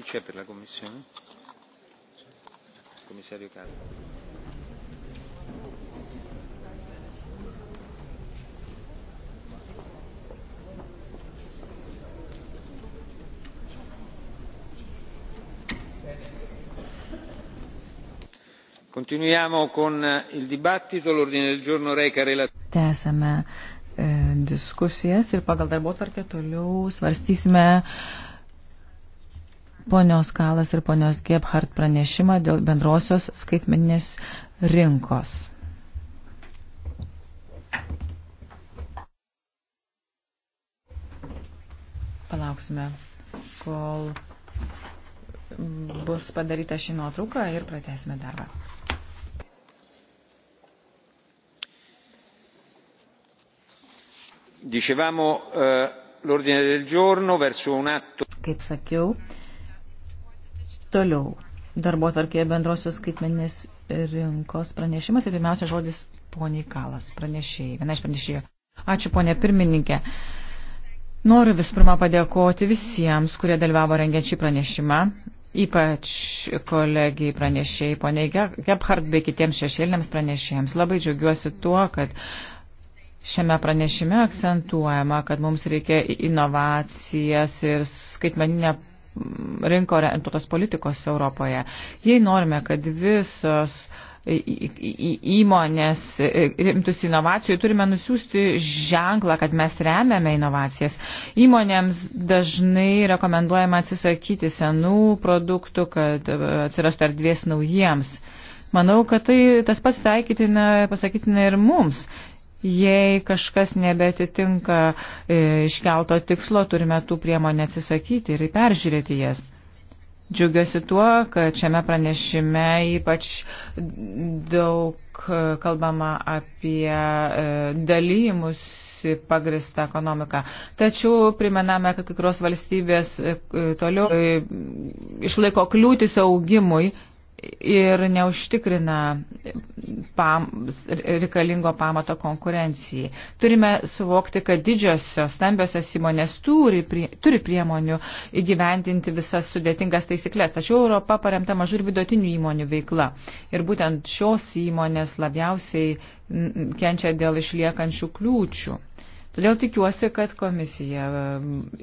chi c'è per la commissione? il commissario Carlo. Continuiamo con eh, il dibattito. L'ordine del giorno reca relazione eh, diskusijas ir pagal darbo tvarkę toliau svarstysime ponios Kalas ir ponios Gebhardt pranešimą dėl bendrosios skaitmeninės rinkos. Palauksime, kol bus padaryta ši nuotrauka ir pratesime darbą. Dicevamo eh, l'ordine del giorno verso un atto. Kaip sakiau, Toliau. Darbo tvarkėje bendrosios skaitmeninės rinkos pranešimas ir pirmiausia žodis poniai Kalas, pranešėjai, viena iš pranešėjų. Ačiū ponė pirmininkė. Noriu visų pirma padėkoti visiems, kurie dalyvavo rengiant šį pranešimą, ypač kolegijai pranešėjai, poniai Gebhardt bei kitiems šešėlėms pranešėjams. Labai džiaugiuosi tuo, kad Šiame pranešime akcentuojama, kad mums reikia inovacijas ir skaitmeninę rinko orientuotos politikos Europoje. Jei norime, kad visos įmonės rimtus inovacijų, turime nusiųsti ženklą, kad mes remiame inovacijas. Įmonėms dažnai rekomenduojama atsisakyti senų produktų, kad e, atsirastų erdvės naujiems. Manau, kad tai tas pats taikytina, pasakytina ir mums. Jei kažkas nebetitinka e, iškelto tikslo, turime tų priemonę atsisakyti ir peržiūrėti jas. Džiugiuosi tuo, kad šiame pranešime ypač daug e, kalbama apie e, dalymus pagristą ekonomiką. Tačiau primename, kad kai kurios valstybės toliau išlaiko kliūtis augimui ir neužtikrina pam, reikalingo pamato konkurencijai. Turime suvokti, kad didžiosios, stambiosios įmonės turi, prie, turi priemonių įgyvendinti visas sudėtingas taisyklės, tačiau Europa paremta mažų ir vidutinių įmonių veikla. Ir būtent šios įmonės labiausiai kenčia dėl išliekančių kliūčių. Todėl tikiuosi, kad komisija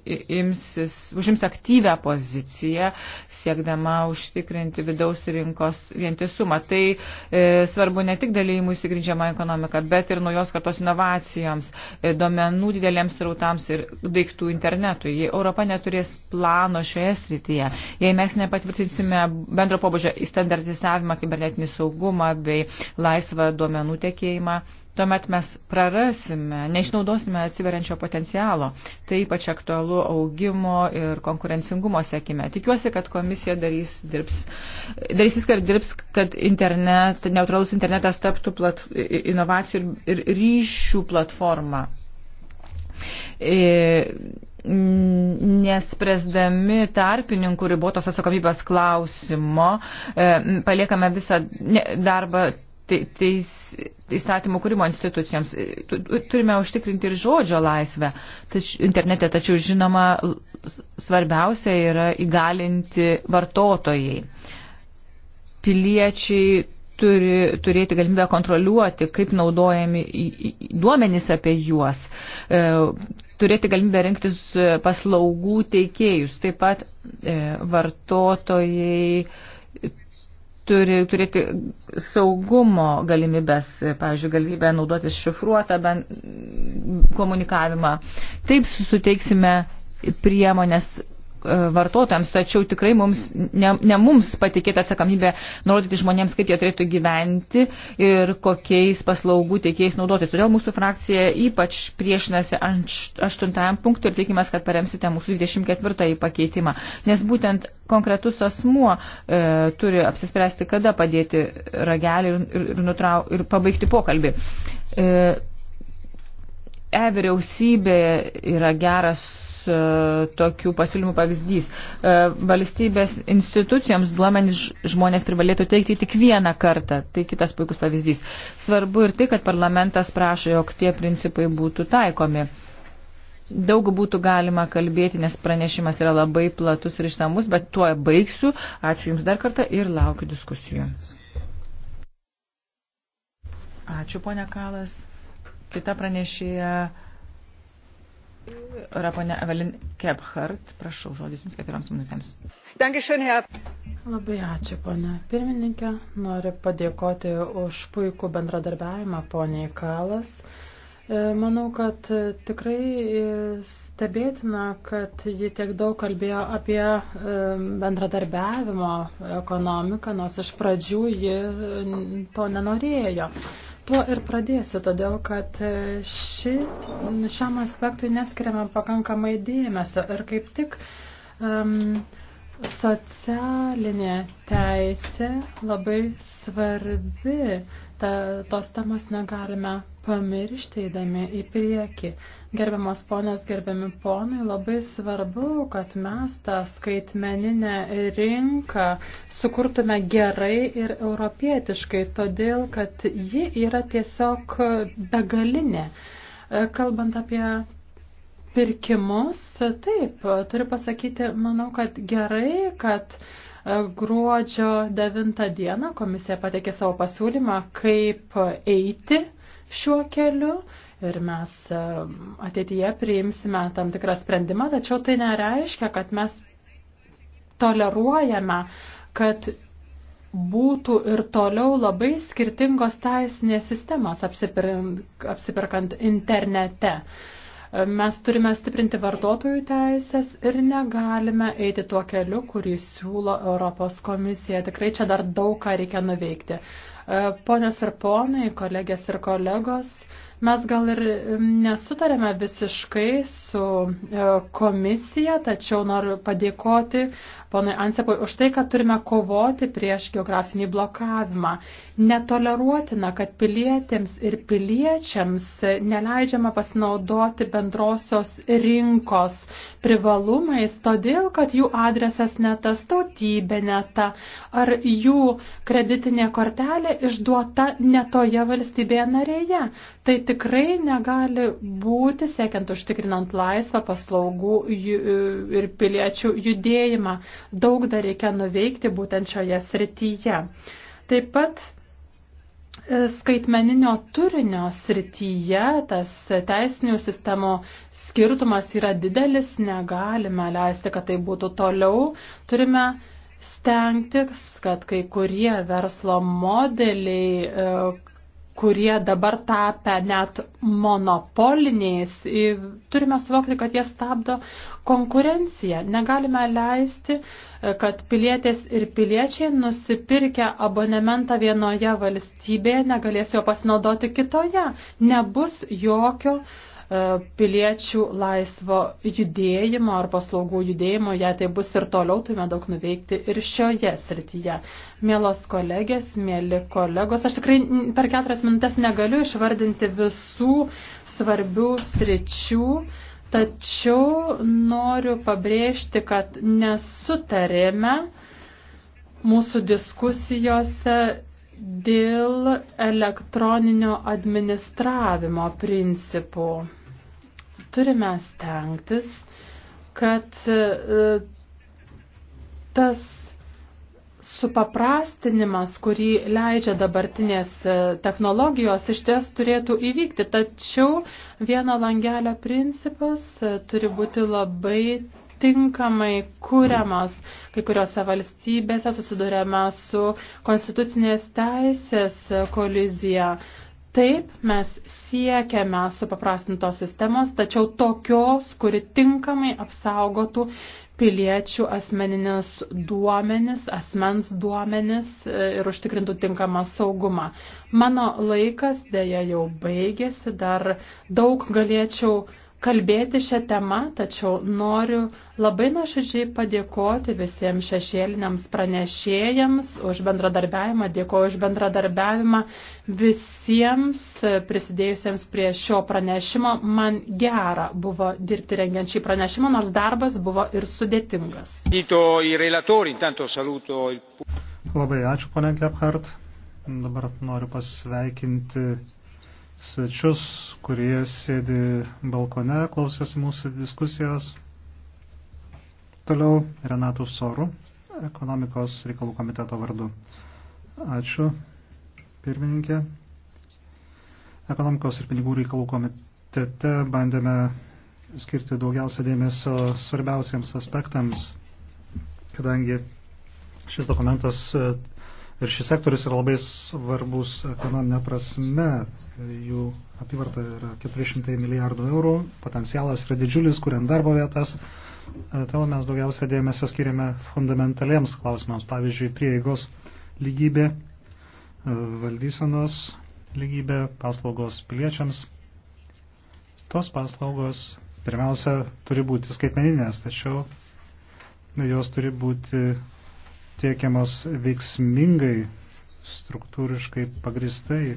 e, imsis, užims aktyvę poziciją, siekdama užtikrinti vidaus rinkos vientisumą. Tai e, svarbu ne tik dalymų įsigrindžiama ekonomika, bet ir naujos kartos inovacijoms, e, domenų didelėms trautams ir daiktų internetui. Jei Europa neturės plano šioje srityje, jei mes nepatvirtinsime bendro pobūdžio į standartizavimą, kibernetinį saugumą bei laisvą duomenų tekėjimą, tuomet mes prarasime, neišnaudosime atsiveriančio potencialo. Tai ypač aktualu augimo ir konkurencingumo sėkime. Tikiuosi, kad komisija darys, dirbs, darys viską ir dirbs, kad internet, neutralus internetas taptų plat, inovacijų ir, ir ryšių platforma. E, Nespręsdami tarpininkų ribotos atsakomybės klausimo, e, paliekame visą darbą teis, įstatymų kūrimo institucijoms. Turime užtikrinti ir žodžio laisvę tač, internete, tačiau žinoma, svarbiausia yra įgalinti vartotojai. Piliečiai turi turėti galimybę kontroliuoti, kaip naudojami duomenys apie juos, e, turėti galimybę rinktis paslaugų teikėjus, taip pat e, vartotojai turi turėti saugumo galimybės, pavyzdžiui, galimybę naudotis šifruotą komunikavimą. Taip suteiksime priemonės E, vartotojams, tačiau tikrai mums, ne, ne mums patikėta atsakomybė nurodyti žmonėms, kaip jie turėtų gyventi ir kokiais paslaugų teikėjais naudotis. Todėl mūsų frakcija ypač priešinasi ant aštuntajam punktui ir tikimės, kad paremsite mūsų 24 pakeitimą, nes būtent konkretus asmuo e, turi apsispręsti, kada padėti ragelį ir, ir, ir, nutrau, ir pabaigti pokalbį. E, e vyriausybė yra geras E, tokių pasiūlymų pavyzdys. E, valstybės institucijoms duomenys žmonės privalėtų teikti tik vieną kartą. Tai kitas puikus pavyzdys. Svarbu ir tai, kad parlamentas prašo, jog tie principai būtų taikomi. Daug būtų galima kalbėti, nes pranešimas yra labai platus ir ištamus, bet tuo baigsiu. Ačiū Jums dar kartą ir laukiu diskusijų. Ačiū, ponia Kalas. Kita pranešėja yra ponia Evelin Kebhart. Prašau, žodis jums keturioms minutėms. Labai ačiū, ponia pirmininkė. Noriu padėkoti už puikų bendradarbiavimą, poniai Kalas. E, manau, kad tikrai e, stebėtina, kad ji tiek daug kalbėjo apie e, bendradarbiavimo ekonomiką, nors iš pradžių ji to nenorėjo. Tuo ir pradėsiu, todėl kad e, ši, šiam aspektui neskiriame pakankamai dėmesio ir kaip tik um, socialinė teisė labai svarbi. Ta, tos temas negalime pamiršti įdami į priekį. Gerbiamos ponios, gerbiami ponai, labai svarbu, kad mes tą skaitmeninę rinką sukurtume gerai ir europietiškai, todėl kad ji yra tiesiog begalinė. Kalbant apie pirkimus, taip, turiu pasakyti, manau, kad gerai, kad gruodžio 9 dieną komisija pateikė savo pasiūlymą, kaip eiti šiuo keliu ir mes e, ateityje priimsime tam tikrą sprendimą, tačiau tai nereiškia, kad mes toleruojame, kad būtų ir toliau labai skirtingos teisinės sistemas apsipirkant internete. E, mes turime stiprinti vartotojų teisės ir negalime eiti tuo keliu, kurį siūlo Europos komisija. Tikrai čia dar daug ką reikia nuveikti. E, ponios ir ponai, kolegės ir kolegos, Mes gal ir nesutarėme visiškai su e, komisija, tačiau noriu padėkoti ponui Ansepui už tai, kad turime kovoti prieš geografinį blokavimą. Netoleruotina, kad pilietėms ir piliečiams neleidžiama pasinaudoti bendrosios rinkos privalumais, todėl, kad jų adresas netas tautybė neta ar jų kreditinė kortelė išduota netoje valstybėje narėje. Tai tikrai negali būti, siekiant užtikrinant laisvą paslaugų e, ir piliečių judėjimą. Daug dar reikia nuveikti būtent šioje srityje. Taip pat e, skaitmeninio turinio srityje tas teisinių sistemų skirtumas yra didelis, negalime leisti, kad tai būtų toliau. Turime stengtis, kad kai kurie verslo modeliai e, kurie dabar tapę net monopoliniais, turime suvokti, kad jie stabdo konkurenciją. Negalime leisti, e, kad pilietės ir piliečiai nusipirkę abonementą vienoje valstybėje negalės jo pasinaudoti kitoje. Nebus jokio uh, E, piliečių laisvo judėjimo ar paslaugų judėjimo, jei tai bus ir toliau, turime daug nuveikti ir šioje srityje. Mielos kolegės, mėly kolegos, aš tikrai per keturias minutės negaliu išvardinti visų svarbių sričių. Tačiau noriu pabrėžti, kad nesutarėme mūsų diskusijose dėl elektroninio administravimo principų. Turime stengtis, kad e, tas supaprastinimas, kurį leidžia dabartinės e, technologijos, iš ties turėtų įvykti. Tačiau vieno langelio principas e, turi būti labai tinkamai kūriamas. Kai kuriuose valstybėse susidurėme su konstitucinės teisės kolizija. Taip, mes siekiame supaprastintos sistemos, tačiau tokios, kuri tinkamai apsaugotų piliečių asmeninis duomenis, asmens duomenis e, ir užtikrintų tinkamą saugumą. Mano laikas dėja jau baigėsi, dar daug galėčiau kalbėti šią temą, tačiau noriu labai nuoširdžiai padėkoti visiems šešėliniams pranešėjams už bendradarbiavimą, dėkoju už bendradarbiavimą visiems prisidėjusiems prie šio pranešimo. Man gera buvo dirbti rengiant šį pranešimą, nors darbas buvo ir sudėtingas. Labai ačiū, ponia Gephardt. Dabar noriu pasveikinti svečius, kurie sėdi balkone, klausosi mūsų diskusijos. Toliau Renatų Sorų, ekonomikos reikalų komiteto vardu. Ačiū, pirmininkė. Ekonomikos ir pinigų reikalų komitete bandėme skirti daugiausia dėmesio svarbiausiems aspektams, kadangi šis dokumentas Ir šis sektorius yra labai svarbus ekonominė prasme. Jų apyvarta yra 400 milijardų eurų, potencialas yra didžiulis, kuriant darbo vietas. Tavo mes daugiausia dėmesio skiriame fundamentaliems klausimams, pavyzdžiui, prieigos lygybė, valdysenos lygybė, paslaugos piliečiams. Tos paslaugos pirmiausia turi būti skaitmeninės, tačiau jos turi būti tiekiamos veiksmingai, struktūriškai pagristai.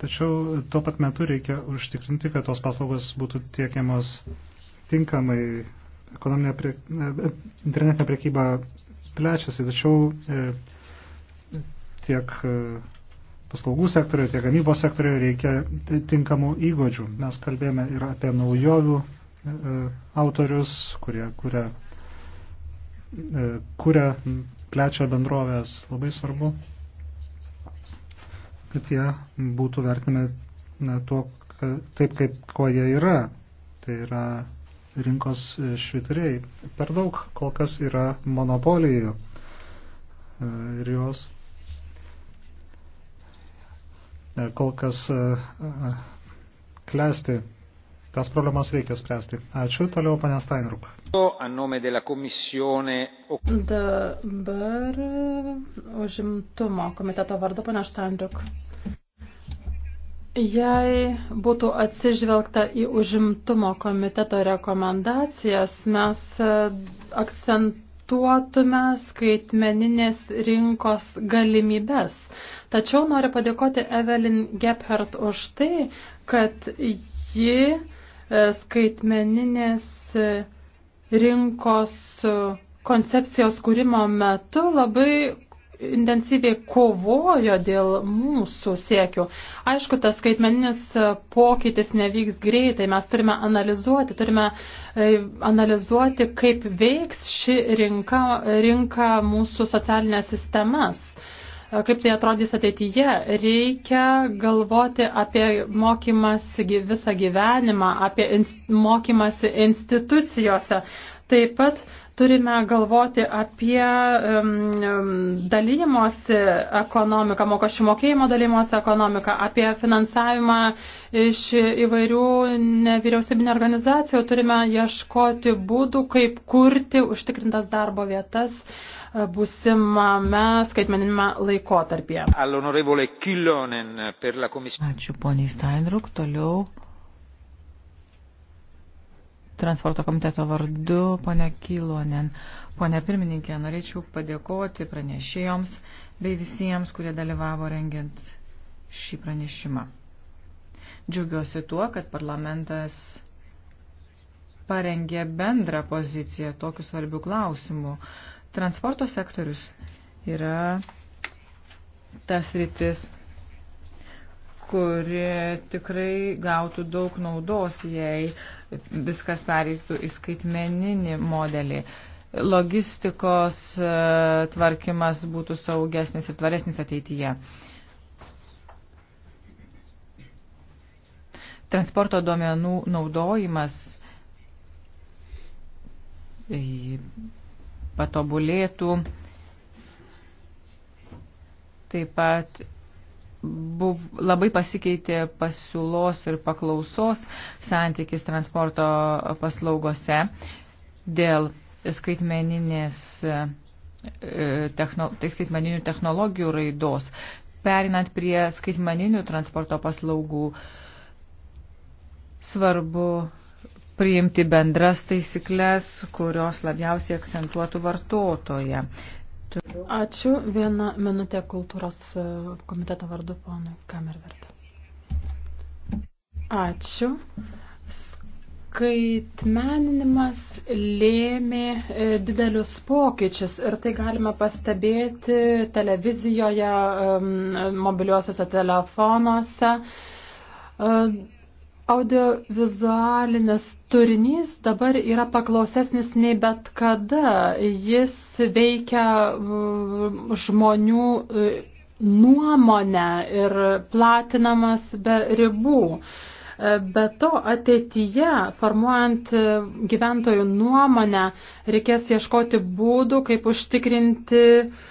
Tačiau tuo pat metu reikia užtikrinti, kad tos paslaugos būtų tiekiamos tinkamai. Ekonominė prie, e, internetinė priekyba plečiasi, tačiau e, tiek e, paslaugų sektoriuje, tiek gamybos sektoriuje reikia tinkamų įgūdžių. Mes kalbėjome ir apie naujovių autorius, kurie kuria E, kuria, plečia bendrovės, labai svarbu, kad jie būtų vertinami tuo, taip, kaip ko jie yra. Tai yra rinkos švitriai. Per daug kol kas yra monopolijų e, ir jos e, kol kas klesti tas problemas reikia spręsti. Ačiū. Toliau panė Steinruk. Dabar užimtumo komiteto vardu panė Steinruk. Jei būtų atsižvelgta į užimtumo komiteto rekomendacijas, mes e, akcentuotume skaitmeninės rinkos galimybės. Tačiau noriu padėkoti Evelyn Gephardt už tai, kad ji E, skaitmeninės e, rinkos e, koncepcijos kūrimo metu labai intensyviai kovojo dėl mūsų siekių. Aišku, tas skaitmeninis pokytis nevyks greitai, mes turime analizuoti, turime analizuoti, kaip veiks ši rinka, rinka mūsų socialinės sistemas kaip tai atrodys ateityje, reikia galvoti apie mokymąsi visą gyvenimą, apie ins, mokymąsi institucijose. Taip pat turime galvoti apie um, dalymosi ekonomiką, mokesčių mokėjimo dalymosi ekonomiką, apie finansavimą iš įvairių nevyriausybinio organizacijų. Turime ieškoti būdų, kaip kurti užtikrintas darbo vietas uh, busimame skaitmeninėme laikotarpyje. Ačiū poniai Steinruk. Toliau transporto komiteto vardu ponia Kilonen. Pone pirmininkė, norėčiau padėkoti pranešėjoms bei visiems, kurie dalyvavo rengiant šį pranešimą. Džiaugiuosi tuo, kad parlamentas parengė bendrą poziciją tokiu svarbiu klausimu. Transporto sektorius yra tas rytis, kuri tikrai gautų daug naudos, jei viskas pereiktų į skaitmeninį modelį. Logistikos e, tvarkymas būtų saugesnis ir tvaresnis ateityje. Transporto duomenų naudojimas patobulėtų. Taip pat buv, labai pasikeitė pasiūlos ir paklausos santykis transporto paslaugose dėl skaitmeninės e, techno, tai skaitmeninių technologijų raidos. Perinant prie skaitmeninių transporto paslaugų, svarbu priimti bendras taisyklės, kurios labiausiai akcentuotų vartotoje. Ačiū. Vieną minutę kultūros e, komiteto vardu ponui Kamervert. Ačiū. Skaitmeninimas lėmė e, didelius pokyčius ir tai galima pastebėti televizijoje, mobiliuosiuose telefonuose. E, Audiovizualinis turinys dabar yra paklausesnis nei bet kada. Jis veikia mm, žmonių e, nuomonę ir platinamas be ribų. E, be to, ateityje, formuojant e, gyventojų nuomonę, reikės ieškoti būdų, kaip užtikrinti uh,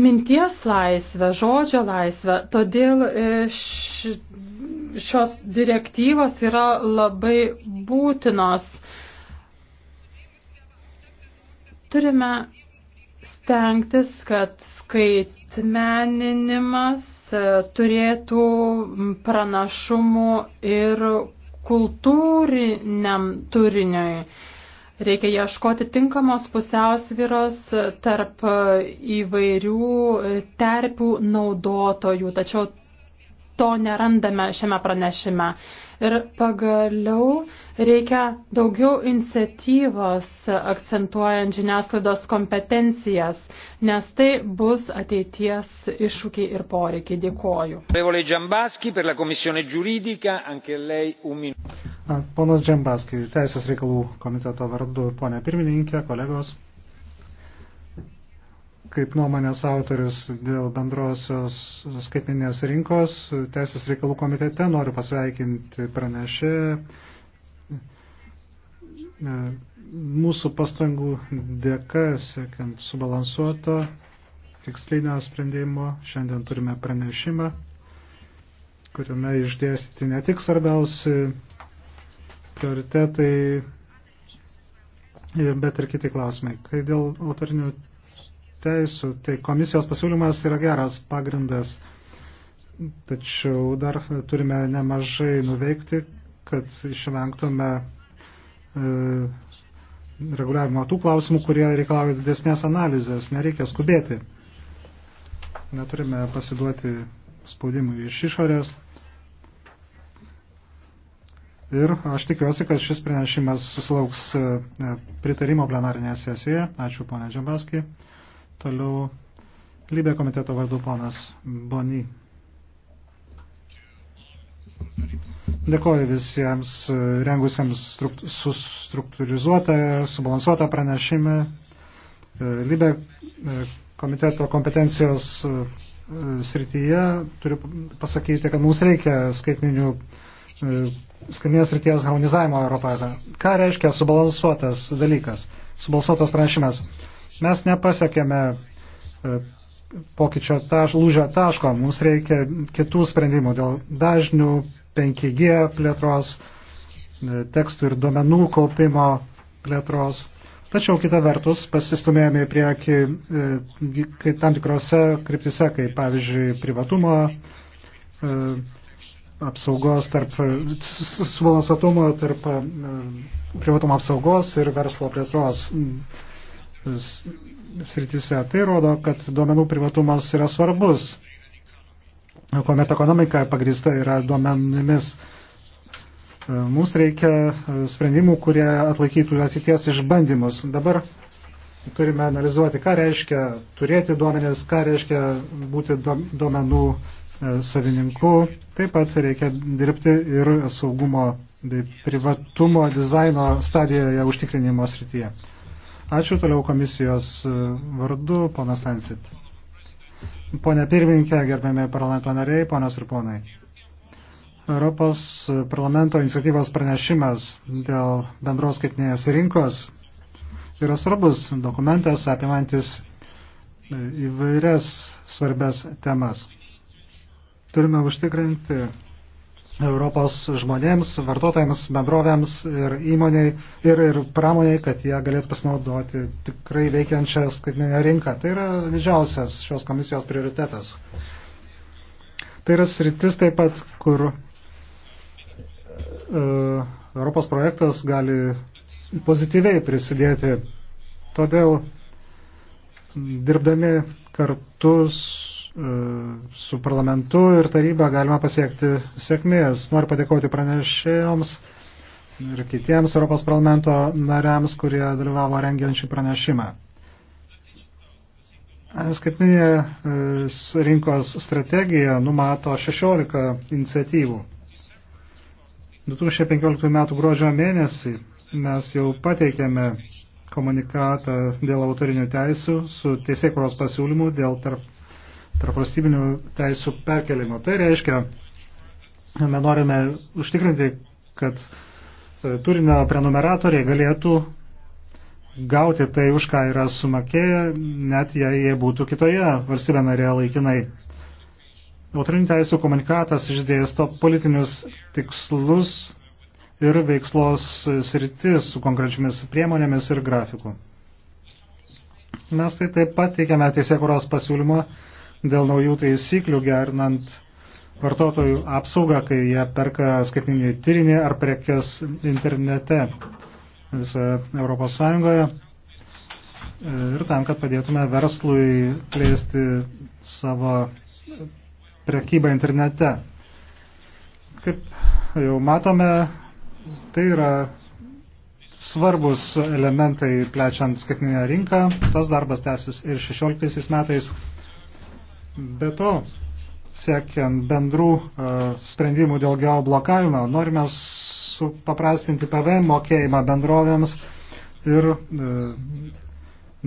minties laisvę, žodžio laisvę. Todėl e, šios direktyvos yra labai būtinos. Turime stengtis, kad skaitmeninimas e, turėtų pranašumų ir kultūriniam turiniui. Reikia ieškoti tinkamos pusiausvyros tarp įvairių terpių naudotojų, tačiau to nerandame šiame pranešime. Ir pagaliau reikia daugiau iniciatyvos akcentuojant žiniasklaidos kompetencijas, nes tai bus ateities iššūkiai ir poreikiai. Dėkoju. Ponas Džambaskai, Teisės reikalų komiteto vardu, ponė pirmininkė, kolegos kaip nuomonės autorius dėl bendrosios skaitminės rinkos. Teisės reikalų komitete noriu pasveikinti pranešę mūsų pastangų dėka, siekiant subalansuoto tikslinio sprendimo, šiandien turime pranešimą, kuriame išdėstyti ne tik svarbiausi prioritetai, bet ir kiti klausimai. Kai dėl autorinių teisų, tai komisijos pasiūlymas yra geras pagrindas, tačiau dar turime nemažai nuveikti, kad išvengtume e, reguliavimo tų klausimų, kurie reikalauja didesnės analizės, nereikia skubėti. Neturime pasiduoti spaudimui iš išorės. Ir aš tikiuosi, kad šis pranešimas susilauks e, pritarimo plenarinėje sesijoje. Ačiū, ponė Džambaskį. Toliau Lybė komiteto vardu ponas Boni. Dėkoju visiems rengusiems struktūrizuotą, subalansuotą pranešimą. Lybė e, komiteto kompetencijos e, srityje turiu pasakyti, kad mums reikia skaitminių e, skaitminės ryties harmonizavimo Europoje. Ką reiškia subalansuotas dalykas, subalansuotas pranešimas? Mes nepasiekėme e, pokyčio taš, lūžio taško, mums reikia kitų sprendimų dėl dažnių, 5G plėtros, e, tekstų ir duomenų kaupimo plėtros. Tačiau kita vertus pasistumėjome į priekį e, tam tikrose kryptise, kaip pavyzdžiui privatumo e, apsaugos tarp, subalansuotumo tarp e, privatumo apsaugos ir verslo plėtros srityse. Tai rodo, kad duomenų privatumas yra svarbus, kuomet ekonomika pagrįsta yra duomenimis. E, mums reikia e, sprendimų, kurie atlaikytų ateities išbandymus. Dabar turime analizuoti, ką reiškia turėti duomenis, ką reiškia būti duomenų e, savininku. Taip pat reikia dirbti ir saugumo bei privatumo dizaino stadijoje užtikrinimo srityje. Ačiū toliau komisijos e, vardu, ponas Ansip. Pone pirmininkė, gerbėmi parlamento nariai, ponios ir ponai. Europos parlamento iniciatyvos pranešimas dėl bendros skaitinės rinkos yra svarbus dokumentas apimantis e, įvairias svarbias temas. Turime užtikrinti Europos žmonėms, vartotojams, bendrovėms ir įmoniai ir, ir pramoniai, kad jie galėtų pasinaudoti tikrai veikiančią skaitmeninę rinką. Tai yra didžiausias šios komisijos prioritetas. Tai yra sritis taip pat, kur uh, Europos projektas gali pozityviai prisidėti. Todėl dirbdami kartu E, su parlamentu ir taryba galima pasiekti sėkmės. Noriu padėkoti pranešėjams ir kitiems Europos parlamento nariams, kurie dalyvavo rengiančių pranešimą. Skaitminės e, rinkos strategija numato 16 iniciatyvų. 2015 m. gruodžio mėnesį mes jau pateikėme komunikatą dėl autorinių teisų su teisėkuros pasiūlymu dėl tarp tarpvalstybinių teisų perkelimo. Tai reiškia, mes norime užtikrinti, kad e, turinio prenumeratoriai galėtų gauti tai, už ką yra sumokėję, net jei jie būtų kitoje valstybė narėje laikinai. Autorinių teisų komunikatas išdėsto politinius tikslus ir veiklos sritis su konkrečiomis priemonėmis ir grafiku. Mes tai taip pat teikiame teisėkuros pasiūlymą dėl naujų taisyklių gernant vartotojų apsaugą, kai jie perka skaitminį tyrinį ar prekes internete visoje Europos Sąjungoje ir tam, kad padėtume verslui plėsti savo prekybą internete. Kaip jau matome, tai yra svarbus elementai plečiant skaitminę rinką. Tas darbas tęsis ir 16 metais. Be to, siekiant bendrų e, sprendimų dėl geoblokavimo, norime supaprastinti PVM mokėjimą bendrovėms ir e,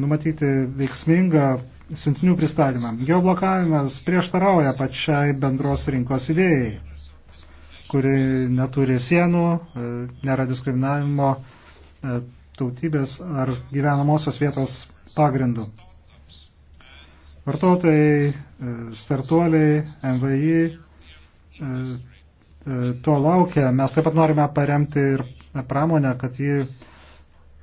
numatyti veiksmingą siuntinių pristatymą. Geoblokavimas prieštarauja pačiai bendros rinkos idėjai, kuri neturi sienų, e, nėra diskriminavimo tautybės ar gyvenamosios vietos pagrindų. Vartotojai startuoliai, MVI e, e, to laukia. Mes taip pat norime paremti ir pramonę, kad ji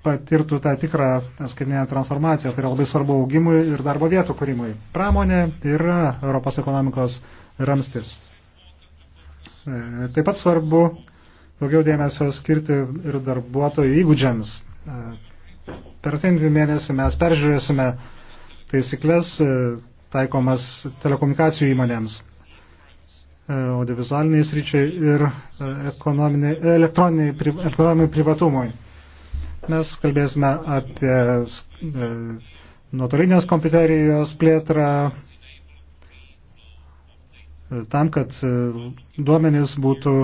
patirtų tą tikrą skaitinę transformaciją, tai yra labai svarbu augimui ir darbo vietų kūrimui. Pramonė yra Europos ekonomikos ramstis. E, taip pat svarbu daugiau dėmesio skirti ir darbuotojų įgūdžiams. Per atinį mėnesį mes peržiūrėsime taisyklės taikomas telekomunikacijų įmonėms, e, audiovizualiniai sryčiai ir e, elektroniniai pri, privatumui. Mes kalbėsime apie e, nuotolinės kompiuterijos plėtrą e, tam, kad e, duomenys būtų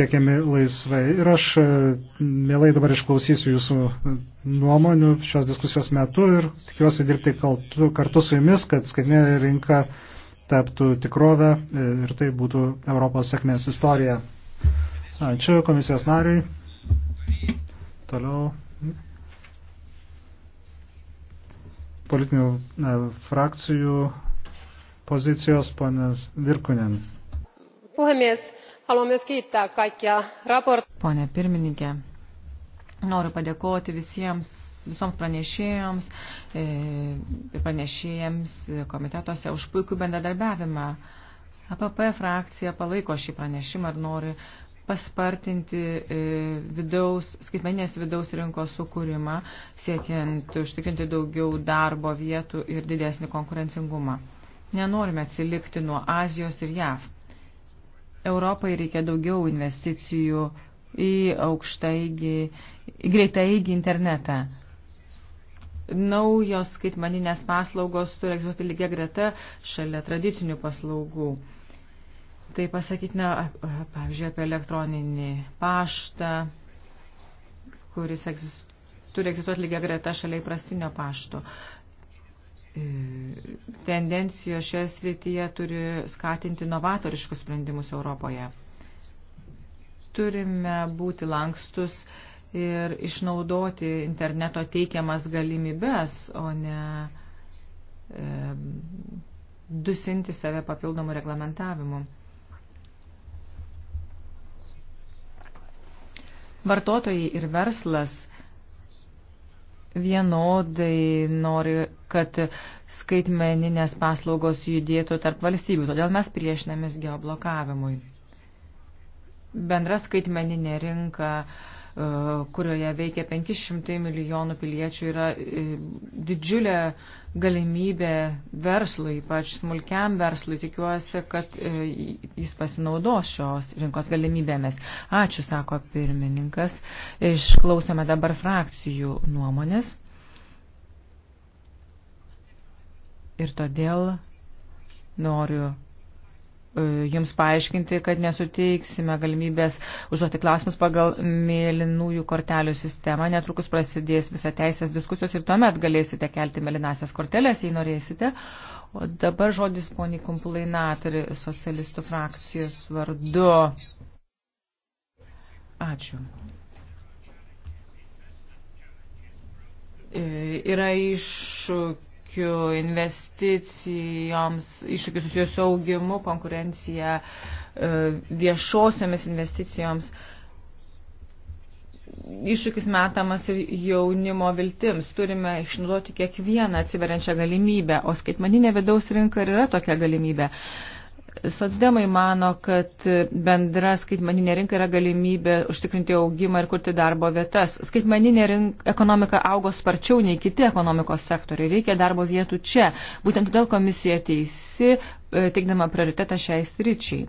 tiekiami laisvai. Ir aš e, mielai dabar išklausysiu jūsų e, nuomonių šios diskusijos metu ir tikiuosi dirbti kartu su jumis, kad skaitinė rinka taptų tikrovę e, ir tai būtų Europos sėkmės istorija. Ačiū komisijos nariui. Toliau. Politinių ne, frakcijų pozicijos, ponas Virkunen. Puhemies, Haluan myös kiittää kaikkia raport... Pone pirmininkė, noriu padėkoti visiems visoms pranešėjams e, ir pranešėjams komitetuose už puikų bendradarbiavimą. APP frakcija palaiko šį pranešimą ir nori paspartinti e, vidaus, skaitmeninės vidaus rinkos sukūrimą, siekiant užtikrinti daugiau darbo vietų ir didesnį konkurencingumą. Nenorime atsilikti nuo Azijos ir JAV. Europai reikia daugiau investicijų į aukštaigį, į greitaigį internetą. Naujos skaitmaninės paslaugos turi egzistuoti lygia greta šalia tradicinių paslaugų. Tai pasakytina, pavyzdžiui, apie elektroninį paštą, kuris egzistuoja turi egzistuoti lygia greta šalia įprastinio pašto. E, tendencijos šioje srityje turi skatinti novatoriškus sprendimus Europoje. Turime būti lankstus ir išnaudoti interneto teikiamas galimybes, o ne e, dusinti save papildomų reglamentavimų. Vartotojai ir verslas vienodai nori, kad skaitmeninės paslaugos judėtų tarp valstybių, todėl mes priešinamės geoblokavimui. Bendra skaitmeninė rinka uh, E, kurioje veikia 500 milijonų piliečių, yra e, didžiulė galimybė verslui, ypač smulkiam verslui. Tikiuosi, kad e, jis pasinaudos šios rinkos galimybėmis. Ačiū, sako pirmininkas. Išklausome dabar frakcijų nuomonės. Ir todėl noriu E, jums paaiškinti, kad nesuteiksime galimybės užduoti klausimus pagal mėlynųjų kortelių sistemą. Netrukus prasidės visa teisės diskusijos ir tuomet galėsite kelti mėlynasias kortelės, jei norėsite. O dabar žodis poniai Kumpulainatori socialistų frakcijos vardu. Ačiū. E, yra iššūkių iššūkių investicijoms, iššūkių susijusių augimu, konkurencija e, viešosiomis investicijoms. Iššūkis metamas ir jaunimo viltims. Turime išnaudoti kiekvieną atsiveriančią galimybę, o skaitmaninė vidaus rinka yra tokia galimybė. Uh, Sotsdemai mano, kad bendra skaitmaninė rinka yra galimybė užtikrinti augimą ir kurti darbo vietas. Skaitmaninė rink, ekonomika augo sparčiau nei kiti ekonomikos sektoriai. Reikia darbo vietų čia. Būtent todėl komisija teisi, e, teikdama prioritetą šiai sričiai.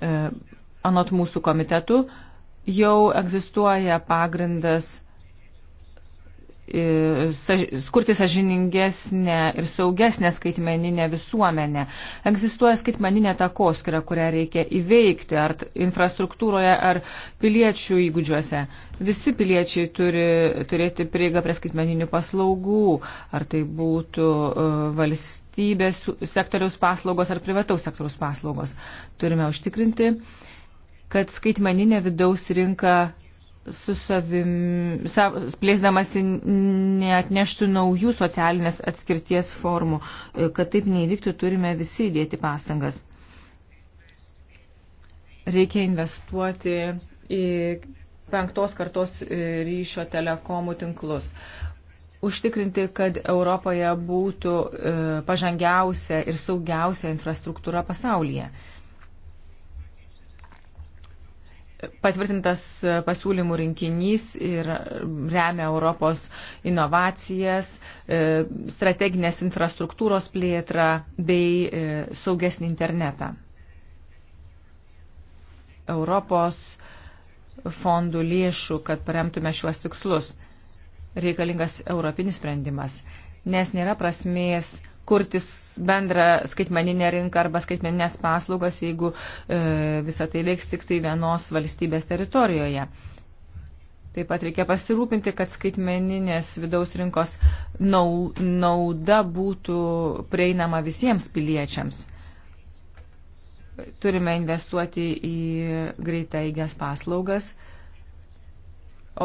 E, anot mūsų komitetų jau egzistuoja pagrindas skurti sažiningesnę ir saugesnę skaitmeninę visuomenę. Egzistuoja skaitmeninė takoskira, kurią reikia įveikti ar infrastruktūroje, ar piliečių įgūdžiuose. Visi piliečiai turi turėti prieigą prie skaitmeninių paslaugų, ar tai būtų e, valstybės sektoriaus paslaugos ar privataus sektoriaus paslaugos. Turime užtikrinti, kad skaitmeninė vidaus rinka su savim, sav, plėsdamasi neatneštų naujų socialinės atskirties formų. E, kad taip neįvyktų, turime visi įdėti pastangas. Reikia investuoti į penktos kartos e, ryšio telekomų tinklus. Užtikrinti, kad Europoje būtų e, pažangiausia ir saugiausia infrastruktūra pasaulyje patvirtintas pasiūlymų rinkinys ir remia Europos inovacijas, e, strateginės infrastruktūros plėtrą bei e, saugesnį internetą. Europos fondų lėšų, kad paremtume šiuos tikslus. Reikalingas europinis sprendimas, nes nėra prasmės kurtis bendrą skaitmeninę rinką arba skaitmeninės paslaugas, jeigu e, visą tai veiks tik tai vienos valstybės teritorijoje. Taip pat reikia pasirūpinti, kad skaitmeninės vidaus rinkos nauda būtų prieinama visiems piliečiams. Turime investuoti į greitaigias paslaugas,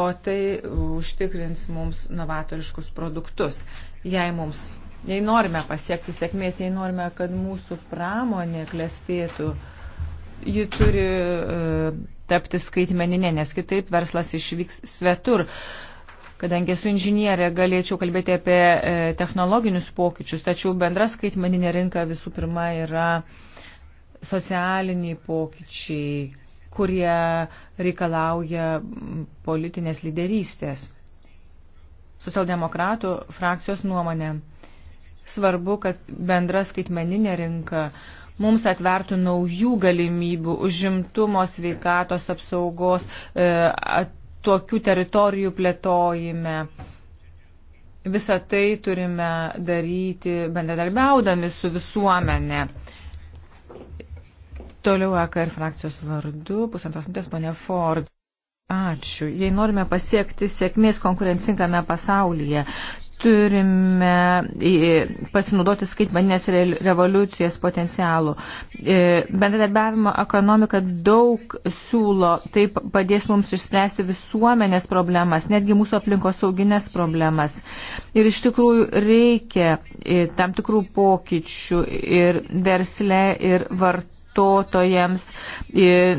o tai užtikrins mums novatoriškus produktus. Jei mums jei norime pasiekti sėkmės, jei norime, kad mūsų pramonė klestėtų, ji turi e, tapti skaitmeninė, nes kitaip verslas išvyks svetur. Kadangi esu inžinierė, galėčiau kalbėti apie e, technologinius pokyčius, tačiau bendra skaitmeninė rinka visų pirma yra socialiniai pokyčiai, kurie reikalauja politinės lyderystės. Socialdemokratų frakcijos nuomonė Svarbu, kad bendra skaitmeninė rinka mums atvertų naujų galimybių užimtumo, sveikatos apsaugos, e, tokių teritorijų plėtojime. Visą tai turime daryti bendradarbiaudami su visuomenė. Toliau AKR e frakcijos vardu, pusantros minutės, ponė Ford. Ačiū. Jei norime pasiekti sėkmės konkurencingame pasaulyje, turime pasinaudoti skaitmaninės revoliucijos potencialų. E, bendradarbiavimo ekonomika daug siūlo, tai padės mums išspręsti visuomenės problemas, netgi mūsų aplinkos sauginės problemas. Ir iš tikrųjų reikia e, tam tikrų pokyčių ir versle, ir vartotojų vartotojams,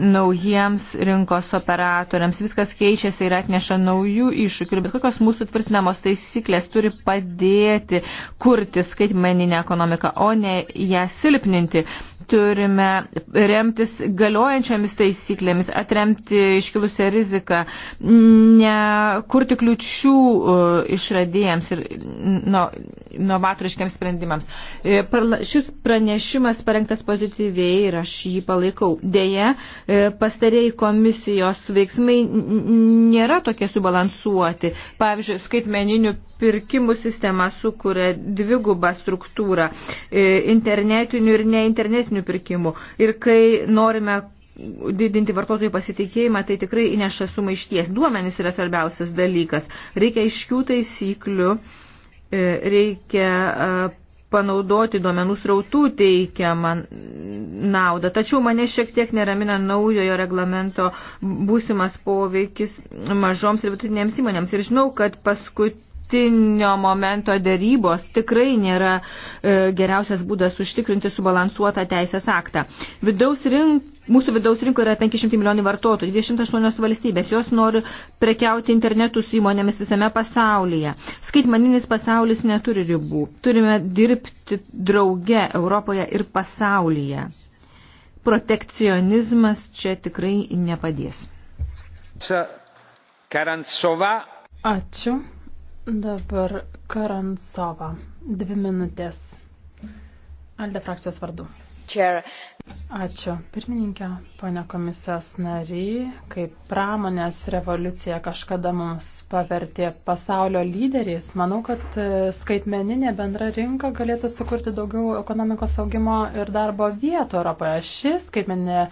naujiems rinkos operatoriams. Viskas keičiasi ir atneša naujų iššūkių, bet kokios mūsų tvirtinamos taisyklės turi padėti kurti skaitmeninę ekonomiką, o ne ją silpninti turime remtis galiojančiomis taisyklėmis, atremti iškilusią riziką, nekurti kliučių e, išradėjams ir no, novatoriškiams sprendimams. E, šis pranešimas parengtas pozityviai ir aš jį palaikau. Deja, e, pastarėjai komisijos veiksmai nėra tokie subalansuoti. Pavyzdžiui, skaitmeninių pirkimų sistema sukuria dvigubą struktūrą e, internetinių ir neinternetinių pirkimų. Ir kai norime didinti vartotojų pasitikėjimą, tai tikrai įneša sumaišties. Duomenys yra svarbiausias dalykas. Reikia iškių taisyklių, e, reikia e, panaudoti duomenų srautų teikiamą naudą. Tačiau mane šiek tiek neramina naujojo reglamento būsimas poveikis mažoms ir vidutinėms įmonėms. Ir žinau, kad paskut, dabartinio momento dėrybos tikrai nėra e, geriausias būdas užtikrinti subalansuotą teisės aktą. Vidaus rink, mūsų vidaus rinkoje yra 500 milijonų vartotojų, 28 valstybės, jos nori prekiauti internetu su įmonėmis visame pasaulyje. Skaitmaninis pasaulis neturi ribų. Turime dirbti drauge Europoje ir pasaulyje. Protekcionizmas čia tikrai nepadės. Karantsova. Ačiū. Dabar Karantsova. Dvi minutės. Alde frakcijos vardu. Chair. Ačiū. Pirmininkė, ponia komisijos nariai, kaip pramonės revoliucija kažkada mums pavertė pasaulio lyderiais, manau, kad e, skaitmeninė bendra rinka galėtų sukurti daugiau ekonomikos augimo ir darbo vietų Europoje. Ši skaitmeninė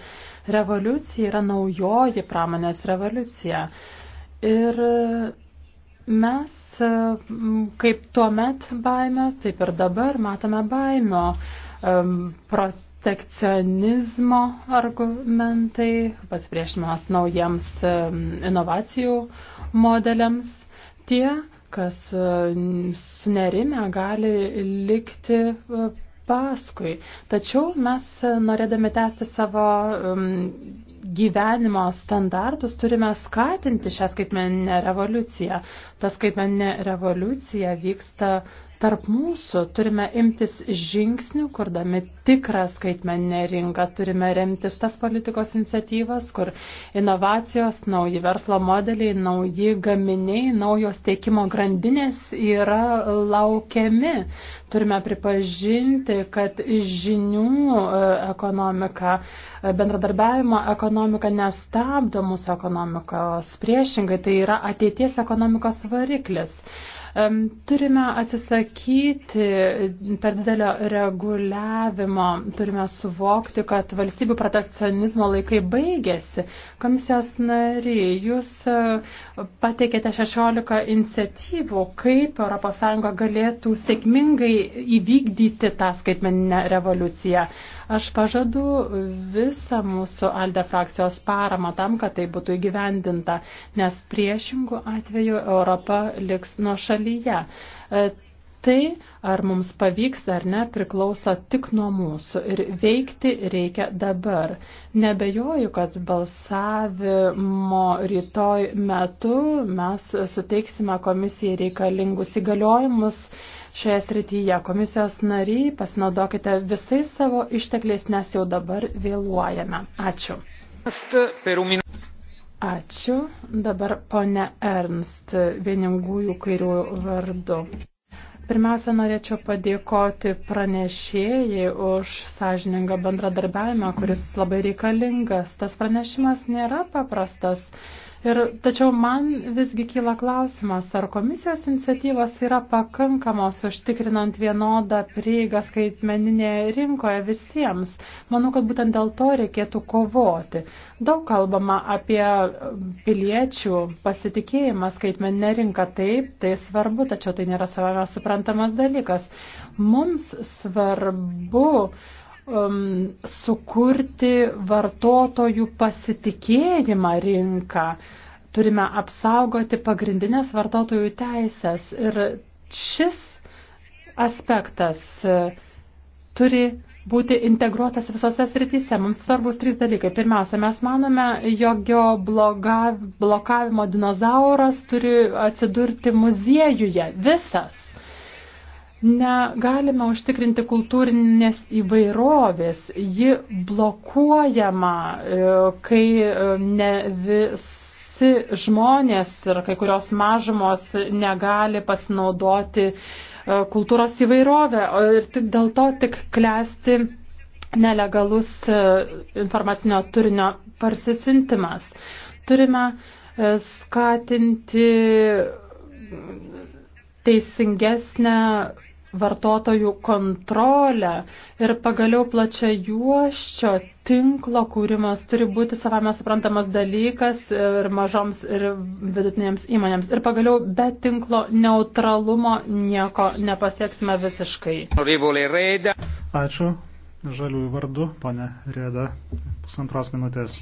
revoliucija yra naujoji pramonės revoliucija. Ir e, mes E, kaip tuo met baime, taip ir dabar matome baimio e, protekcionizmo argumentai, pasipriešinimas naujiems e, inovacijų modeliams. Tie, kas sunerime gali likti paskui. Tačiau mes norėdami tęsti savo gyvenimo standartus, turime skatinti šią skaitmeninę revoliuciją. Ta skaitmeninė revoliucija vyksta tarp mūsų turime imtis žingsnių, kurdami tikrą skaitmeninę rinką, turime remtis tas politikos iniciatyvas, kur inovacijos, nauji verslo modeliai, nauji gaminiai, naujos teikimo grandinės yra laukiami. Turime pripažinti, kad žinių e, ekonomika, e, bendradarbiavimo ekonomika nestabdo mūsų ekonomikos. Priešingai, tai yra ateities ekonomikos variklis. Turime atsisakyti per didelio reguliavimo, turime suvokti, kad valstybių protekcionizmo laikai baigėsi. Komisijos nariai, jūs e, pateikėte 16 iniciatyvų, kaip ES galėtų sėkmingai įvykdyti tą skaitmeninę revoliuciją. Aš pažadu visą mūsų Alde frakcijos paramą tam, kad tai būtų įgyvendinta, nes priešingų atveju Europa liks nuo šalyje. E, tai, ar mums pavyks ar ne, priklauso tik nuo mūsų ir veikti reikia dabar. Nebejoju, kad balsavimo rytoj metu mes suteiksime komisijai reikalingus įgaliojimus šioje srityje. Komisijos nariai, pasinaudokite visais savo ištekliais, nes jau dabar vėluojame. Ačiū. Ačiū. Dabar ponė Ernst, vieningųjų kairių vardu. Pirmiausia, norėčiau padėkoti pranešėjai už sąžiningą bendradarbiavimą, kuris labai reikalingas. Tas pranešimas nėra paprastas. Ir, tačiau man visgi kyla klausimas, ar komisijos iniciatyvas yra pakankamos užtikrinant vienodą prieigą skaitmeninėje rinkoje visiems. Manau, kad būtent dėl to reikėtų kovoti. Daug kalbama apie piliečių pasitikėjimą skaitmeninę rinką. Taip, tai svarbu, tačiau tai nėra savame suprantamas dalykas. Mums svarbu um, sukurti vartotojų pasitikėjimą rinką. Turime apsaugoti pagrindinės vartotojų teisės ir šis aspektas e, turi būti integruotas visose srityse. Mums svarbus trys dalykai. Pirmiausia, mes manome, jog geoblokavimo dinozauras turi atsidurti muziejuje visas negalime užtikrinti kultūrinės įvairovės. Ji blokuojama, e, kai e, ne visi žmonės ir kai kurios mažumos negali pasinaudoti e, kultūros įvairovę. Ir tik dėl to tik klesti nelegalus informacinio turinio parsisintimas. Turime skatinti teisingesnę vartotojų kontrolę ir pagaliau plačia juoščio tinklo kūrimas turi būti savame suprantamas dalykas ir mažoms ir vidutinėms įmonėms. Ir pagaliau be tinklo neutralumo nieko nepasieksime visiškai. Ačiū. Žaliųjų vardu, ponė Rėda, pusantros minutės.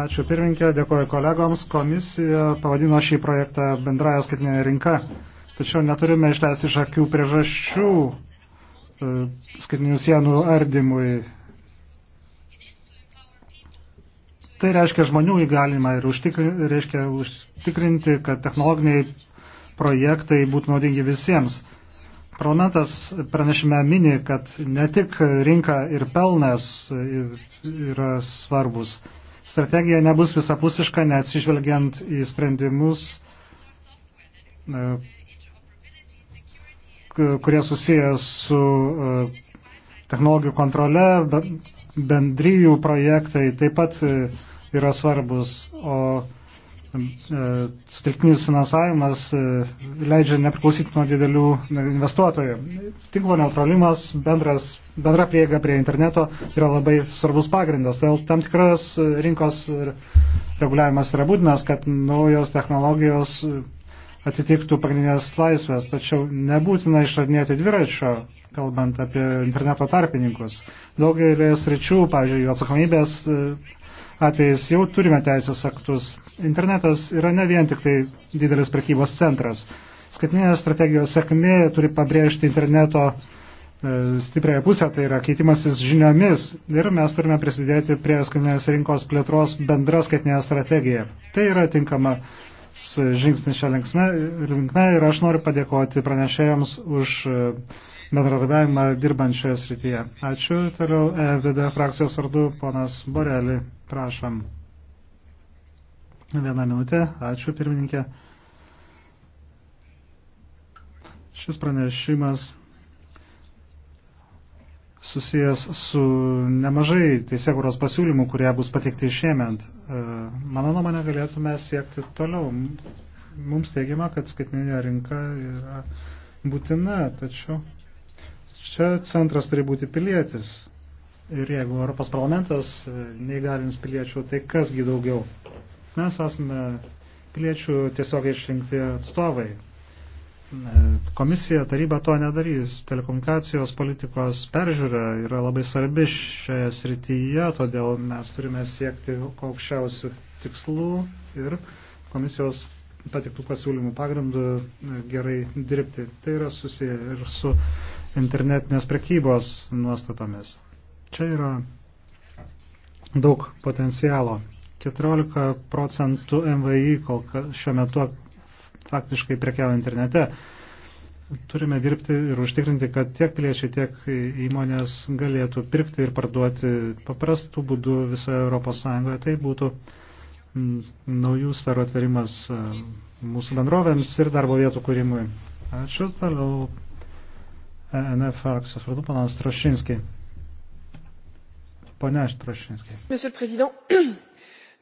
Ačiū pirminkė, dėkoju kolegoms. Komisija pavadino šį projektą bendraja skaitinė rinka. Tačiau neturime išleisti iš akių priežasčių e, skaitinių sienų ardymui. Tai reiškia žmonių įgalimą ir užtikrinti, reiškia užtikrinti, kad technologiniai projektai būtų naudingi visiems. Parlamentas pranešime mini, kad ne tik rinka ir pelnas yra svarbus. Strategija nebus visapusiška, neatsižvelgiant į sprendimus e, kurie susijęs su e, technologijų kontrole, bendryjų projektai taip pat e, yra svarbus, o e, sutelktinis finansavimas leidžia nepriklausyti nuo didelių investuotojų. Tinklo neutralimas, bendras, bendra prieiga prie interneto yra labai svarbus pagrindas. Todėl tam tikras rinkos reguliavimas yra būtinas, kad naujos technologijos atitiktų pagrindinės laisvės, tačiau nebūtina išradinėti dviračio, kalbant apie interneto tarpininkus. Daugelės ryčių, pavyzdžiui, jų atsakomybės e, atvejais jau turime teisės aktus. Internetas yra ne vien tik tai didelis prekybos centras. Skaitinės strategijos sėkmė turi pabrėžti interneto e, stipriąją pusę, tai yra keitimasis žiniomis ir mes turime prisidėti prie skaitinės rinkos plėtros bendra skaitinė strategija. Tai yra tinkama žingsnis šią linkmę ir aš noriu padėkoti pranešėjams už e, bendradarbiavimą dirbant šioje srityje. Ačiū. Toliau EFDD frakcijos vardu ponas Borelį. Prašom. Vieną minutę. Ačiū, pirmininkė. Šis pranešimas susijęs su nemažai teisėkuros pasiūlymų, kurie bus pateikti šiemet. E, mano nuomonė galėtume siekti toliau. Mums teigiama, kad skaitmeninė rinka yra būtina, tačiau čia centras turi būti pilietis. Ir jeigu Europos parlamentas e, neįgalins piliečių, tai kasgi daugiau? Mes esame piliečių tiesiogiai išrinkti atstovai. Komisija, taryba to nedarys. Telekomunikacijos politikos peržiūra yra labai svarbi šioje srityje, todėl mes turime siekti aukščiausių tikslų ir komisijos patiktų pasiūlymų pagrindų e, gerai dirbti. Tai yra susiję ir su internetinės prekybos nuostatomis. Čia yra daug potencialo. 14 procentų MVI kol kas šiuo metu faktiškai prekiavo internete. Turime dirbti ir užtikrinti, kad tiek piliečiai, tiek įmonės galėtų pirkti ir parduoti paprastų būdų visoje Europos Sąjungoje. Tai būtų mm, naujų sferų atverimas e, mūsų bendrovėms ir darbo vietų kūrimui. Ačiū toliau. ENF frakcijos vardu panas Trošinskiai. Pane Trošinskiai.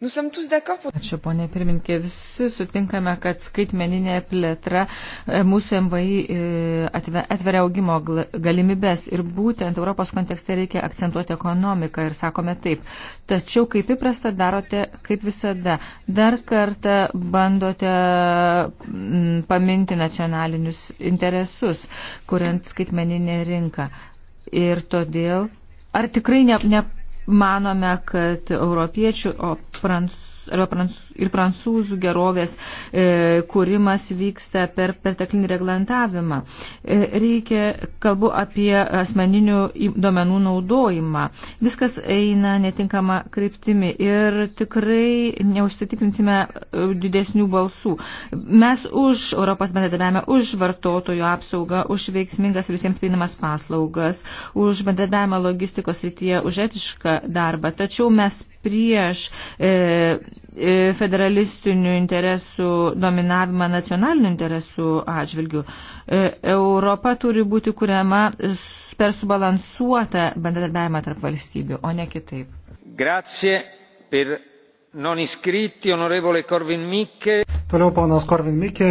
Ačiū, ponė pirmininkė. Visi sutinkame, kad skaitmeninė plėtra e, mūsų MVI e, atveria augimo galimybės ir būtent Europos kontekste reikia akcentuoti ekonomiką ir sakome taip. Tačiau, kaip įprasta, darote kaip visada. Dar kartą bandote paminti nacionalinius interesus, kuriant skaitmeninę rinką. Ir todėl, ar tikrai ne. ne manome, kad europiečių, o prancūzų ir prancūzų gerovės e, kūrimas vyksta per perteklinį reglamentavimą. E, reikia, kalbu apie asmeninių duomenų naudojimą. Viskas eina netinkama kryptimi ir tikrai neužsitikrinsime e, didesnių balsų. Mes už Europos bendradarbiavimą, už vartotojų apsaugą, už veiksmingas visiems prieinamas paslaugas, už bendradarbiavimą logistikos rytyje, už etišką darbą. Tačiau mes prieš e, E, federalistinių interesų dominavimą nacionalinių interesų atžvilgių. E, Europa turi būti kuriama per subalansuotą bendradarbiavimą tarp valstybių, o ne kitaip. Grazie per non iscritti, onorevole Corvin Mikke. Toliau ponas Corvin Mikke,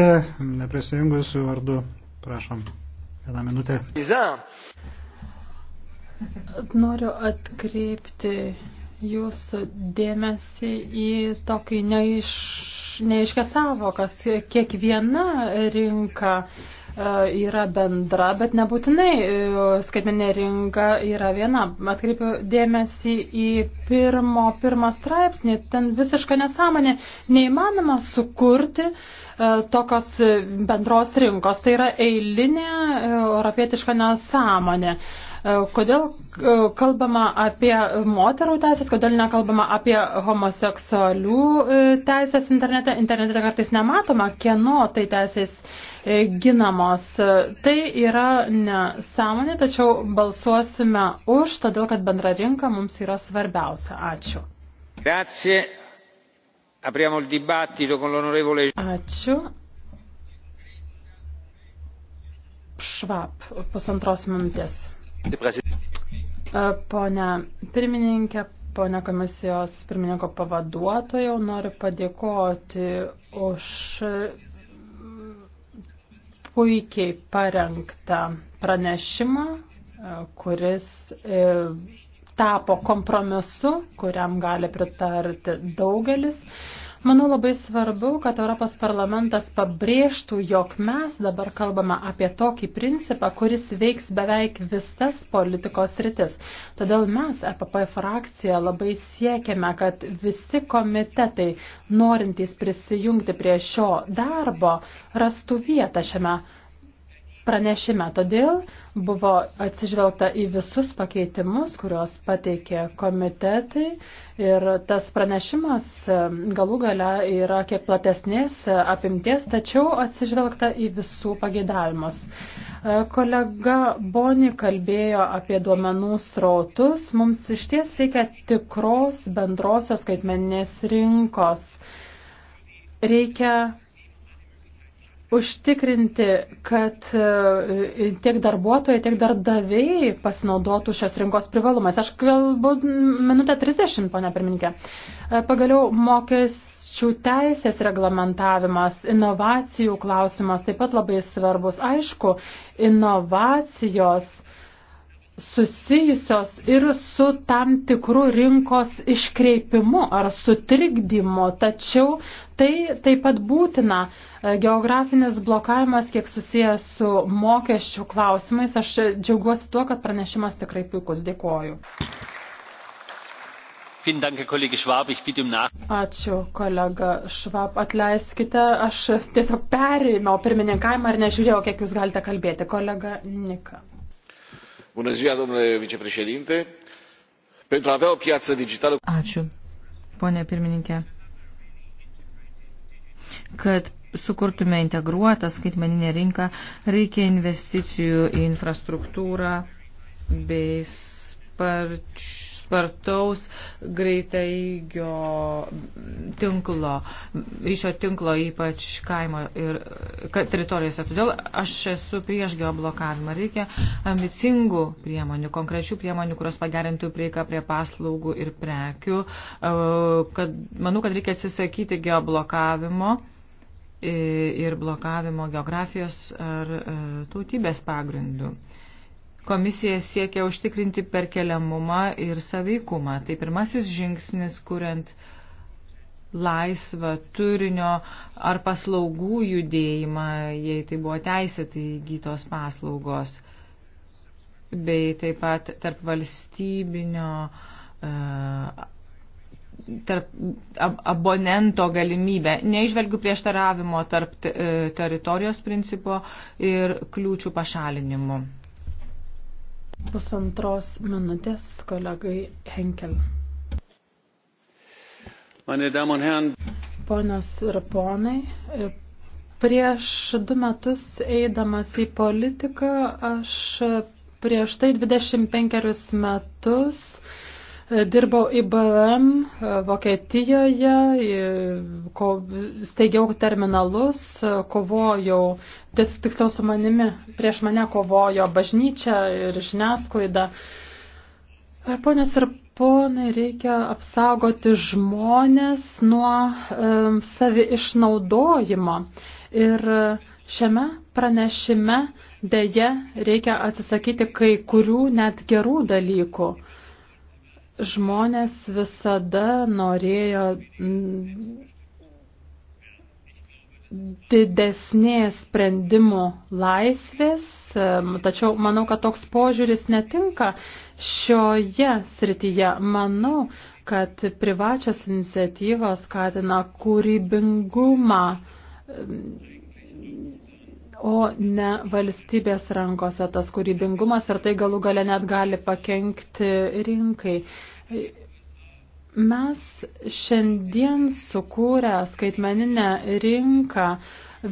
neprisijungusiu vardu, prašom, vieną minutę. Noriu atkreipti jūsų dėmesį į tokį neiš, neiškę savokas. Kiekviena rinka e, yra bendra, bet nebūtinai e, skaitmenė rinka yra viena. Atkreipiu dėmesį į pirmo, pirmą straipsnį. Ten visiška nesąmonė. Neįmanoma sukurti e, tokios bendros rinkos. Tai yra eilinė europietiška nesąmonė. Kodėl e, kalbama apie moterų teisės, kodėl nekalbama apie homoseksualių e, teisės internete? Internete kartais nematoma, kieno tai teisės e, ginamos. Tai yra nesąmonė, tačiau balsuosime už, todėl kad bendra rinka mums yra svarbiausia. Ačiū. Grazie. Apriamo il dibattito con l'onorevole. Ačiū. Švab, pusantros minutės. E, pone pirmininkė, pone komisijos pirmininko pavaduotojau, noriu padėkoti už puikiai parengtą pranešimą, e, kuris e, tapo kompromisu, kuriam gali pritarti daugelis. Manau labai svarbu, kad Europos parlamentas pabrėžtų, jog mes dabar kalbame apie tokį principą, kuris veiks beveik visas politikos rytis. Todėl mes, EPP frakcija, labai siekiame, kad visi komitetai, norintys prisijungti prie šio darbo, rastų vietą šiame pranešime. Todėl buvo atsižvelgta į visus pakeitimus, kuriuos pateikė komitetai ir tas pranešimas galų gale yra kiek platesnės apimties, tačiau atsižvelgta į visų pageidavimus. E, kolega Boni kalbėjo apie duomenų srautus. Mums iš ties reikia tikros bendrosios skaitmeninės rinkos. Reikia užtikrinti, kad e, tiek darbuotojai, tiek darbdaviai pasinaudotų šios rinkos privalumais. Aš galbūt minutę 30, ponia pirmininkė. E, pagaliau mokesčių teisės reglamentavimas, inovacijų klausimas taip pat labai svarbus. Aišku, inovacijos susijusios ir su tam tikru rinkos iškreipimu ar sutrikdymu, tačiau tai taip pat būtina. Geografinis blokavimas, kiek susijęs su mokesčių klausimais, aš džiaugiuosi tuo, kad pranešimas tikrai puikus. Dėkuoju. Um Ačiū, kolega Švab. Atleiskite, aš tiesiog perėmiau pirmininkavimą ir nežiūrėjau, kiek jūs galite kalbėti. Kolega Nika. Bună ziua, domnule vicepreședinte. Pentru a avea o piață digitală. Ačiū, ponė pirmininkė. Kad sukurtume integruotą skaitmeninę rinką, reikia investicijų į infrastruktūrą bei sparč, spartaus greitaigio tinklo, ryšio tinklo, ypač kaimo ir teritorijose. Todėl aš esu prieš geoblokavimą. Reikia ambicingų priemonių, konkrečių priemonių, kurios pagerintų prieiką prie paslaugų ir prekių. E, kad, manau, kad reikia atsisakyti geoblokavimo ir blokavimo geografijos ar e, tautybės pagrindų. Komisija siekia užtikrinti perkeliamumą ir saveikumą. Tai pirmasis žingsnis, kuriant laisvą turinio ar paslaugų judėjimą, jei tai buvo teisėtai įgytos paslaugos, bei taip pat tarp valstybinio, e, tarp abonento galimybę. Neižvelgiu prieštaravimo tarp e, teritorijos principo ir kliūčių pašalinimu. Pusantros minutės kolegai Henkel. Meine Damen und Herren. Ponios ir ponai, prieš du metus eidamas į politiką aš prieš tai 25 metus Dirbau IBM e, Vokietijoje, steigiau terminalus, e, kovojau, tiksliau su manimi, prieš mane kovojo bažnyčia ir žiniasklaida. E, Ponės ir ponai, reikia apsaugoti žmonės nuo um, savi išnaudojimo. Ir šiame pranešime dėje reikia atsisakyti kai kurių net gerų dalykų. Uh, žmonės visada norėjo mm, didesnės sprendimų laisvės, tačiau manau, kad toks požiūris netinka šioje srityje. Manau, kad privačios iniciatyvos skatina kūrybingumą o ne valstybės rankose tas kūrybingumas ir tai galų gale net gali pakenkti rinkai. Mes šiandien sukūrę skaitmeninę rinką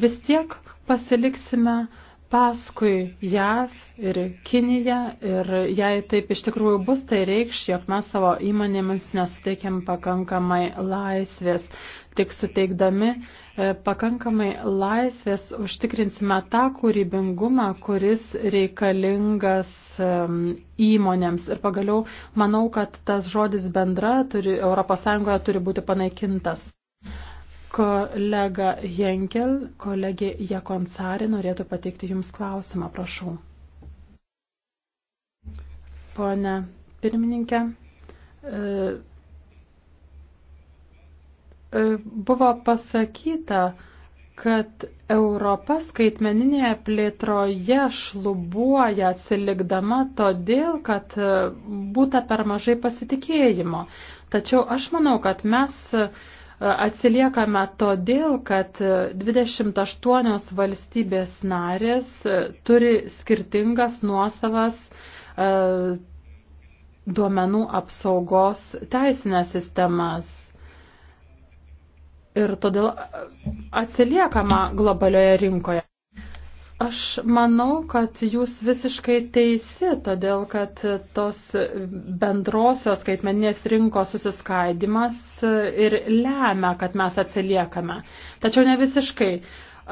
vis tiek pasiliksime uh, paskui JAV ir Kiniją ir jei taip iš tikrųjų bus, tai reikš, jog mes savo įmonėmis nesuteikėm pakankamai laisvės. Tik suteikdami e, pakankamai laisvės užtikrinsime tą kūrybingumą, kuris reikalingas įmonėms. Ir pagaliau manau, kad tas žodis bendra turi, ES turi būti panaikintas. Kolega Jenkel, kolegė Jekonsari norėtų pateikti Jums klausimą, prašau. Pone pirmininkė, e, e, buvo pasakyta, kad Europa skaitmeninėje plėtroje šlubuoja atsilikdama todėl, kad e, būta per mažai pasitikėjimo. Tačiau aš manau, kad mes uh, Atsiliekame todėl, kad 28 valstybės narės turi skirtingas nuosavas e, duomenų apsaugos teisinės sistemas. Ir todėl atsiliekama globalioje rinkoje. Aš manau, kad jūs visiškai teisi, todėl kad tos bendrosios skaitmeninės rinkos susiskaidimas ir lemia, kad mes atsiliekame. Tačiau ne visiškai.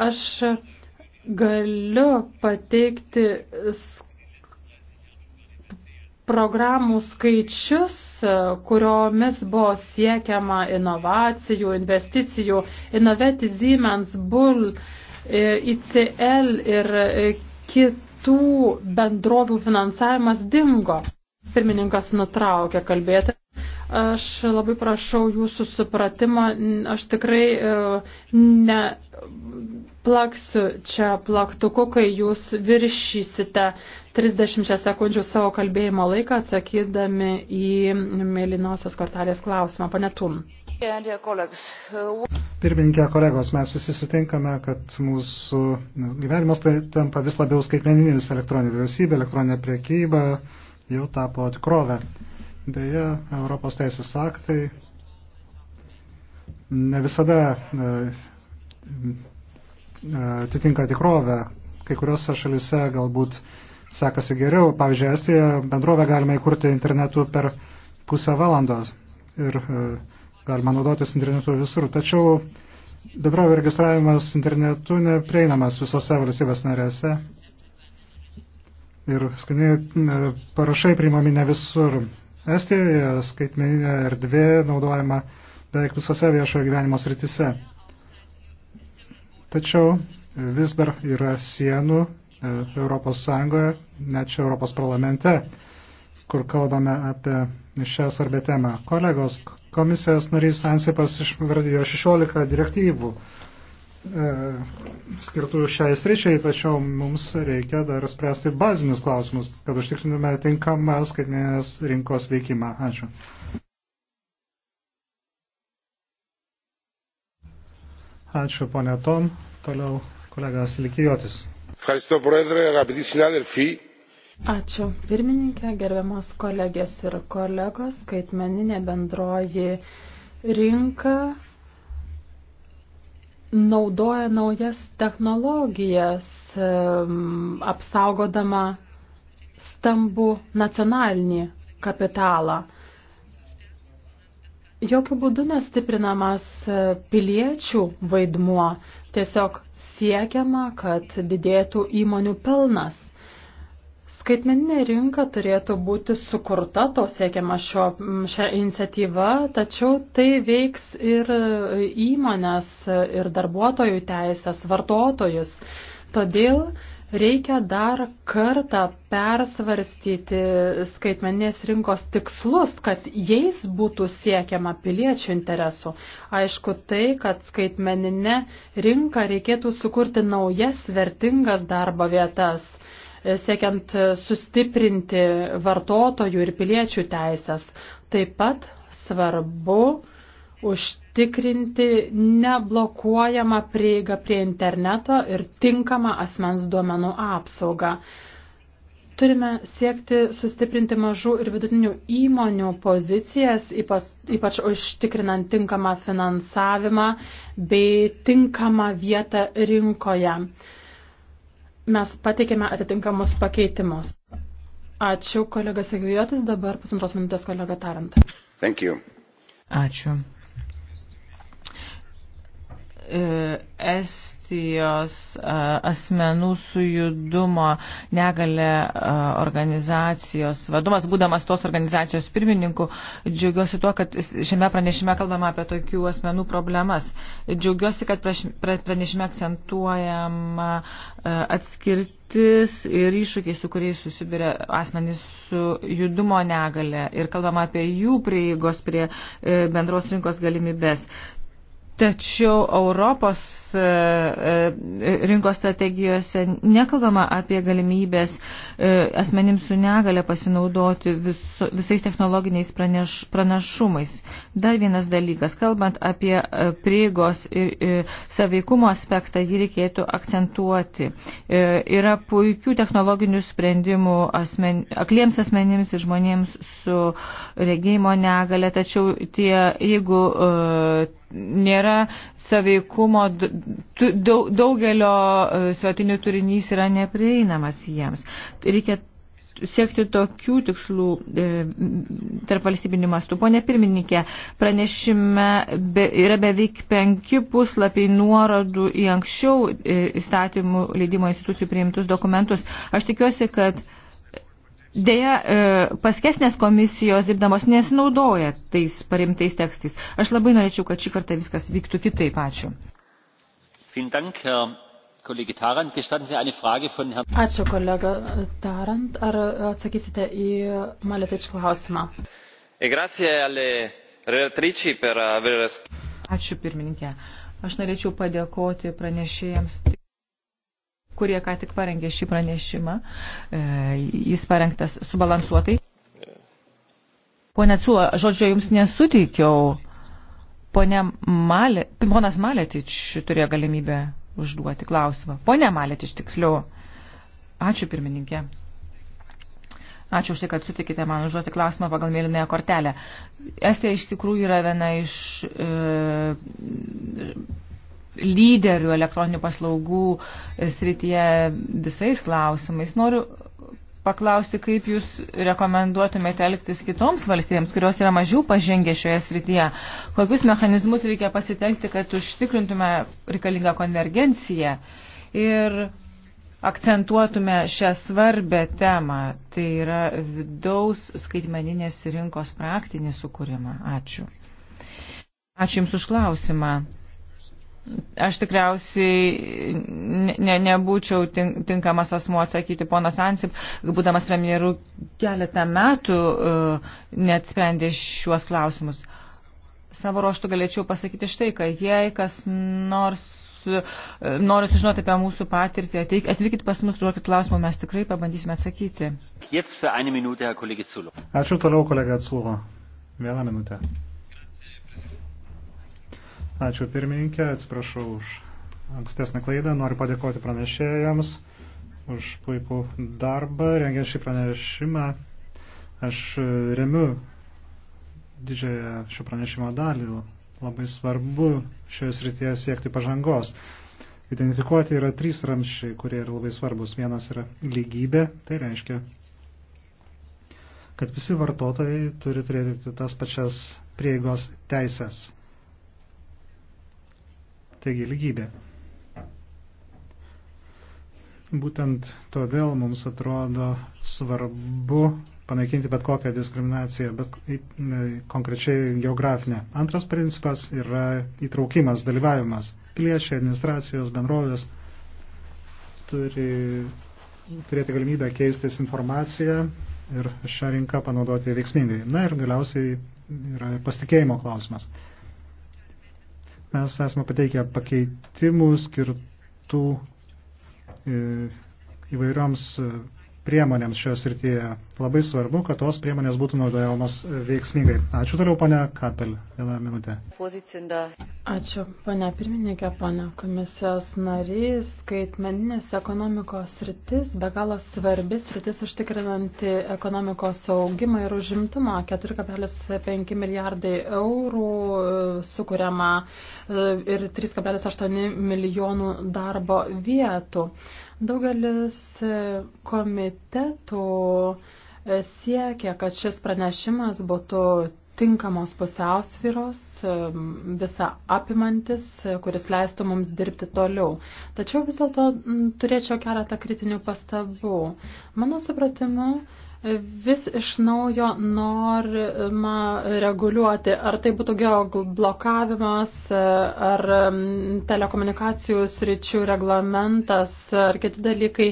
Aš galiu pateikti programų skaičius, kuriomis buvo siekiama inovacijų, investicijų. Innoveti Siemens Bull E, ICL ir e, kitų bendrovių finansavimas dingo. Pirmininkas nutraukė kalbėti. Aš labai prašau jūsų supratimą, aš tikrai e, ne plaksiu čia plaktuku, kai jūs viršysite 30 sekundžių savo kalbėjimo laiką atsakydami į mėlynosios kortelės klausimą. Pane Tum. Pirmininkė, kolegos, mes visi sutinkame, kad mūsų gyvenimas tai tampa vis labiau skaitmeninis elektroninė vyriausybė, elektroninė priekyba jau tapo tikrovę. Deja, Europos teisės aktai ne visada e, e, atitinka tikrovę. Kai kuriuose šalise galbūt sekasi geriau. Pavyzdžiui, Estijoje bendrovę galima įkurti internetu per pusę valandos. Ir uh, galima naudotis internetu visur. Tačiau bendrovė registravimas internetu neprieinamas visose valstybės narėse. Ir skaitiniai e, parašai priimami ne visur. Estijoje skaitmeninė erdvė naudojama beveik visose viešojo gyvenimo sritise. Tačiau vis dar yra sienų e, Europos Sąjungoje, net čia Europos parlamente, kur kalbame apie šią svarbę temą. Kolegos, Komisijos narys Ansipas išvardėjo 16 direktyvų e, skirtų šiai sričiai, tačiau mums reikia dar spręsti bazinius klausimus, kad užtikrintume tinkamą skaitmenės rinkos veikimą. Ačiū. Ačiū, ponė Tom. Toliau kolegas Likijotis. Ευχαριστώ, Πρόεδρε, αγαπητοί συνάδελφοι. Ačiū pirmininkė, gerbiamas kolegės ir kolegos, skaitmeninė bendroji rinka naudoja naujas technologijas, apsaugodama stambų nacionalinį kapitalą. Jokių būdų nestiprinamas piliečių vaidmuo, tiesiog siekiama, kad didėtų įmonių pelnas. Skaitmeninė rinka turėtų būti sukurta, to siekiama šio, šią iniciatyvą, tačiau tai veiks ir įmonės, ir darbuotojų teisės, vartotojus. Todėl reikia dar kartą persvarstyti skaitmeninės rinkos tikslus, kad jais būtų siekiama piliečių interesų. Aišku tai, kad skaitmeninę rinką reikėtų sukurti naujas vertingas darbo vietas siekiant sustiprinti vartotojų ir piliečių teisės. Taip pat svarbu užtikrinti neblokuojamą prieigą prie interneto ir tinkamą asmens duomenų apsaugą. Turime siekti sustiprinti mažų ir vidutinių įmonių pozicijas, ypač, ypač užtikrinant tinkamą finansavimą bei tinkamą vietą rinkoje mes pateikėme atitinkamus pakeitimus. Ačiū, kolega Segvijotis, dabar pusantros minutės kolega Tarant. Thank you. Ačiū. E, est organizacijos e, asmenų su judumo negale e, organizacijos vadomas, būdamas tos organizacijos pirmininku, džiaugiuosi tuo, kad šiame pranešime kalbama apie tokių asmenų problemas. Džiaugiuosi, kad pranešime akcentuojama e, atskirti patirtis ir iššūkiai, su kuriais susiduria asmenys su judumo negale ir kalbama apie jų prieigos prie bendros rinkos galimybės. Tačiau Europos e, e, rinkos strategijose nekalbama apie galimybės e, asmenims su negale pasinaudoti viso, visais technologiniais praneš, pranašumais. Dar vienas dalykas, kalbant apie prieigos ir, ir saveikumo aspektą, jį reikėtų akcentuoti. Yra puikių technologinių sprendimų asmen, akliems asmenims ir žmonėms su regėjimo negale, tačiau tie, jeigu nėra saveikumo, daugelio e, svetinių turinys yra neprieinamas jiems. Reikia siekti tokių tikslų e, tarp valstybinių mastų. Pone pirmininkė, pranešime be, yra beveik penki puslapiai nuorodų į anksčiau e, įstatymų leidimo institucijų priimtus dokumentus. Aš tikiuosi, kad e, Deja, e, paskesnės komisijos dirbdamos nesinaudoja tais paremtais tekstais. Aš labai norėčiau, kad šį kartą viskas vyktų kitaip. Ačiū. Ačiū, kolega Tarant. Ar atsakysite į Maletič klausimą? E, Ačiū, pirmininkė. Aš norėčiau padėkoti pranešėjams kurie ką tik parengė šį pranešimą. E, jis parengtas subalansuotai. Pone Cūla, žodžio jums nesuteikiau. Pone Malė, ponas Malėtič turėjo galimybę užduoti klausimą. Pone Malėtič, tiksliau. Ačiū pirmininkė. Ačiū už tai, kad sutikite man užduoti klausimą pagal mėlynąją kortelę. Estija iš tikrųjų yra viena iš e, lyderių elektroninių paslaugų srityje visais klausimais. Noriu paklausti, kaip jūs rekomenduotumėte elgtis kitoms valstybėms, kurios yra mažiau pažengę šioje srityje. Kokius mechanizmus reikia pasitelkti, kad užtikrintume reikalingą konvergenciją ir akcentuotume šią svarbę temą, tai yra vidaus skaitmeninės rinkos praktinį sukūrimą. Ačiū. Ačiū Jums už klausimą aš tikriausiai ne, nebūčiau tinkamas asmuo atsakyti. Ponas Ansip, būdamas premjeru, keletą metų uh, net sprendė šiuos klausimus. Savo ruoštų galėčiau pasakyti štai, kad jei kas nors uh, norit sužinoti apie mūsų patirtį, ateik, atvykit pas mus, duokit klausimų, mes tikrai pabandysime atsakyti. Ačiū toliau, kolega Atsulo. Vieną minutę. Ačiū pirmininkė, atsiprašau už ankstesnę klaidą. Noriu padėkoti pranešėjams už puikų darbą, rengiant šį pranešimą. Aš remiu didžiąją šio pranešimo dalį. Labai svarbu šioje srityje siekti pažangos. Identifikuoti yra trys ramščiai, kurie yra labai svarbus. Vienas yra lygybė, tai reiškia, kad visi vartotojai turi turėti tas pačias prieigos teisės Taigi lygybė. Būtent todėl mums atrodo svarbu panaikinti bet kokią diskriminaciją, bet konkrečiai geografinę. Antras principas yra įtraukimas, dalyvavimas. Piliečiai, administracijos, bendrovės turi turėti galimybę keistis informaciją ir šią rinką panaudoti veiksmingai. Na ir galiausiai yra pasitikėjimo klausimas. Mes esame pateikę pakeitimų skirtų e, įvairioms priemonėms šioje srityje. Labai svarbu, kad tos priemonės būtų naudojamos veiksmingai. Ačiū toliau, ponia Kapel. Vieną minutę. Ačiū, ponia pirmininkė, ponia komisijos narys. Skaitmeninės ekonomikos sritis be galo svarbi sritis užtikrinanti ekonomikos augimą ir užimtumą. 4,5 milijardai eurų e, sukuriama e, ir 3,8 milijonų darbo vietų. Daugelis komitetų siekia, kad šis pranešimas būtų tinkamos pusiausvyros, visą apimantis, kuris leistų mums dirbti toliau. Tačiau vis dėlto turėčiau keletą kritinių pastabų. Mano supratimu, vis iš naujo norima reguliuoti, ar tai būtų geoblokavimas, ar telekomunikacijų sričių reglamentas, ar kiti dalykai,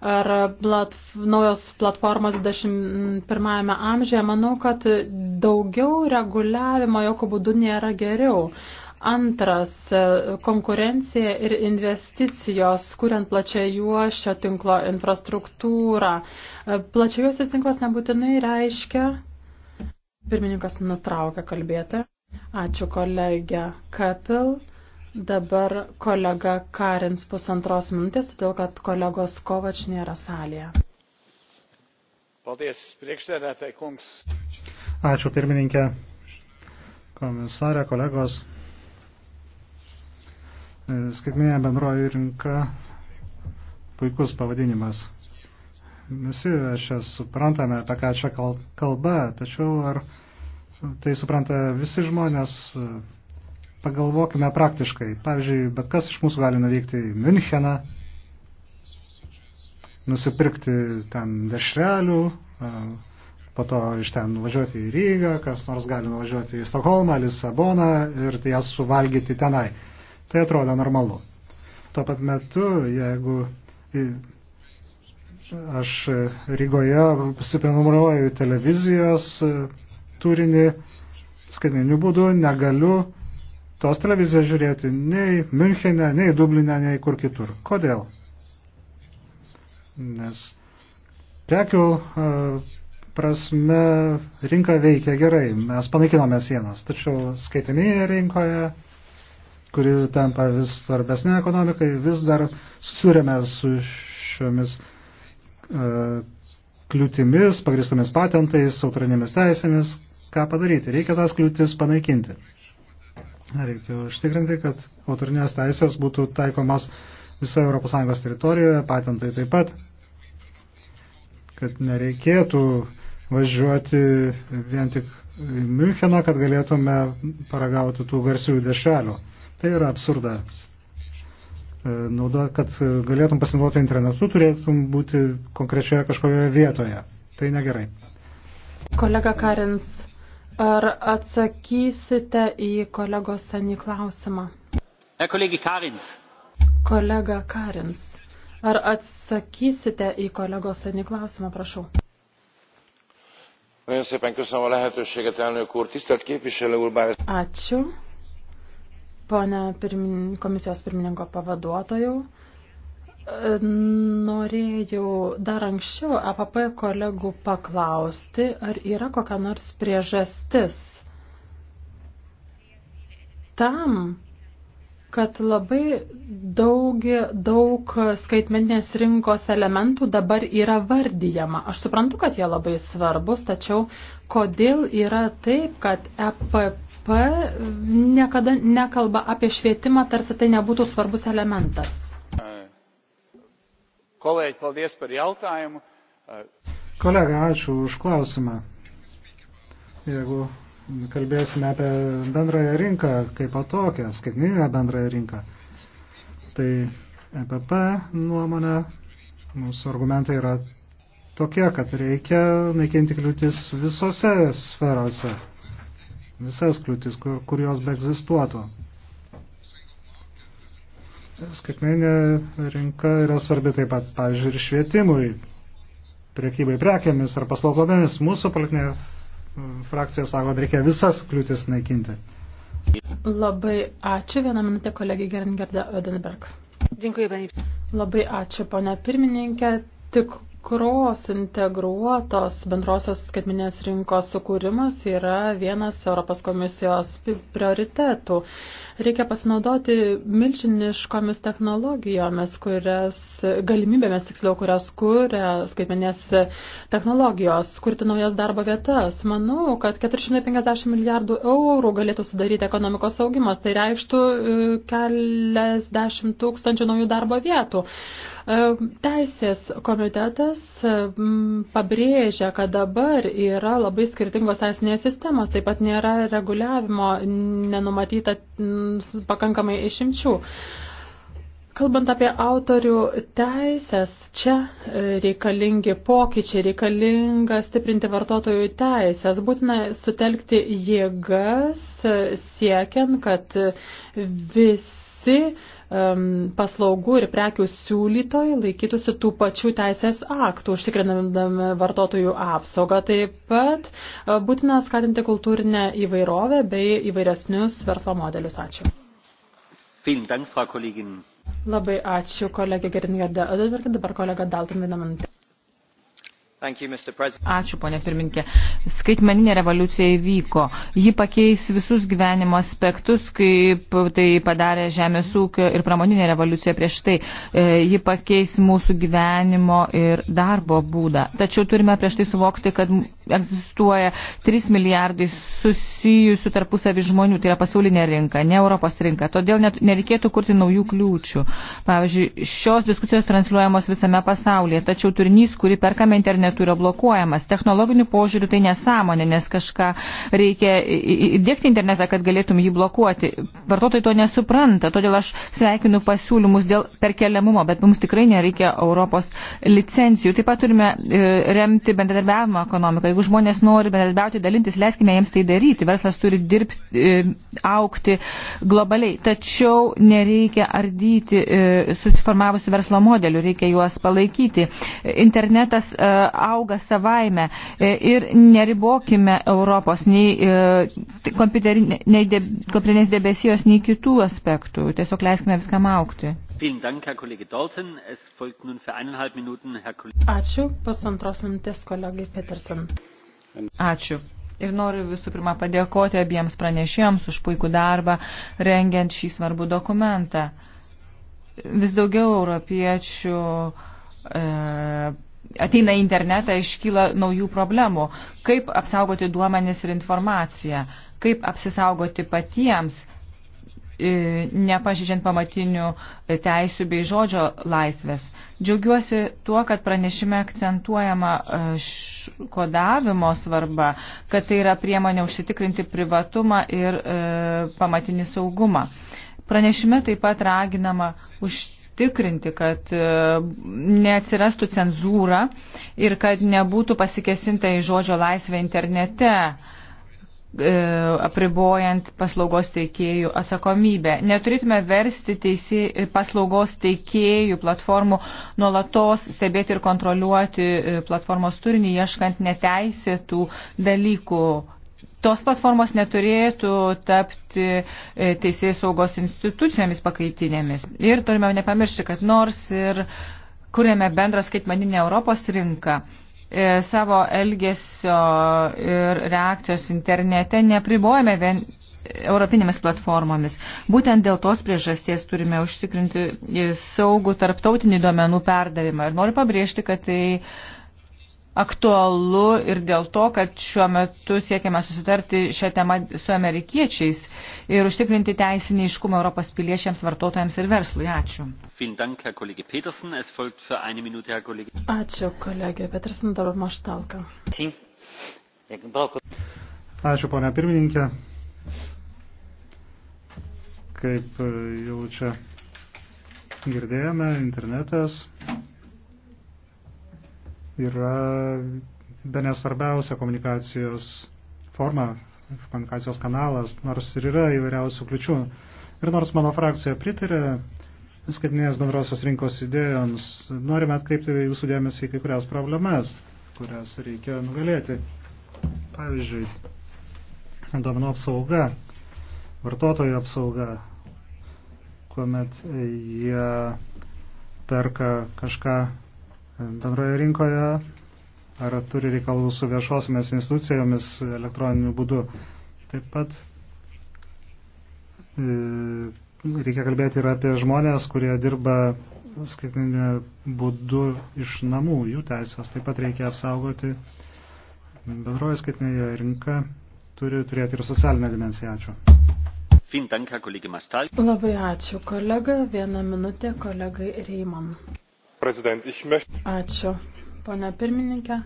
ar platf naujos platformos 21 amžiuje. Manau, kad daugiau reguliavimo jokio būdu nėra geriau. Antras e, - konkurencija ir investicijos, kuriant plačiajuošio tinklo infrastruktūrą. E, Plačiajuosis tinklas nebūtinai reiškia. Pirmininkas nutraukia kalbėti. Ačiū kolegė Kapil. Dabar kolega Karins pusantros minutės, todėl kad kolegos Kovač nėra salėje. Paldies, priekštėlė, tai kungs. Ačiū pirmininkė, komisarė, kolegos. E, Skaitminė bendroji rinka puikus pavadinimas. Visi čia suprantame, apie ką čia kalba, tačiau ar tai supranta visi žmonės, pagalvokime praktiškai. Pavyzdžiui, bet kas iš mūsų gali nuvykti į Müncheną, nusipirkti ten dešrelių, po to iš ten važiuoti į Rygą, kas nors gali nuvažiuoti į Stokholmą, Lisaboną ir jas suvalgyti tenai. Tai atrodo normalu. Tuo pat metu, jeigu aš Rygoje suprenumeruoju televizijos e, turinį skaitmeniniu būdu, negaliu tos televizijos žiūrėti nei Münchene, nei Dubline, nei kur kitur. Kodėl? Nes prekių e, prasme rinka veikia gerai, mes panaikinome sienas, tačiau skaitmeninėje rinkoje kuri tampa vis svarbesnė ekonomikai, vis dar susiūrėme su šiomis uh, kliūtimis, pagristomis patentais, autorinėmis teisėmis. Ką padaryti? Reikia tas kliūtis panaikinti. Reikia užtikrinti, kad autorinės teisės būtų taikomas visoje ES teritorijoje, patentai taip pat, kad nereikėtų važiuoti vien tik į Müncheną, kad galėtume paragauti tų garsių dešelių. Tai yra absurdas. E, nauda, kad galėtum pasinaudoti internetu, turėtum būti konkrečioje kažkoje vietoje. Tai negerai. Kolega Karins, ar atsakysite į kolegos tenį klausimą? E, kolegi Karins. Kolega Karins, ar atsakysite į kolegos tenį klausimą, prašau? Ačiū. Pone pirmin, komisijos pirmininko pavaduotojau, e, norėjau dar anksčiau APP kolegų paklausti, ar yra kokia nors priežastis tam, kad labai daug, daug skaitmeninės rinkos elementų dabar yra vardyjama. Aš suprantu, kad jie labai svarbus, tačiau kodėl yra taip, kad EPP BŽUP niekada nekalba apie švietimą, tarsi tai nebūtų svarbus elementas. Kolēģi, paldies par jautājumu. Kolega, ačiū už klausimą. Jeigu kalbėsime apie bendrąją rinką kaip patokią, skaitmininę bendrąją rinką, tai EPP nuomonė, mūsų argumentai yra tokie, kad reikia naikinti kliūtis visose sferose visas kliūtis, kur, kur jos be egzistuotų. Skaitmeninė rinka yra svarbi taip pat, pavyzdžiui, ir švietimui, priekybai prekiamis ar paslaugomis. Mūsų politinė mm, frakcija sako, kad reikia visas kliūtis naikinti. Labai ačiū. Vieną minutę kolegiai Geringerda Odenberg. Dziękuję, Labai ačiū, ponia pirmininkė. Tik tikros integruotos bendrosios skaitminės rinkos sukūrimas yra vienas Europos komisijos prioritetų. Reikia pasinaudoti milžiniškomis technologijomis, kurias, galimybėmis tiksliau, kurias kūrė skaitminės technologijos, kurti naujas darbo vietas. Manau, kad 450 milijardų eurų galėtų sudaryti ekonomikos augimas. Tai reikštų e, keliasdešimt tūkstančių naujų darbo vietų. Teisės komitetas pabrėžia, kad dabar yra labai skirtingos teisinės sistemos, taip pat nėra reguliavimo, nenumatyta pakankamai išimčių. Kalbant apie autorių teisės, čia e, reikalingi pokyčiai, reikalinga stiprinti vartotojų teisės, būtina sutelkti jėgas e, siekiant, kad visi paslaugų ir prekių siūlytojai laikytųsi tų pačių teisės aktų, užtikrinami vartotojų apsaugą. Taip pat e, būtina skatinti kultūrinę įvairovę bei įvairesnius verslo modelius. Ačiū. Dank, Labai ačiū kolegė Gerinė Dabar kolega Dalton vieną minutę. Ačiū, ponė pirminkė. Skaitmeninė revoliucija įvyko. Ji pakeis visus gyvenimo aspektus, kaip tai padarė žemės ūkio ir pramoninė revoliucija prieš tai. E, ji pakeis mūsų gyvenimo ir darbo būdą. Tačiau turime prieš tai suvokti, kad egzistuoja 3 milijardai susijusių tarpusavį žmonių. Tai yra pasaulinė rinka, ne Europos rinka. Todėl nereikėtų kurti naujų kliūčių. Pavyzdžiui, šios diskusijos transliuojamos visame pasaulyje, tačiau turinys, kurį perkame internetu, internetu yra blokuojamas. Technologiniu požiūriu tai nesąmonė, nes kažką reikia įdėkti internetą, kad galėtum jį blokuoti. Vartotojai to nesupranta, todėl aš sveikinu pasiūlymus dėl perkeliamumo, bet mums tikrai nereikia Europos licencijų. Taip pat turime e, remti bendradarbiavimo ekonomiką. Jeigu žmonės nori bendradarbiauti, dalintis, leiskime jiems tai daryti. Verslas turi dirbti, e, aukti globaliai. Tačiau nereikia ardyti e, susiformavusių verslo modelių, reikia juos palaikyti. Internetas auga savaime e, ir neribokime Europos nei, e, nei de, kompiuterinės debesijos, nei kitų aspektų. Tiesiog leiskime viskam aukti. Ačiū. Pusantros minutės kolegai Peterson. Ačiū. Ir noriu visų pirma padėkoti abiems pranešėjams už puikų darbą, rengiant šį svarbų dokumentą. Vis daugiau europiečių e, ateina į internetą, iškyla naujų problemų. Kaip apsaugoti duomenis ir informaciją? Kaip apsisaugoti patiems, e, nepažydžiant pamatinių e, teisų bei žodžio laisvės. Džiaugiuosi tuo, kad pranešime akcentuojama e, kodavimo svarba, kad tai yra priemonė užsitikrinti privatumą ir e, pamatinį saugumą. Pranešime taip pat raginama už užtikrinti, kad e, neatsirastų cenzūra ir kad nebūtų pasikesinta į žodžio laisvę internete e, apribojant paslaugos teikėjų atsakomybę. Neturėtume versti teisi, paslaugos teikėjų platformų nuolatos stebėti ir kontroliuoti e, platformos turinį, ieškant neteisėtų dalykų tos platformos neturėtų tapti e, teisės saugos institucijomis pakaitinėmis. Ir turime nepamiršti, kad nors ir kuriame bendrą skaitmaninę Europos rinką, e, savo elgesio ir reakcijos internete nepribojame vien europinėmis platformomis. Būtent dėl tos priežasties turime užtikrinti saugų tarptautinį duomenų perdavimą. Ir noriu pabrėžti, kad tai aktualu ir dėl to, kad šiuo metu siekiame susitarti šią temą su amerikiečiais ir užtikrinti teisinį iškumą Europos piliečiams, vartotojams ir verslui. Ačiū. Ačiū, kolegė Petersen, dabar maštalka. Ačiū, ponia pirmininkė. Kaip jau čia girdėjome, internetas yra be nesvarbiausia komunikacijos forma, komunikacijos kanalas, nors ir yra įvairiausių kliučių. Ir nors mano frakcija pritarė skaitinės bendrosios rinkos idėjoms, norime atkreipti jūsų dėmesį į kai kurias problemas, kurias reikia nugalėti. Pavyzdžiui, domenų apsauga, vartotojų apsauga, kuomet jie perka kažką bendroje rinkoje, ar turi reikalų su viešosiamis institucijomis elektroniniu būdu. Taip pat e, reikia kalbėti ir apie žmonės, kurie dirba skaitminė būdu iš namų, jų teisės taip pat reikia apsaugoti. Bendroji skaitinėje rinka turi turėti ir socialinę dimensiją. Ačiū. Labai ačiū, kolega. Vieną minutę kolegai Reiman. Ačiū, ponia pirmininkė.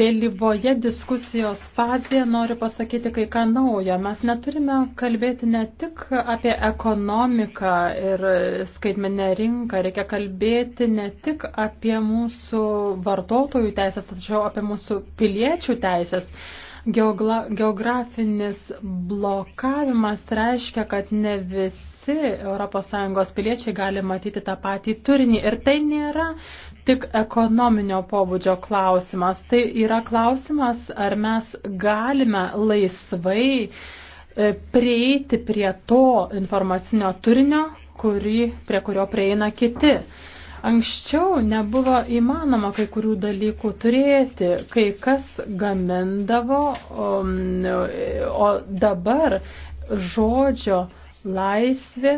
Vėlyvoje diskusijos fazėje noriu pasakyti kai ką naujo. Mes neturime kalbėti ne tik apie ekonomiką ir skaitmenę rinką, reikia kalbėti ne tik apie mūsų vartotojų teisės, tačiau apie mūsų piliečių teisės. Geogra geografinis blokavimas reiškia, kad ne visi visi ES piliečiai gali matyti tą patį turinį. Ir tai nėra tik ekonominio pobūdžio klausimas. Tai yra klausimas, ar mes galime laisvai e, prieiti prie to informacinio turinio, kurį, prie kurio prieina kiti. Anksčiau nebuvo įmanoma kai kurių dalykų turėti, kai kas gamindavo, o, um, o dabar žodžio laisvė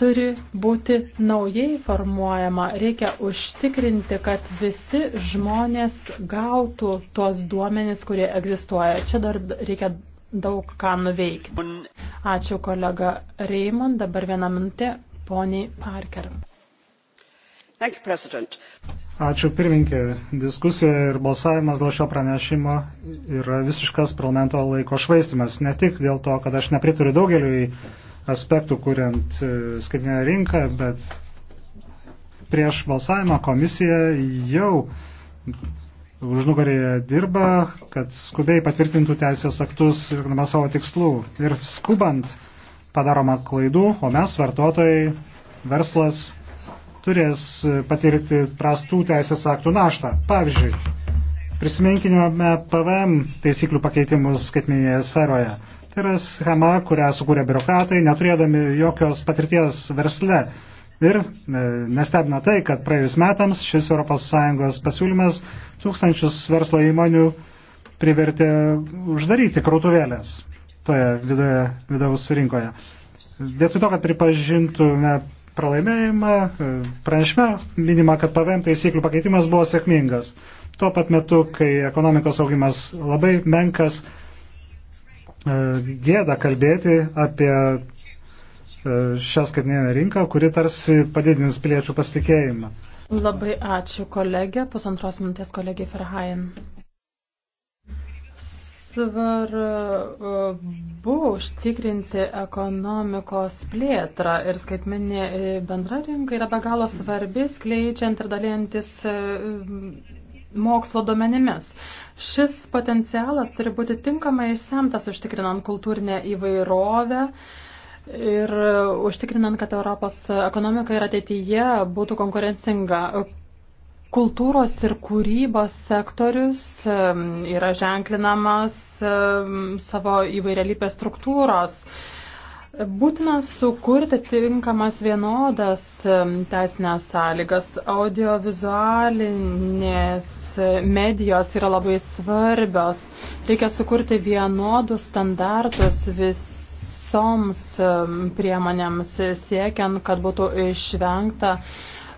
turi būti naujai formuojama. Reikia užtikrinti, kad visi žmonės gautų tuos duomenis, kurie egzistuoja. Čia dar reikia daug ką nuveikti. Ačiū kolega Reimon. Dabar vieną minutę poniai Parker. Ačiū pirminkė. Diskusija ir balsavimas dėl šio pranešimo yra visiškas parlamento laiko švaistimas. Ne tik dėl to, kad aš nepritariu daugeliui aspektų, kuriant e, skaitinę rinką, bet prieš balsavimą komisija jau užnugarėje dirba, kad skubiai patvirtintų teisės aktus siekdama savo tikslų. Ir skubant padaroma klaidų, o mes, vartotojai, verslas, turės patirti prastų teisės aktų naštą. Pavyzdžiui, prisiminkime PVM taisyklių pakeitimus skaitmeninėje sferoje. Tai yra schema, kurią sukūrė biurokratai, neturėdami jokios patirties versle. Ir e, nestebina tai, kad praėjus metams šis ES pasiūlymas tūkstančius verslo įmonių privertė uždaryti krautuvėlės toje viduje, vidaus rinkoje. Vietoj to, kad pripažintume pralaimėjimą, e, pranešime minima, kad PVM taisyklių pakeitimas buvo sėkmingas. Tuo pat metu, kai ekonomikos augimas labai menkas, E, gėda kalbėti apie e, šią skaitinę rinką, kuri tarsi padidins piliečių pasitikėjimą. Labai ačiū kolegė, pusantros minutės kolegė Ferhain. Svarbu e, užtikrinti ekonomikos plėtrą ir skaitmeninė bendra rinka yra be galo svarbi, skleidžiant ir dalintis mokslo domenimis. Šis potencialas turi būti tinkamai išsemtas užtikrinant kultūrinę įvairovę ir e, užtikrinant, kad Europos ekonomika ir ateityje būtų konkurencinga. Kultūros ir kūrybos sektorius e, yra ženklinamas e, savo įvairialypės struktūros Būtina sukurti tinkamas vienodas teisinės sąlygas. Audiovizualinės medijos yra labai svarbios. Reikia sukurti vienodus standartus visoms priemonėms siekiant, kad būtų išvengta uh,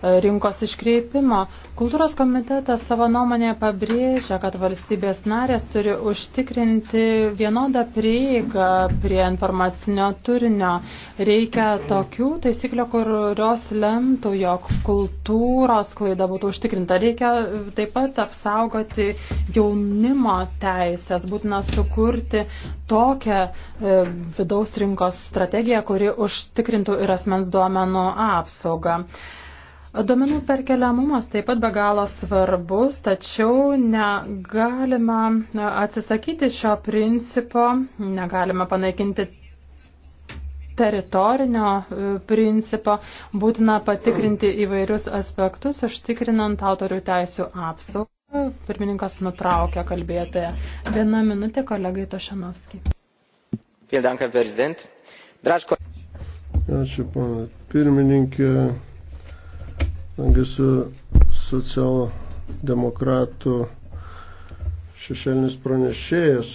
rinkos iškreipimo. Kultūros komitetas savo nuomonėje pabrėžia, kad valstybės narės turi užtikrinti vienodą prieigą prie informacinio turinio. Reikia tokių taisyklių, kurios lemtų, jog kultūros klaida būtų užtikrinta. Reikia taip pat apsaugoti jaunimo teisės, būtina sukurti tokią e, vidaus rinkos strategiją, kuri užtikrintų ir asmens duomenų apsaugą. E, Domenų perkeliamumas taip pat be galo svarbus, tačiau negalima atsisakyti šio principo, negalima panaikinti teritorinio e, principo, būtina patikrinti įvairius aspektus, užtikrinant autorių teisų apsaugą. Pirmininkas nutraukė kalbėtoją. Viena minutė kolegai Tošanovskį. Ačiū, pana pirmininkė. Kadangi su socialdemokratų šešėlinis pranešėjas,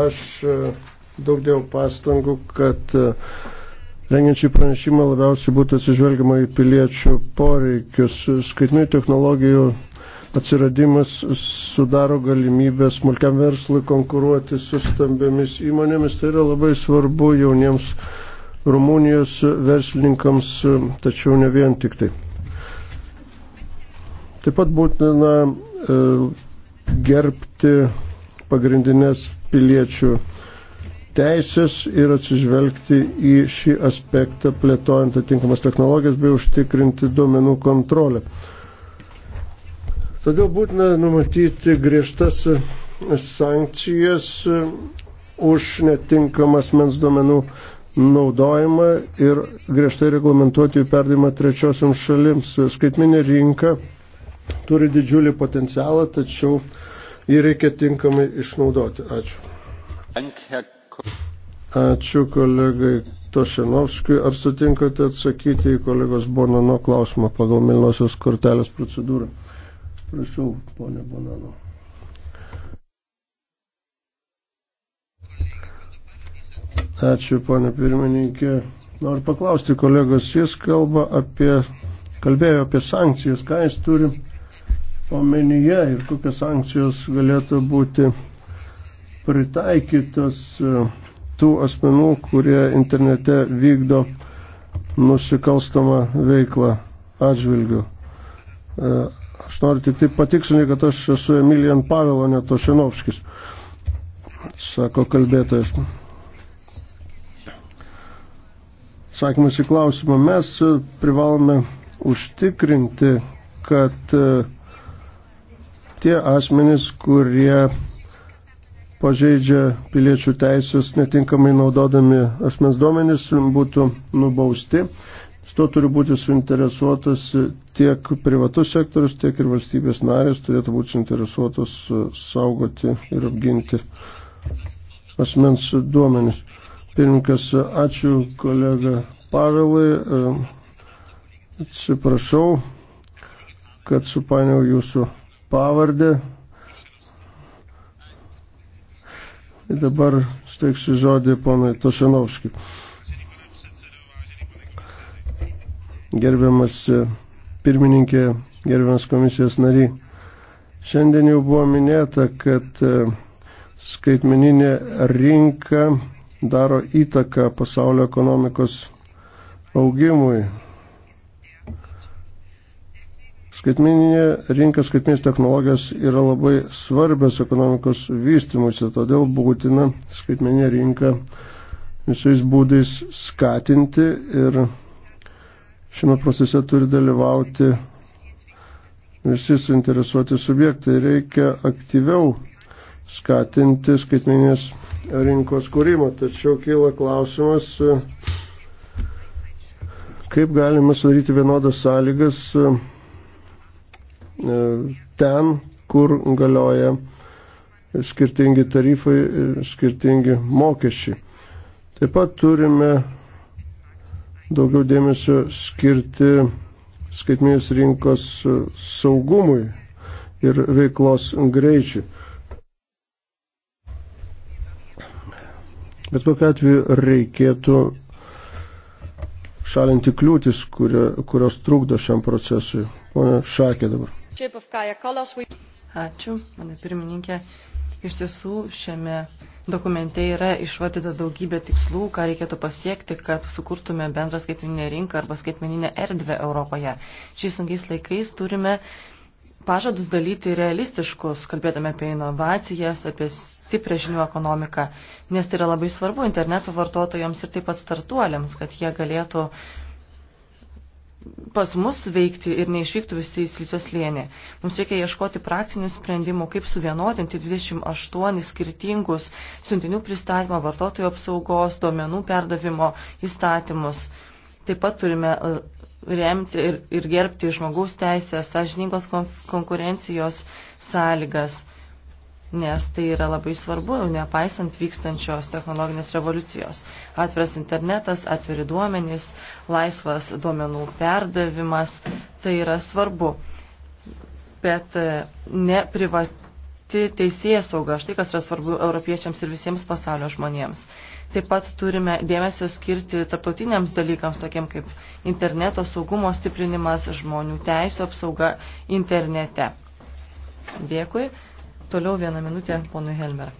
aš e, daug dėjau pastangų, kad e, rengiančiai pranešimą labiausiai būtų atsižvelgiama į piliečių poreikius. Skaitminių technologijų atsiradimas sudaro galimybę smulkiam verslui konkuruoti su stambiamis įmonėmis. Tai yra labai svarbu jauniems Rumunijos verslininkams, tačiau ne vien tik tai. Taip pat būtina e, gerbti pagrindinės piliečių teisės ir atsižvelgti į šį aspektą, plėtojant atitinkamas technologijas bei užtikrinti duomenų kontrolę. Todėl būtina numatyti griežtas sankcijas už netinkamas mens duomenų naudojimą ir griežtai reglamentuoti jų perdimą trečiosiams šalims. Skaitminė rinka turi didžiulį potencialą, tačiau jį reikia tinkamai išnaudoti. Ačiū. Ačiū kolegai Tošinovskui. Ar sutinkate atsakyti į kolegos Bonano klausimą pagal Milnosios kortelės procedūrą? Prašau, ponė Bonano. Ačiū, ponė pirmininkė. Noriu paklausti kolegos, jis kalba apie, kalbėjo apie sankcijas, ką jis turi omenyje ir kokios sankcijos galėtų būti pritaikytos e, tų asmenų, kurie internete vykdo nusikalstamą veiklą atžvilgiu. E, aš noriu tik taip patikslinti, kad aš esu Emilijan Pavelo, ne Tošinovskis, sako kalbėtojas. atsakymus į klausimą. Mes e, privalome užtikrinti, kad e, tie asmenys, kurie pažeidžia piliečių teisės netinkamai naudodami asmens duomenis, būtų nubausti. To turi būti suinteresuotas tiek privatus sektorius, tiek ir valstybės narės turėtų būti suinteresuotos saugoti ir apginti asmens duomenis. Pirmininkas, ačiū kolega Pavelai. E, atsiprašau, kad supainiau jūsų pavardę. Dabar steiksiu žodį ponui Tošinovskiui. Gerbiamas e, pirmininkė, gerbiamas komisijos nary. Šiandien jau buvo minėta, kad e, skaitmeninė rinka daro įtaką pasaulio ekonomikos augimui. Skaitmininė rinka, skaitminės technologijos yra labai svarbios ekonomikos vystimuose, todėl būtina skaitmininė rinka visais būdais skatinti ir šiame procese turi dalyvauti visi suinteresuoti subjektai. Reikia aktyviau skatinti skaitminės rinkos kūrimą. Tačiau kyla klausimas, kaip galima sudaryti vienodas sąlygas e, ten, kur galioja skirtingi tarifai ir skirtingi mokesčiai. Taip pat turime daugiau dėmesio skirti skaitminės rinkos saugumui ir veiklos greičiui. Bet kokiu atveju reikėtų šalinti kliūtis, kurio, kurios trukdo šiam procesui. Pone Šakė dabar. Ačiū, mane pirmininkė. Iš tiesų, šiame dokumente yra išvardyta daugybė tikslų, ką reikėtų pasiekti, kad sukurtume bendrą skaitmeninę rinką arba skaitmeninę erdvę Europoje. Šiais sunkiais laikais turime pažadus dalyti realistiškus, kalbėdami apie inovacijas, apie stiprią žinių ekonomiką, nes tai yra labai svarbu interneto vartotojams ir taip pat startuoliams, kad jie galėtų pas mus veikti ir neišvyktų visi į silicio slėnį. Mums reikia ieškoti praktinių sprendimų, kaip suvienodinti 28 skirtingus siuntinių pristatymą, vartotojų apsaugos, duomenų perdavimo įstatymus. Taip pat turime e, remti ir, ir gerbti žmogaus teisės, sąžiningos konkurencijos sąlygas nes tai yra labai svarbu, nepaisant vykstančios technologinės revoliucijos. Atviras internetas, atviri duomenys, laisvas duomenų perdavimas, tai yra svarbu. Bet e, ne privati teisėja sauga, štai kas yra svarbu europiečiams ir visiems pasaulio žmonėms. Taip pat turime dėmesio skirti tarptautiniams dalykams, tokiem kaip interneto saugumo stiprinimas, žmonių teisų apsauga internete. Dėkui. Toliau vieną minutę ponui Helmer.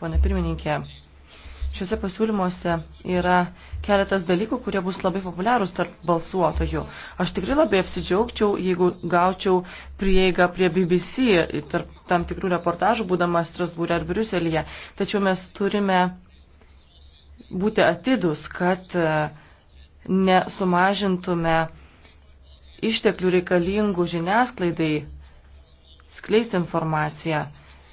Pone pirmininkė, šiuose pasiūlymuose yra keletas dalykų, kurie bus labai populiarūs tarp balsuotojų. Aš tikrai labai apsidžiaugčiau, jeigu gaučiau prieigą prie BBC tarp tam tikrų reportažų, būdama Strasbūrė ar Briuselėje. Tačiau mes turime būti atidus, kad e, nesumažintume išteklių reikalingų žiniasklaidai skleisti informaciją.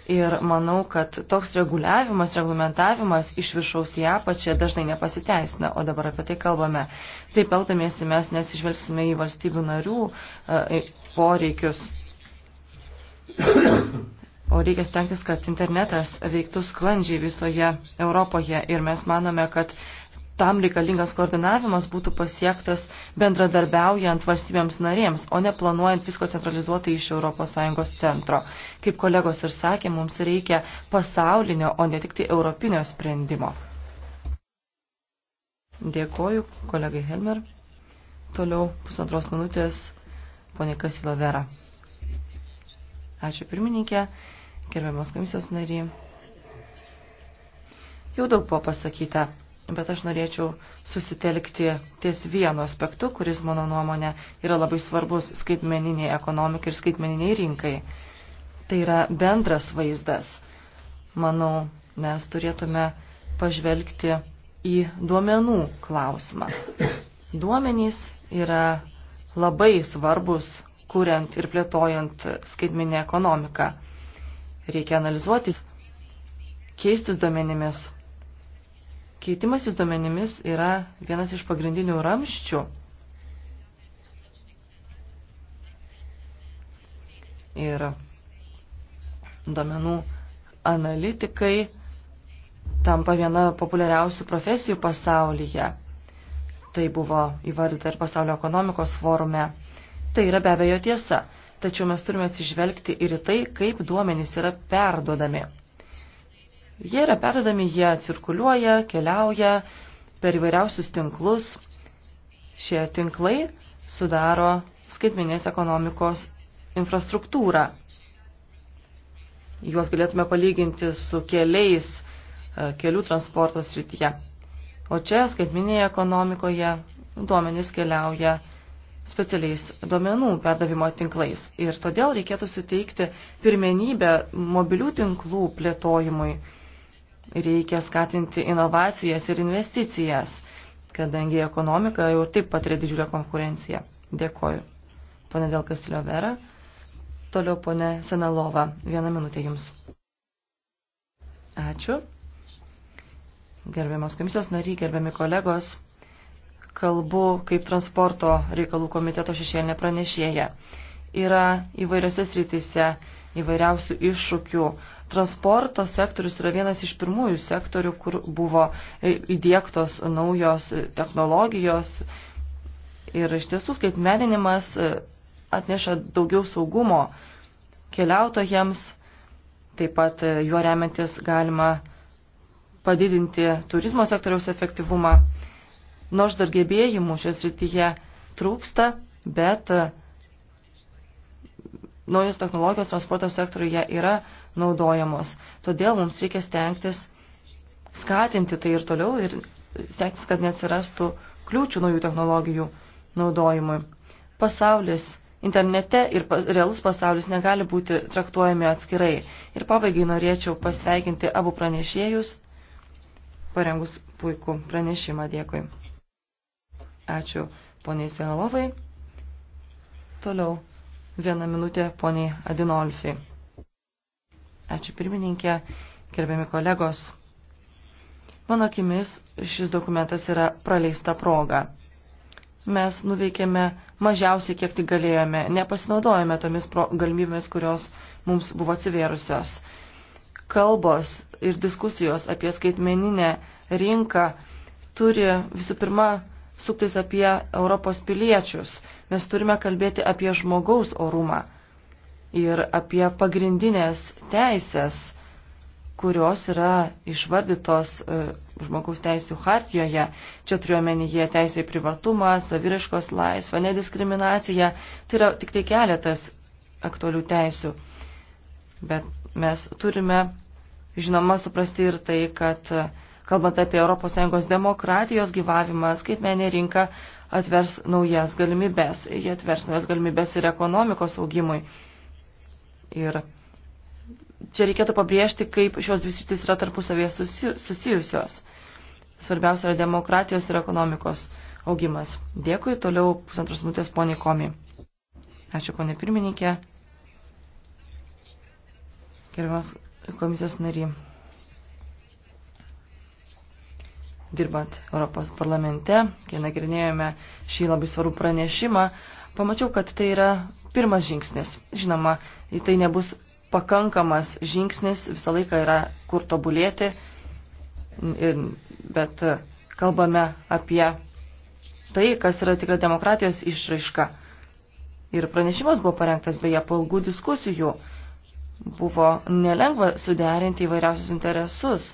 Ir manau, kad toks reguliavimas, reglamentavimas iš viršaus į apačią dažnai nepasiteisina, o dabar apie tai kalbame. Taip elgdamiesi mes nesižvelgsime į valstybių narių e, poreikius. O reikia stengtis, kad internetas veiktų sklandžiai visoje Europoje. Ir mes manome, kad tam reikalingas koordinavimas būtų pasiektas bendradarbiaujant valstybėms narėms, o ne planuojant visko centralizuotai iš ES centro. Kaip kolegos ir sakė, mums reikia pasaulinio, o ne tik tai europinio sprendimo. Dėkoju kolegai Helmer. Toliau pusantros minutės ponė Kasilo Vera. Ačiū pirmininkė, gerbiamas komisijos nariai. Jau daug buvo pasakyta bet aš norėčiau susitelkti ties vienu aspektu, kuris, mano nuomonė, yra labai svarbus skaitmeniniai ekonomikai ir skaitmeniniai rinkai. Tai yra bendras vaizdas. Manau, mes turėtume pažvelgti į duomenų klausimą. Duomenys yra labai svarbus, kuriant ir plėtojant skaitminę ekonomiką. Reikia analizuotis, keistis duomenimis Keitimasis duomenimis yra vienas iš pagrindinių ramščių. Ir duomenų analitikai tampa viena populiariausių profesijų pasaulyje. Tai buvo įvardyta ir pasaulio ekonomikos forume. Tai yra be abejo tiesa, tačiau mes turime atsižvelgti ir į tai, kaip duomenys yra perduodami. Jie yra perdodami, jie cirkuliuoja, keliauja per įvairiausius tinklus. Šie tinklai sudaro skaitminės ekonomikos infrastruktūrą. Juos galėtume palyginti su keliais e, kelių transporto srityje. O čia skaitminėje ekonomikoje duomenys keliauja specialiais duomenų perdavimo tinklais. Ir todėl reikėtų suteikti pirmenybę mobilių tinklų plėtojimui Reikia skatinti inovacijas ir investicijas, kadangi ekonomika jau taip patiria didžiulę konkurenciją. Dėkoju. Pone Delkastilio Vera. Toliau pone Senalova. Vieną minutę jums. Ačiū. Gerbiamas komisijos nariai, gerbiami kolegos kalbu kaip transporto reikalų komiteto šešėlinė pranešėja. Yra įvairiose sritise įvairiausių iššūkių, transporto sektorius yra vienas iš pirmųjų sektorių, kur buvo įdėktos naujos e, technologijos ir iš tiesų skaitmeninimas e, atneša daugiau saugumo keliautojams, taip pat e, juo remiantis galima padidinti turizmo sektoriaus efektyvumą. Nors dar gebėjimų šios rytyje trūksta, bet naujos technologijos transporto sektoriuje yra naudojamos. Todėl mums reikia stengtis skatinti tai ir toliau ir stengtis, kad neatsirastų kliūčių naujų technologijų naudojimui. Pasaulis internete ir realus pasaulis negali būti traktuojami atskirai. Ir pabaigai norėčiau pasveikinti abu pranešėjus, parengus puikų pranešimą. Dėkui. Ačiū poniai Senalovai. Toliau vieną minutę poniai Adinolfi. Ačiū pirmininkė, gerbiami kolegos. Mano akimis šis dokumentas yra praleista proga. Mes nuveikėme mažiausiai, kiek tik galėjome, nepasinaudojame tomis galimybėmis, kurios mums buvo atsiverusios. Kalbos ir diskusijos apie skaitmeninę rinką turi visų pirma suktis apie Europos piliečius. Mes turime kalbėti apie žmogaus orumą ir apie pagrindinės teisės, kurios yra išvardytos e, žmogaus teisų hartijoje. Čia turiuomenyje teisė į privatumą, saviriškos laisvą, nediskriminaciją. Tai yra tik tai keletas aktualių teisių. Bet mes turime, žinoma, suprasti ir tai, kad e, kalbant apie ES demokratijos gyvavimą, skaitmenė rinka atvers naujas galimybės. Jie atvers naujas galimybės ir ekonomikos augimui. Ir čia reikėtų pabrėžti, kaip šios dvi sritis yra tarpusavėje susi susijusios. Svarbiausia yra demokratijos ir ekonomikos augimas. Dėkui, toliau pusantros minutės poniai Komi. Ačiū ponė pirmininkė. Gerbiamas komisijos nary. Dirbant Europos parlamente, kai nagrinėjome šį labai svarbų pranešimą, pamačiau, kad tai yra pirmas žingsnis. Žinoma, tai nebus pakankamas žingsnis, visą laiką yra kur tobulėti, bet kalbame apie tai, kas yra tikra demokratijos išraiška. Ir pranešimas buvo parengtas beje po ilgų diskusijų. Buvo nelengva suderinti įvairiausius interesus.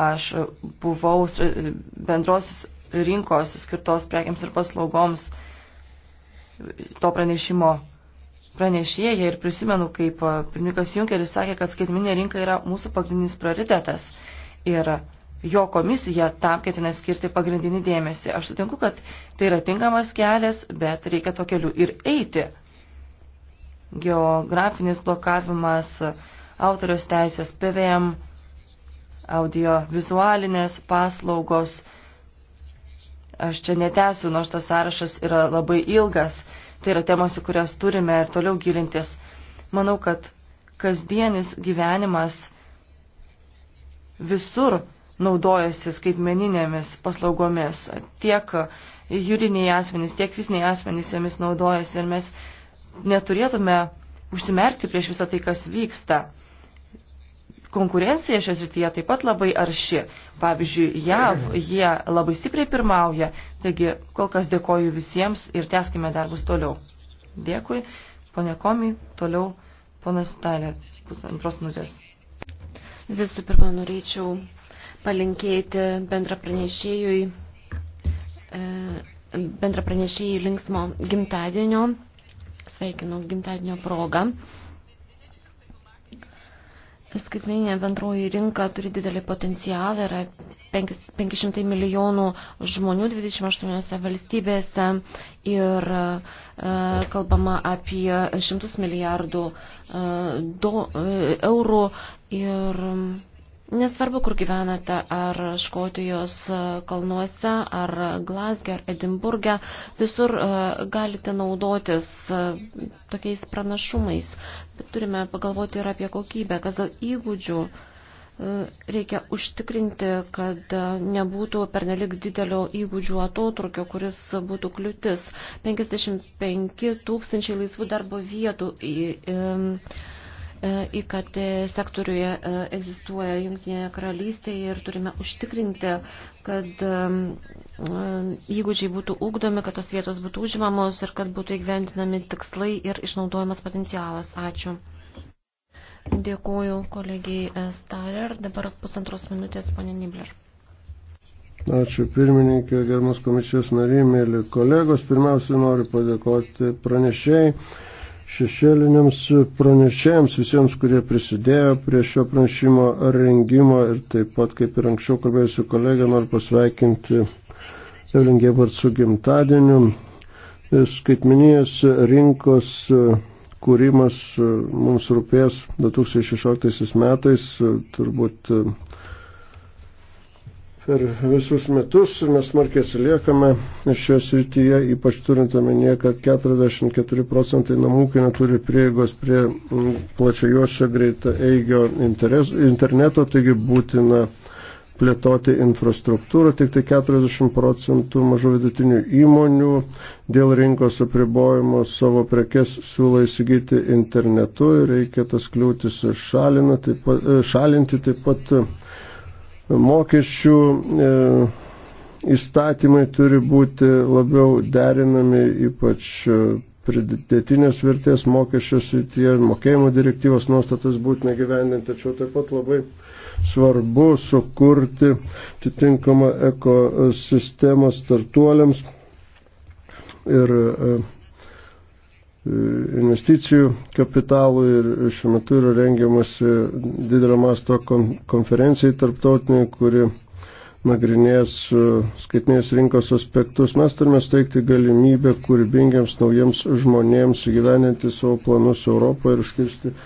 Aš buvau bendros rinkos skirtos prekiams ir paslaugoms to pranešimo pranešėja ir prisimenu, kaip pirmininkas Junkeris sakė, kad skaitminė rinka yra mūsų pagrindinis prioritetas ir jo komisija tam ketina skirti pagrindinį dėmesį. Aš sutinku, kad tai yra tinkamas kelias, bet reikia to keliu ir eiti. Geografinis blokavimas, autorios teisės, PVM, audiovizualinės paslaugos, Aš čia netęsiu, nors tas sąrašas yra labai ilgas. Tai yra temos, į kurias turime ir toliau gilintis. Manau, kad kasdienis gyvenimas visur naudojasi skaitmeninėmis paslaugomis. Tiek jūriniai asmenys, tiek fiziniai asmenys jomis naudojasi ir mes neturėtume užsimerkti prieš visą tai, kas vyksta konkurencija šios rytyje taip pat labai arši. Pavyzdžiui, JAV jie labai stipriai pirmauja. Taigi, kol kas dėkoju visiems ir teskime darbus toliau. Dėkui, ponė Komi, toliau ponas Stalė, pusantros minutės. Visų pirma, norėčiau palinkėti bendra pranešėjui, e, bendra pranešėjai linksmo gimtadienio. Sveikinu gimtadienio progą. Skaitmeninė bendroji rinka turi didelį potencialą, yra 500 milijonų žmonių 28 valstybėse ir e, kalbama apie 100 milijardų e, do, e, eurų ir Nesvarbu, kur gyvenate, ar Škotijos e, kalnuose, ar Glasge, ar Edimburge, visur e, galite naudotis e, tokiais pranašumais. Bet turime pagalvoti ir apie kokybę, kas dėl įgūdžių reikia užtikrinti, kad nebūtų pernelik didelio įgūdžių atotrukio, kuris būtų kliūtis. 55 tūkstančiai laisvų darbo vietų IKT e, sektoriuje e, egzistuoja Junktinėje karalystėje ir turime užtikrinti, kad e, įgūdžiai būtų ugdomi, kad tos vietos būtų užimamos ir kad būtų įgyventinami tikslai ir išnaudojamas potencialas. Ačiū. Dėkuoju kolegijai Starer. Dabar pusantros minutės, ponė Nibler. Ačiū pirmininkė, gerbiamas komisijos nariai, mėly kolegos. Pirmiausia, noriu padėkoti pranešėjai šešėliniams pranešėjams, visiems, kurie prisidėjo prie šio pranešimo rengimo ir taip pat, kaip ir anksčiau kalbėjusiu kolegą, noriu pasveikinti Evelyn Gebart su gimtadieniu. Skaitmeninės rinkos kūrimas mums rūpės 2016 metais, turbūt per visus metus ir mes smarkiai atsiliekame šioje srityje, ypač turint omenyje, kad 44 procentai namų ūkiai neturi prieigos prie plačiajuosio greito eigio interneto, taigi būtina plėtoti infrastruktūrą, tik tai 40 procentų mažų vidutinių įmonių dėl rinkos apribojimo savo prekes siūlo įsigyti internetu ir reikia tas kliūtis šalina, taip pat, e, šalinti taip pat mokesčių e, įstatymai turi būti labiau derinami, ypač e, pridėtinės vertės mokesčios srityje, mokėjimo direktyvos nuostatas būtina gyvendinti, tačiau taip pat labai svarbu sukurti atitinkamą ekosistemą startuoliams ir e, investicijų kapitalų ir šiuo metu yra rengiamas didelio masto konferencijai tarptautiniai, kuri nagrinės e, skaitinės rinkos aspektus. Mes turime steigti galimybę kūrybingiams naujiems žmonėms gyveninti savo planus Europoje ir užkirsti e,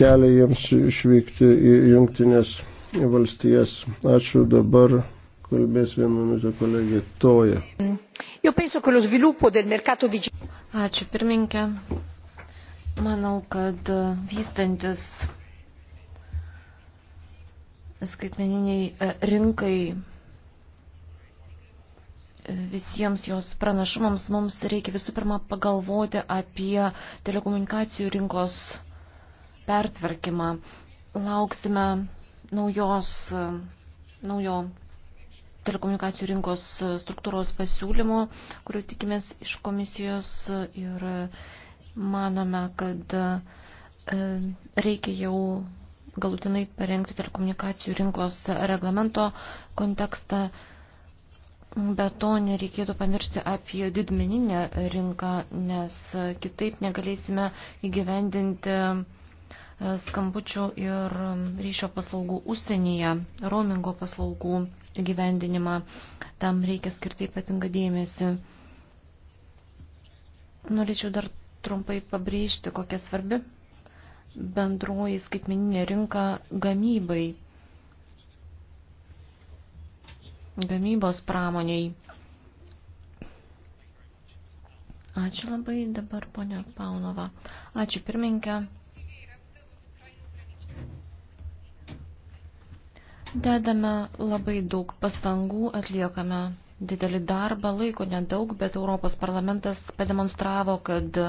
kelią jiems išvykti į jungtinės valstijas. Ačiū dabar Kalbės vieną minutę kolegė Toja. Ačiū pirminkė. Manau, kad e, vystantis skaitmeniniai e, rinkai e, visiems jos pranašumams mums reikia visų pirma pagalvoti apie telekomunikacijų rinkos pertvarkymą. Lauksime naujos, naujo telekomunikacijų rinkos struktūros pasiūlymo, kuriuo tikimės iš komisijos ir manome, kad e, reikia jau galutinai parengti telekomunikacijų rinkos reglamento kontekstą. Be to nereikėtų pamiršti apie didmeninę rinką, nes kitaip negalėsime įgyvendinti skambučių ir ryšio paslaugų užsienyje, roamingo paslaugų gyvendinimą. Tam reikia skirti ypatingą dėmesį. Norėčiau dar trumpai pabrėžti, kokia svarbi bendroji skaitmeninė rinka gamybai, gamybos pramoniai. Ačiū labai dabar, ponia Paunova. Ačiū pirminkė. Dedame labai daug pastangų, atliekame didelį darbą, laiko nedaug, bet Europos parlamentas pademonstravo, kad e,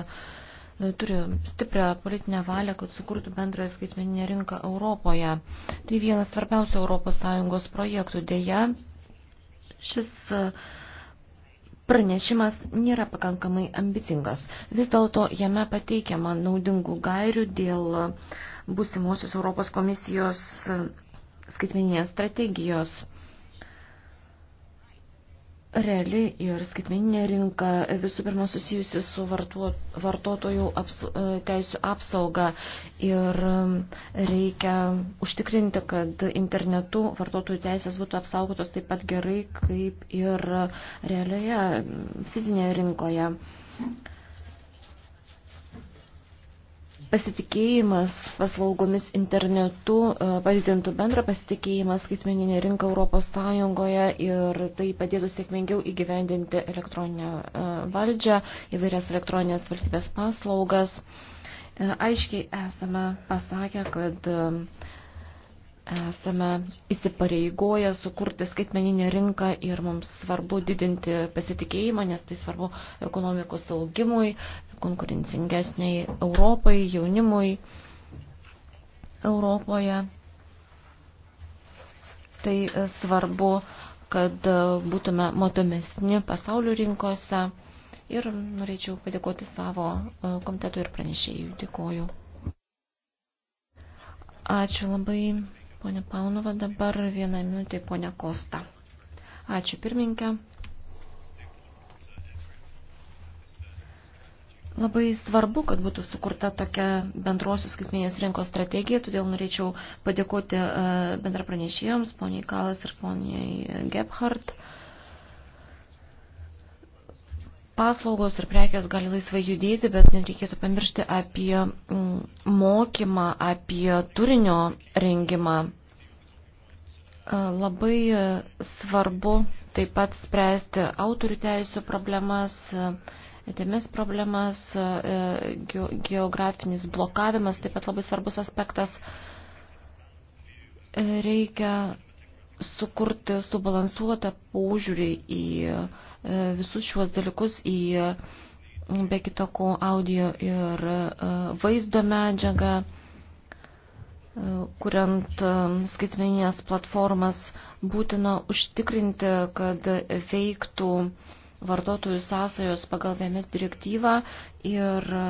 turi stiprią politinę valią, kad sukurtų bendrąją skaitmeninę rinką Europoje. Tai vienas svarbiausių ES projektų. Deja, šis e, pranešimas nėra pakankamai ambicingas. Vis dėlto jame pateikiama naudingų gairių dėl e, būsimosios Europos komisijos skaitmeninės strategijos. Reali ir skaitmeninė rinka visų pirma susijusi su vartotojų aps, e, teisų apsauga ir e, reikia užtikrinti, kad internetu vartotojų teisės būtų apsaugotos taip pat gerai, kaip ir realioje fizinėje rinkoje. Mm pasitikėjimas paslaugomis internetu e, padidintų bendrą pasitikėjimą skaitmeninė rinka Europos Sąjungoje ir tai padėtų sėkmingiau įgyvendinti elektroninę e, valdžią, įvairias elektroninės valstybės paslaugas. E, aiškiai esame pasakę, kad esame įsipareigoję sukurti skaitmeninę rinką ir mums svarbu didinti pasitikėjimą, nes tai svarbu ekonomikos augimui, konkurencingesniai Europai, jaunimui Europoje. Tai svarbu, kad būtume matomesni pasaulio rinkose ir norėčiau padėkoti savo e, komitetų ir pranešėjų. Dėkoju. Ačiū labai. Pone Paunova, dabar vieną minutę, pone Kosta. Ačiū pirminkė. Labai svarbu, kad būtų sukurta tokia bendrosios skaitminės rinkos strategija, todėl norėčiau padėkoti e, bendrapranešėjams, poniai Kalas ir poniai Gebhardt. paslaugos ir prekės gali laisvai judėti, bet nereikėtų pamiršti apie mm, mokymą, apie turinio rengimą. Labai svarbu taip pat spręsti autorių teisų problemas, etėmis problemas, e, geografinis blokavimas, taip pat labai svarbus aspektas. Reikia sukurti subalansuotą požiūrį į e, visus šiuos dalykus, į be kitoko audio ir e, vaizdo medžiagą, e, kuriant skaitmeninės platformas, būtina užtikrinti, kad veiktų uh, vartotojų sąsajos pagal VMS direktyvą ir e,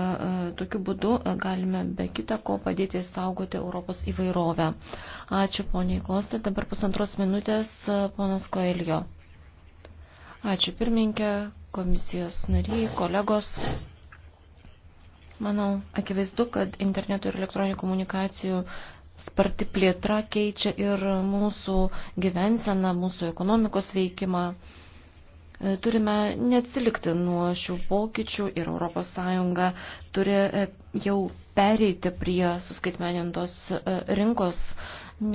tokiu būdu e, galime be kita ko padėti saugoti Europos įvairovę. Ačiū poniai Kostė. Dabar pusantros minutės e, ponas Koelio. Ačiū pirmininkė, komisijos nariai, kolegos. Manau, akivaizdu, kad interneto ir elektroninių komunikacijų sparti plėtra keičia ir mūsų gyvenseną, mūsų ekonomikos veikimą. Turime neatsilikti nuo šių pokyčių ir ES turi e, jau pereiti prie suskaitmenintos e, rinkos.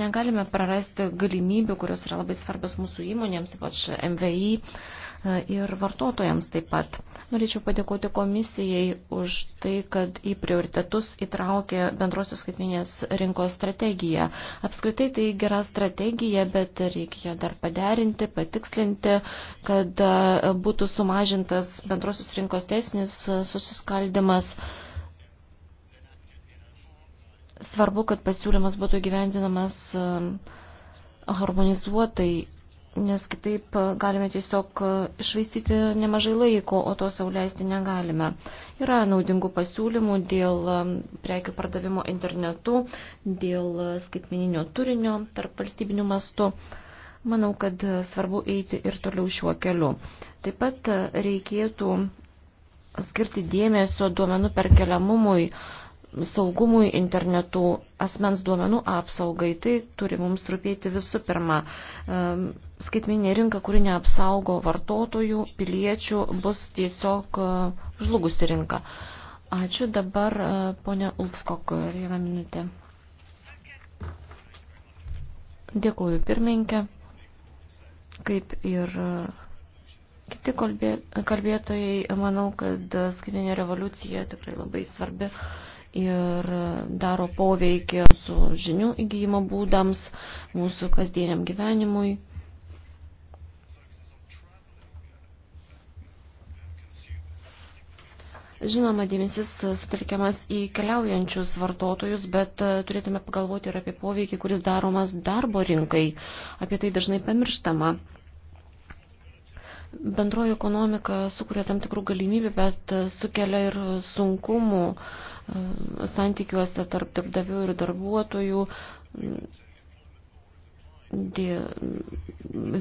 Negalime prarasti galimybių, kurios yra labai svarbios mūsų įmonėms, ypač MVI. E, ir vartotojams taip pat. Norėčiau padėkoti komisijai už tai, kad į prioritetus įtraukė bendrosios skaitminės rinkos strategiją. Apskritai tai gera strategija, bet reikia dar paderinti, patikslinti, kad e, būtų sumažintas bendrosios rinkos teisinis e, susiskaldimas. Svarbu, kad pasiūlymas būtų gyvendinamas harmonizuotai nes kitaip e, galime tiesiog e, išvaistyti nemažai laiko, o to sauliaisti negalime. Yra naudingų pasiūlymų dėl e, prekių pardavimo internetu, dėl skaitmeninio turinio tarp valstybinių mastų. Manau, kad svarbu eiti ir toliau šiuo keliu. Taip pat reikėtų skirti dėmesio duomenų perkeliamumui saugumui internetu, asmens duomenų apsaugai, tai turi mums rūpėti visų pirma skaitminė rinka, kuri neapsaugo vartotojų, piliečių, bus tiesiog e, žlugusi rinka. Ačiū dabar, e, ponia Ulfskok, vieną minutę. Dėkuoju pirmininkė, kaip ir e, kiti kalbėtojai, manau, kad skaitminė revoliucija tikrai labai svarbi ir daro poveikį su žinių įgyjimo būdams, mūsų kasdieniam gyvenimui Žinoma, dėmesys e, sutelkiamas į keliaujančius vartotojus, bet e, turėtume pagalvoti ir apie poveikį, kuris daromas darbo rinkai. Apie tai dažnai pamirštama. Bendroji ekonomika sukuria tam tikrų galimybių, bet e, sukelia ir sunkumų santykiuose tarp darbdavių ir darbuotojų. Dė,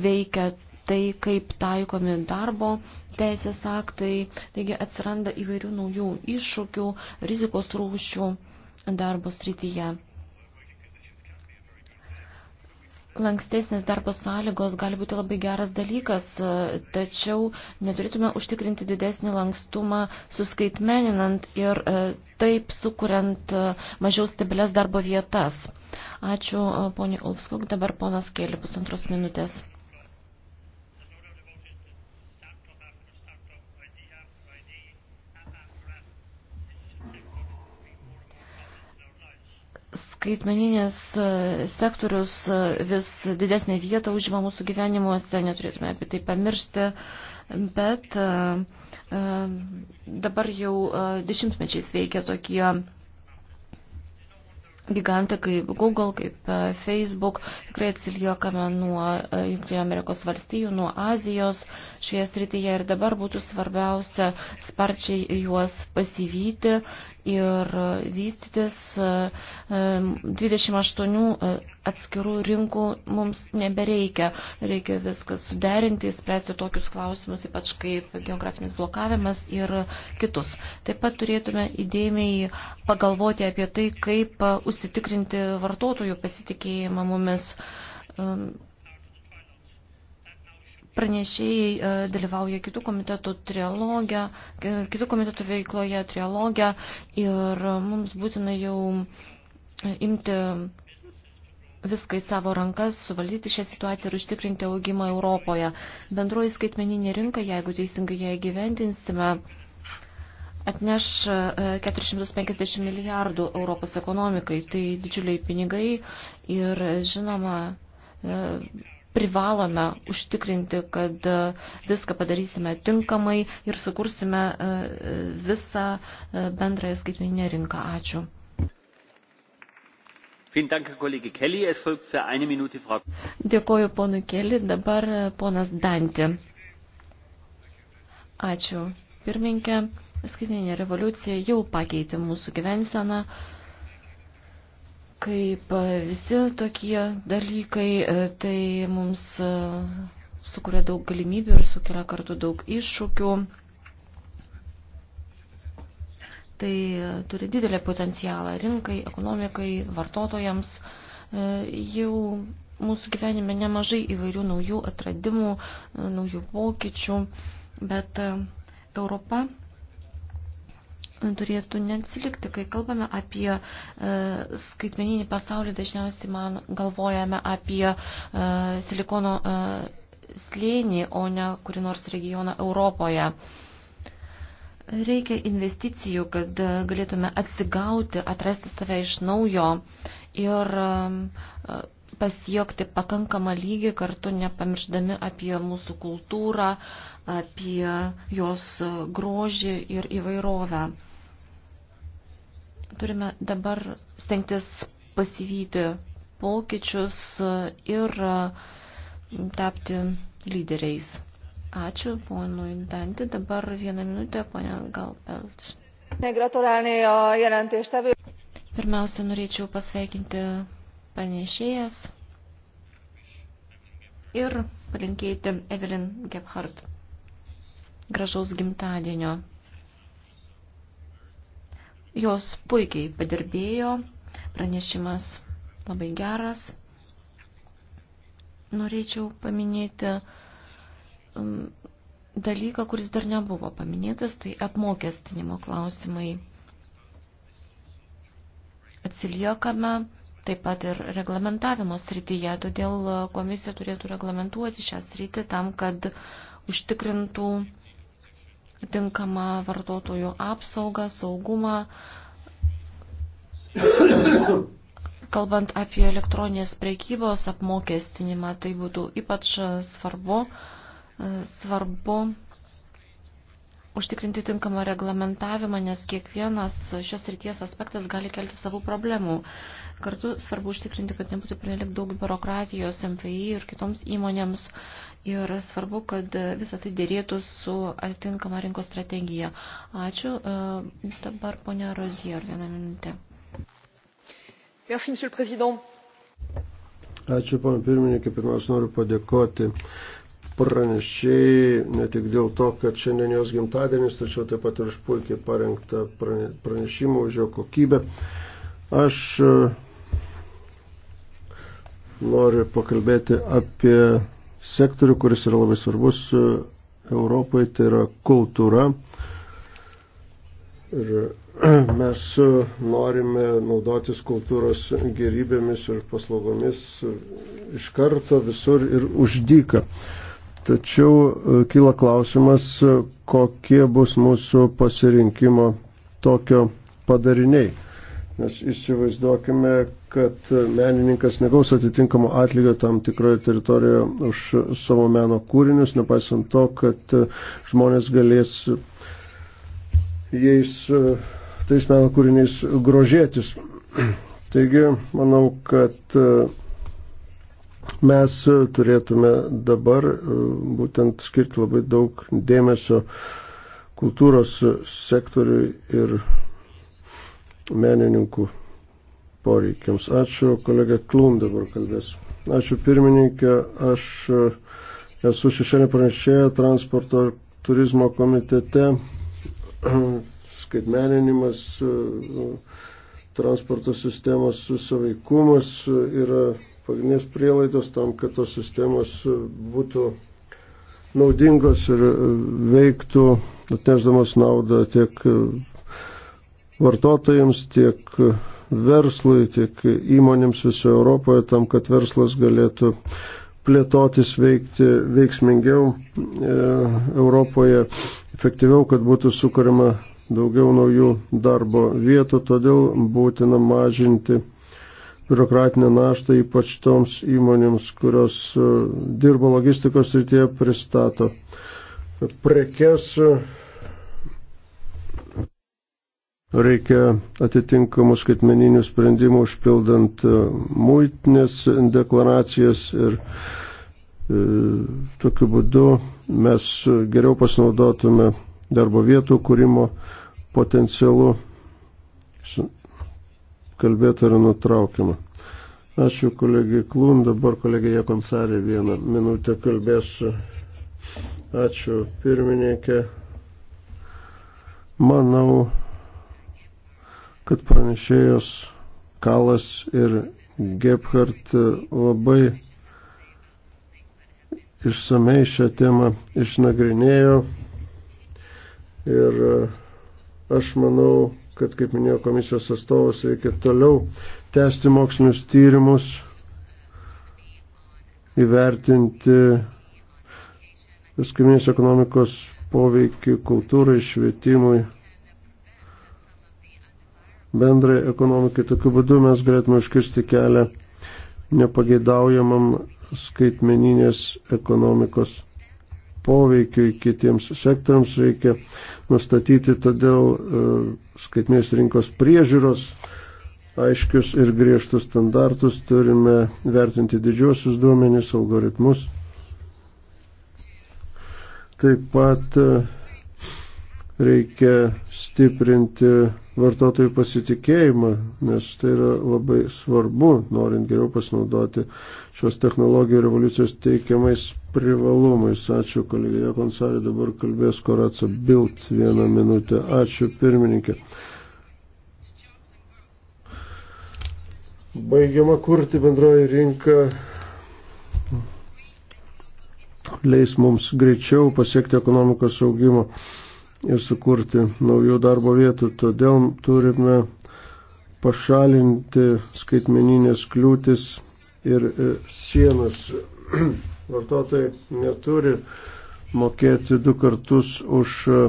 veikia tai, kaip taikomi darbo teisės aktai, taigi atsiranda įvairių naujų iššūkių, rizikos rūšių darbo srityje. Lankstesnės darbo sąlygos gali būti labai geras dalykas, tačiau neturėtume užtikrinti didesnį lankstumą suskaitmeninant ir e, taip sukuriant e, mažiau stabilias darbo vietas. Ačiū e, poniai Ulfskog, dabar ponas Kėlė pusantros minutės. skaitmeninės e, sektorius e, vis didesnė vieta užima mūsų gyvenimuose, neturėtume apie tai pamiršti, bet e, dabar jau dešimtmečiais veikia tokie gigantai kaip Google, kaip Facebook, tikrai atsiliekame nuo Junktinių Amerikos valstijų, nuo Azijos šioje srityje ir dabar būtų svarbiausia sparčiai juos pasivyti ir vystytis 28 e, e, atskirų rinkų mums nebereikia. Reikia viskas suderinti, spręsti tokius klausimus, ypač kaip geografinis blokavimas ir kitus. Taip pat turėtume įdėmiai pagalvoti apie tai, kaip e, užsitikrinti vartotojų pasitikėjimą mumis pranešėjai e, dalyvauja kitų komitetų trialogę, e, kitų komitetų veikloje trialogę ir mums būtina jau imti viską į savo rankas, suvaldyti šią situaciją ir užtikrinti augimą Europoje. Bendroji skaitmeninė rinka, jeigu teisingai ją gyventinsime, atneš 450 e, milijardų Europos ekonomikai. Tai didžiuliai pinigai ir žinoma privalome užtikrinti, kad e, viską padarysime tinkamai ir sukursime e, visą e, bendrąją skaitmeninę rinką. Ačiū. Dėkoju ponui Keli, dabar ponas Danti. Ačiū. Pirminkė, skaitinė revoliucija jau pakeitė mūsų gyvenseną. Kaip e, visi tokie dalykai, e, tai mums e, sukuria daug galimybių ir sukelia kartu daug iššūkių. Tai turi didelį potencialą rinkai, ekonomikai, vartotojams. Jau mūsų gyvenime nemažai įvairių naujų atradimų, naujų pokyčių, bet Europa turėtų neatsilikti. Kai kalbame apie e, skaitmeninį pasaulį, dažniausiai man galvojame apie e, silikono e, slėnį, o ne kuri nors regioną Europoje. Reikia investicijų, kad e, galėtume atsigauti, atrasti save iš naujo ir e, pasiekti pakankamą lygį, kartu nepamiršdami apie mūsų kultūrą, apie jos e, grožį ir įvairovę. Turime dabar stengtis pasivyti pokyčius ir e, tapti lyderiais. Ačiū, ponui Danti. Dabar vieną minutę, ponia Galpelč. Pirmiausia, norėčiau pasveikinti panešėjas ir palinkėti Evelyn Gebhardt gražaus gimtadienio. Jos puikiai padirbėjo, pranešimas labai geras. Norėčiau paminėti um, dalyką, kuris dar nebuvo paminėtas, tai apmokestinimo klausimai. Atsiliekame taip pat ir reglamentavimo srityje, todėl uh, komisija turėtų reglamentuoti šią sritį tam, kad užtikrintų uh, tinkamą vartotojų apsaugą, saugumą. Kalbant apie elektroninės prekybos apmokestinimą, tai būtų ypač svarbu, svarbu užtikrinti tinkamą reglamentavimą, nes kiekvienas šios ryties aspektas gali kelti savų problemų. Kartu svarbu užtikrinti, kad nebūtų prilik daug biurokratijos MVI ir kitoms įmonėms. Ir svarbu, kad visą tai dėrėtų su atitinkama rinkos strategija. Ačiū. E, dabar ponia Rozier, vieną minutę. Merci, monsieur le président. Ačiū, pana pirmininkė. Pirmiausia, noriu padėkoti pranešėjai, ne tik dėl to, kad šiandien jos gimtadienis, tačiau taip pat ir už puikiai parengtą pranešimą, už jo kokybę. Aš e, noriu pakalbėti apie sektorių, kuris yra labai svarbus e, Europai, tai yra kultūra. Ir e, mes norime naudotis kultūros gerybėmis ir paslaugomis iš karto visur ir uždyką. Tačiau e, kyla klausimas, e, kokie bus mūsų pasirinkimo tokio padariniai. Nes įsivaizduokime, kad menininkas negaus atitinkamo atlygio tam tikroje teritorijoje už savo meno kūrinius, nepaisant to, kad e, žmonės galės jais, tais meno kūriniais grožėtis. Taigi, manau, kad Mes e, turėtume dabar e, būtent skirti labai daug dėmesio kultūros sektoriui ir menininkų poreikiams. Ačiū, kolega Klum dabar kalbės. Ačiū pirmininkė, aš e, esu šešėlė pranešėja transporto turizmo komitete, skaitmeninimas, transporto sistemos susaveikumas yra pagrindinės prielaidos tam, kad tos sistemos būtų naudingos ir e, veiktų, atnešdamas naudą tiek e, vartotojams, tiek e, verslui, tiek įmonėms visoje Europoje, tam, kad verslas galėtų plėtotis, veikti veiksmingiau e, Europoje, efektyviau, kad būtų sukūrima daugiau naujų darbo vietų, todėl būtina mažinti biurokratinę naštą, ypač toms įmonėms, kurios e, dirba logistikos srityje, pristato prekes. Reikia atitinkamų skaitmeninių sprendimų užpildant e, muitinės deklaracijas ir e, tokiu būdu mes geriau pasinaudotume darbo vietų kūrimo potencialu kalbėta yra nutraukiama. Ačiū kolegai Klum, dabar kolegai Jekonsarė vieną minutę kalbėsiu. Ačiū pirmininkė. Manau, kad pranešėjos Kalas ir Gebhardt labai išsamei šią temą išnagrinėjo ir aš manau, kad, kaip minėjo komisijos atstovas, reikia toliau tęsti mokslinius tyrimus, įvertinti viskaminės ekonomikos poveikį kultūrai, švietimui, bendrai ekonomikai. Tokiu būdu mes galėtume užkirsti kelią nepageidaujamam skaitmeninės ekonomikos poveikiui kitiems sektoriams reikia nustatyti todėl e, skaitmės rinkos priežiūros aiškius ir griežtus standartus, turime vertinti didžiosius duomenys, algoritmus. Taip pat e, reikia stiprinti vartotojų pasitikėjimą, nes tai yra labai svarbu, norint geriau pasinaudoti šios technologijų revoliucijos teikiamais privalumais. Ačiū kolegija Konsarė, dabar kalbės Koraca Bilt vieną minutę. Ačiū pirmininkė. Baigiama kurti bendroji rinka leis mums greičiau pasiekti ekonomikos augimo ir sukurti naujų darbo vietų. Todėl turime pašalinti skaitmeninės kliūtis ir e, sienas. Vartotojai neturi mokėti du kartus už e,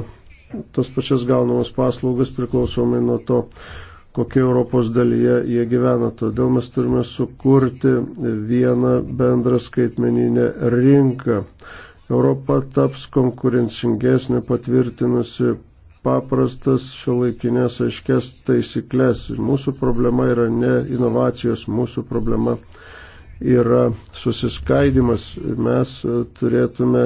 tas pačias gaunamas paslaugas priklausomai nuo to, kokia Europos dalyje jie gyvena. Todėl mes turime sukurti vieną bendrą skaitmeninę rinką. Europa taps konkurencingesnė patvirtinusi paprastas šiuolaikinės aiškės taisyklės. Mūsų problema yra ne inovacijos, mūsų problema yra susiskaidimas. Mes turėtume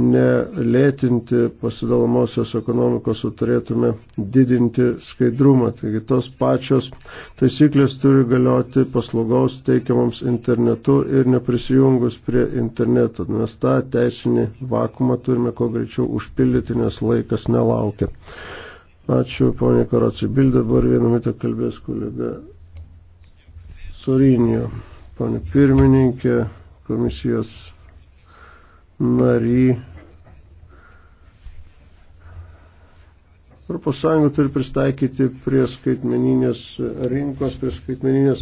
nelėtinti pasidalomosios ekonomikos, o turėtume didinti skaidrumą. Taigi tos pačios taisyklės turi galioti paslaugos teikiamams internetu ir neprisijungus prie interneto. Mes tą teisinį vakumą turime kuo greičiau užpildyti, nes laikas nelaukia. Ačiū, ponė Karacibil, dabar vieną metą kalbės kolega Sorinio, ponė pirmininkė, komisijos nary. Europos Sąjunga turi pristaikyti prie skaitmeninės rinkos, prie skaitmeninės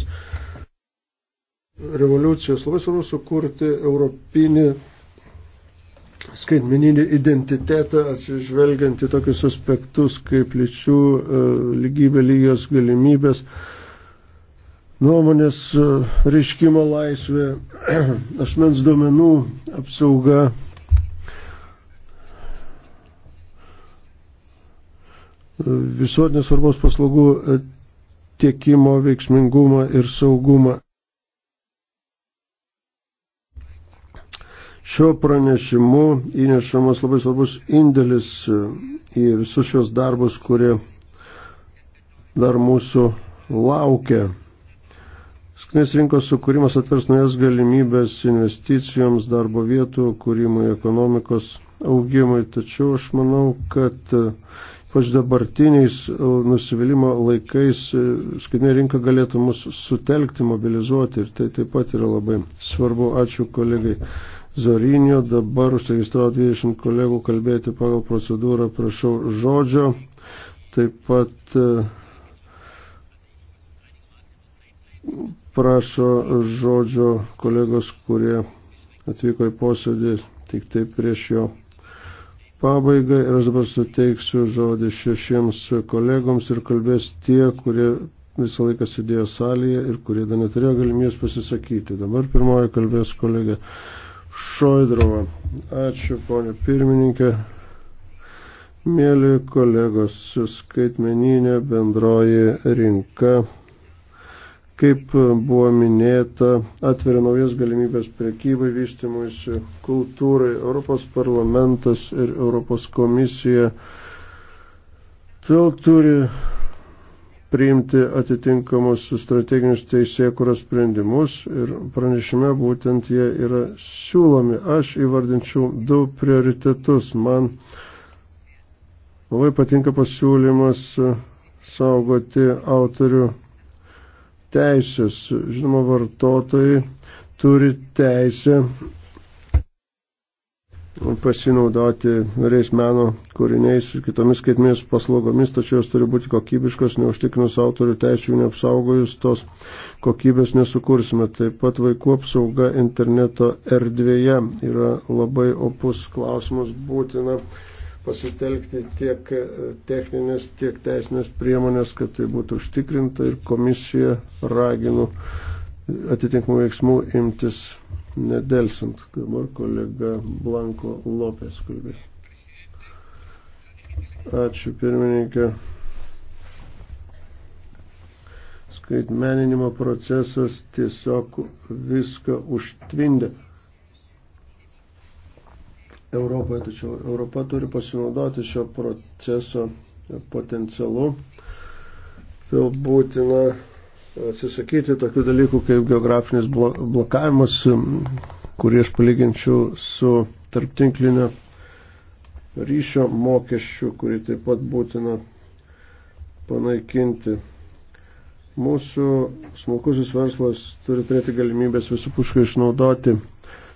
revoliucijos. Labai svarbu sukurti europinį skaitmeninį identitetą, atsižvelgiant į tokius aspektus kaip lyčių e, lygybė, lygios galimybės, nuomonės e, reiškimo laisvė, asmens duomenų apsauga. E, visuotinės svarbos paslaugų e, tiekimo veiksmingumą ir saugumą. Šio pranešimu įnešamas labai svarbus indėlis į visus šios darbus, kurie dar mūsų laukia. Skaitmeninės rinkos sukūrimas atvers naujas galimybės investicijoms, darbo vietų, kūrimui, ekonomikos augimui. Tačiau aš manau, kad e, pač dabartiniais e, nusivylimą laikais e, skaitinė rinka galėtų mus sutelkti, mobilizuoti ir tai taip pat yra labai svarbu. Ačiū kolegai Zorinio. Dabar užsiregistravo 20 kolegų kalbėti pagal procedūrą. Prašau žodžio. Taip pat prašo žodžio kolegos, kurie atvyko į posėdį tik tai prieš jo pabaigą. Ir aš dabar suteiksiu žodį šešiems kolegoms ir kalbės tie, kurie visą laiką sėdėjo salėje ir kurie dar neturėjo galimybės pasisakyti. Dabar pirmoji kalbės kolegė Šoidrova. Ačiū, ponė pirmininkė. Mėly kolegos, skaitmeninė bendroji rinka kaip buvo minėta, atveria naujas galimybės prekybai, vystimuisi, kultūrai. Europos parlamentas ir Europos komisija tol turi priimti atitinkamus strateginius teisėkuros sprendimus ir pranešime būtent jie yra siūlomi. Aš įvardinčiau du prioritetus. Man labai patinka pasiūlymas saugoti autorių teisės. Žinoma, vartotojai turi teisę pasinaudoti vėriais meno kūriniais ir kitomis skaitmės paslaugomis, tačiau jos turi būti kokybiškos, neužtikrinus autorių teisų, neapsaugojus tos kokybės nesukursime. Taip pat vaikų apsauga interneto erdvėje yra labai opus klausimas būtina pasitelkti tiek e, techninės, tiek teisinės priemonės, kad tai būtų užtikrinta ir komisija raginu atitinkamų veiksmų imtis nedelsant. Dabar kolega Blanko Lopės kalbės. Ačiū pirmininkė. Skaitmeninimo procesas tiesiog viską užtvindė. Europoje, tačiau Europa turi pasinaudoti šio proceso potencialu. Vėl būtina atsisakyti tokių dalykų kaip geografinis blokavimas, kurį aš palyginčiau su tarptinklinio ryšio mokesčių, kurį taip pat būtina panaikinti. Mūsų smulkusis verslas turi turėti galimybės visapuškai išnaudoti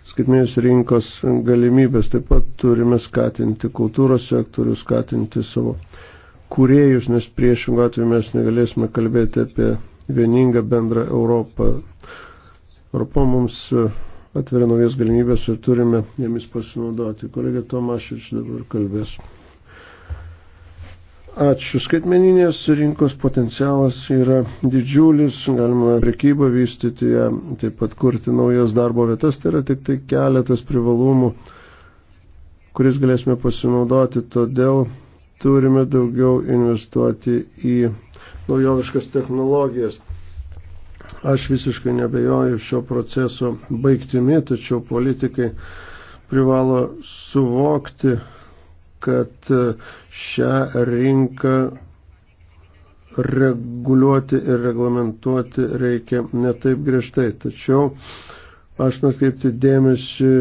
skaitminės rinkos galimybės. Taip pat turime skatinti kultūros sektorių, skatinti savo kūrėjus, nes priešingų atveju mes negalėsime kalbėti apie vieningą bendrą Europą. Europa mums atveria naujas galimybės ir turime jomis pasinaudoti. Kolegė Tomašič dabar kalbės. Ačiū. Skaitmeninės rinkos potencialas yra didžiulis, galima prekybą vystyti, ją, taip pat kurti naujas darbo vietas, tai yra tik tai keletas privalumų, kuris galėsime pasinaudoti, todėl turime daugiau investuoti į naujoviškas technologijas. Aš visiškai nebejoju šio proceso baigtimi, tačiau politikai privalo suvokti kad e, šią rinką reguliuoti ir reglamentuoti reikia netaip griežtai. Tačiau aš nukreipti dėmesį